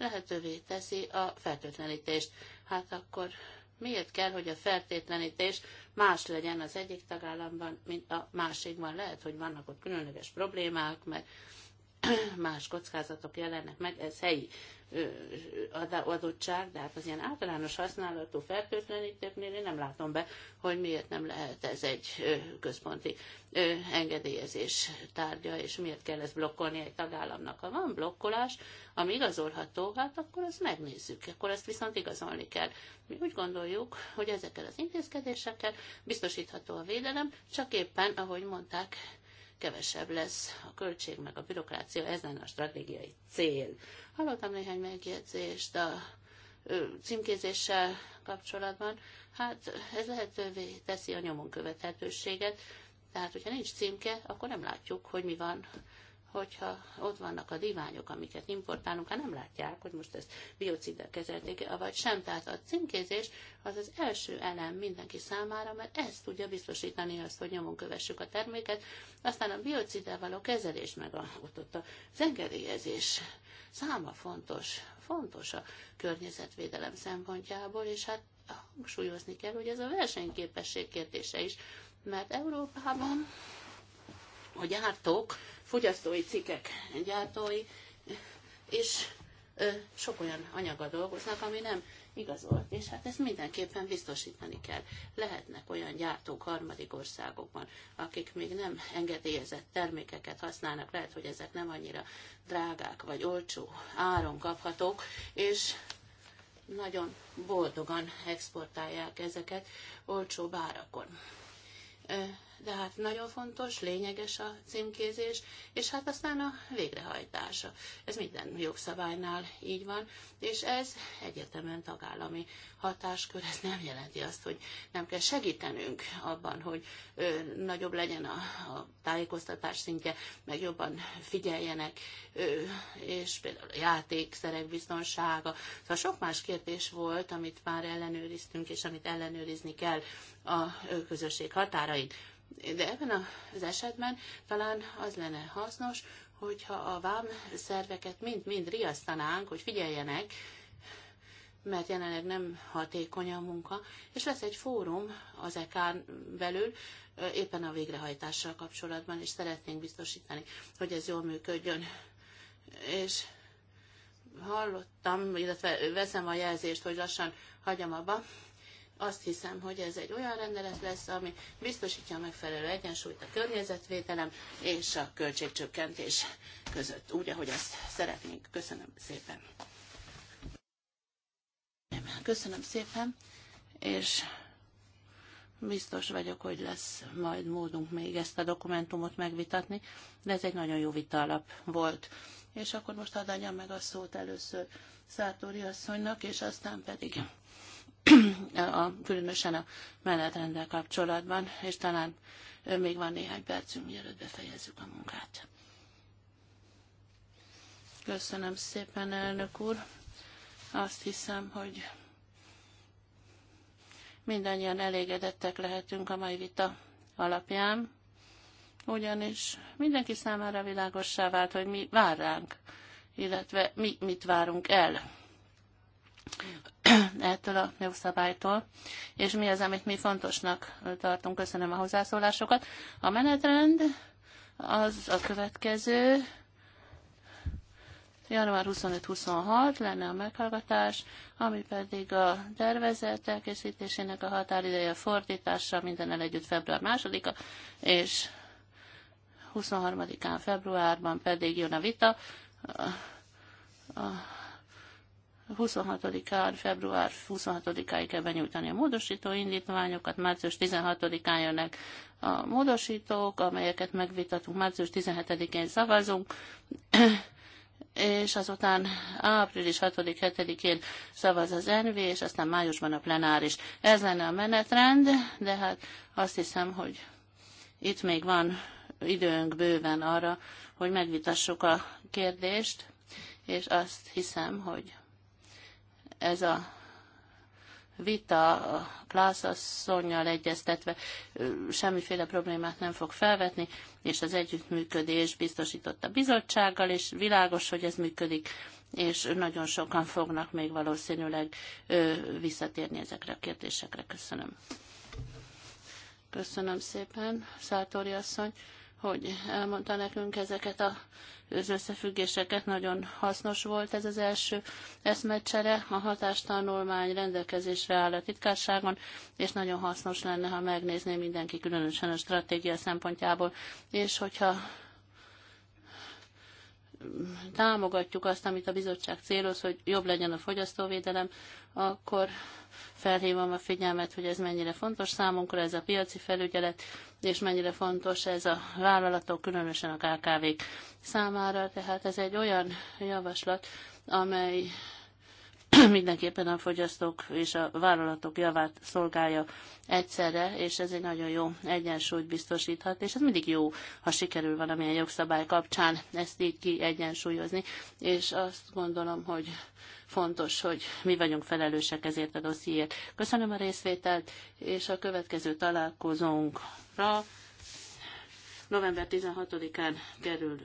lehetővé teszi a feltétlenítést. Hát akkor miért kell, hogy a feltétlenítés más legyen az egyik tagállamban, mint a másikban? Lehet, hogy vannak ott különleges problémák, mert más kockázatok jelennek meg, ez helyi adottság, de hát az ilyen általános használatú fertőtlenítőknél én nem látom be, hogy miért nem lehet ez egy központi engedélyezés tárgya, és miért kell ezt blokkolni egy tagállamnak. Ha van blokkolás, ami igazolható, hát akkor azt megnézzük, akkor ezt viszont igazolni kell. Mi úgy gondoljuk, hogy ezekkel az intézkedésekkel biztosítható a védelem, csak éppen, ahogy mondták, kevesebb lesz a költség meg a bürokrácia, ez lenne a stratégiai cél. Hallottam néhány megjegyzést a címkézéssel kapcsolatban, hát ez lehetővé teszi a nyomon követhetőséget, tehát hogyha nincs címke, akkor nem látjuk, hogy mi van hogyha ott vannak a diványok, amiket importálunk, hát nem látják, hogy most ezt biociddel kezelték, vagy sem. Tehát a címkézés az az első elem mindenki számára, mert ez tudja biztosítani azt, hogy nyomon kövessük a terméket. Aztán a biociddel való kezelés, meg a, ott, ott az engedélyezés száma fontos, fontos a környezetvédelem szempontjából, és hát hangsúlyozni kell, hogy ez a versenyképesség kérdése is, mert Európában a gyártók, fogyasztói cikkek gyártói, és ö, sok olyan anyaga dolgoznak, ami nem igazolt, és hát ezt mindenképpen biztosítani kell. Lehetnek olyan gyártók harmadik országokban, akik még nem engedélyezett termékeket használnak, lehet, hogy ezek nem annyira drágák vagy olcsó áron kaphatók, és nagyon boldogan exportálják ezeket olcsó bárakon de hát nagyon fontos, lényeges a címkézés, és hát aztán a végrehajtása. Ez minden jogszabálynál így van, és ez egyetemen tagállami hatáskör, ez nem jelenti azt, hogy nem kell segítenünk abban, hogy ö, nagyobb legyen a, a tájékoztatás szintje, meg jobban figyeljenek, ö, és például a játékszerek biztonsága. Szóval sok más kérdés volt, amit már ellenőriztünk, és amit ellenőrizni kell a közösség határait. De ebben az esetben talán az lenne hasznos, hogyha a vám szerveket mind-mind riasztanánk, hogy figyeljenek, mert jelenleg nem hatékony a munka, és lesz egy fórum az EK-n belül éppen a végrehajtással kapcsolatban, és szeretnénk biztosítani, hogy ez jól működjön. És hallottam, illetve veszem a jelzést, hogy lassan hagyom abba, azt hiszem, hogy ez egy olyan rendelet lesz, ami biztosítja a megfelelő egyensúlyt a környezetvédelem és a költségcsökkentés között, úgy, ahogy azt szeretnénk. Köszönöm szépen. Köszönöm szépen, és biztos vagyok, hogy lesz majd módunk még ezt a dokumentumot megvitatni, de ez egy nagyon jó vita alap volt. És akkor most adjam meg a szót először Szátori asszonynak, és aztán pedig a, különösen a menetrenddel kapcsolatban, és talán még van néhány percünk, mielőtt befejezzük a munkát. Köszönöm szépen, elnök úr. Azt hiszem, hogy mindannyian elégedettek lehetünk a mai vita alapján, ugyanis mindenki számára világossá vált, hogy mi vár ránk, illetve mi mit várunk el ettől a jogszabálytól, és mi az, amit mi fontosnak tartunk. Köszönöm a hozzászólásokat. A menetrend az a következő. Január 25-26 lenne a meghallgatás, ami pedig a tervezet elkészítésének a határideje fordítása mindennel együtt február 2-a, és 23-án februárban pedig jön a vita. A, a, 26-án, február 26-áig kell benyújtani a módosító indítványokat, március 16-án jönnek a módosítók, amelyeket megvitatunk, március 17-én szavazunk, és azután április 6-7-én szavaz az NV, és aztán májusban a plenáris. Ez lenne a menetrend, de hát azt hiszem, hogy itt még van időnk bőven arra, hogy megvitassuk a kérdést, és azt hiszem, hogy ez a vita a klászasszonynal egyeztetve semmiféle problémát nem fog felvetni, és az együttműködés biztosított a bizottsággal, és világos, hogy ez működik, és nagyon sokan fognak még valószínűleg visszatérni ezekre a kérdésekre. Köszönöm. Köszönöm szépen, Szátori asszony, hogy elmondta nekünk ezeket a az összefüggéseket. Nagyon hasznos volt ez az első eszmecsere. A hatástanulmány rendelkezésre áll a titkárságon, és nagyon hasznos lenne, ha megnézné mindenki, különösen a stratégia szempontjából. És hogyha támogatjuk azt, amit a bizottság céloz, hogy jobb legyen a fogyasztóvédelem, akkor felhívom a figyelmet, hogy ez mennyire fontos számunkra, ez a piaci felügyelet, és mennyire fontos ez a vállalatok, különösen a KKV-k számára. Tehát ez egy olyan javaslat, amely mindenképpen a fogyasztók és a vállalatok javát szolgálja egyszerre, és ez egy nagyon jó egyensúlyt biztosíthat, és ez mindig jó, ha sikerül valamilyen jogszabály kapcsán ezt így kiegyensúlyozni, és azt gondolom, hogy Fontos, hogy mi vagyunk felelősek ezért a dossziért. Köszönöm a részvételt, és a következő találkozónkra november 16-án kerül.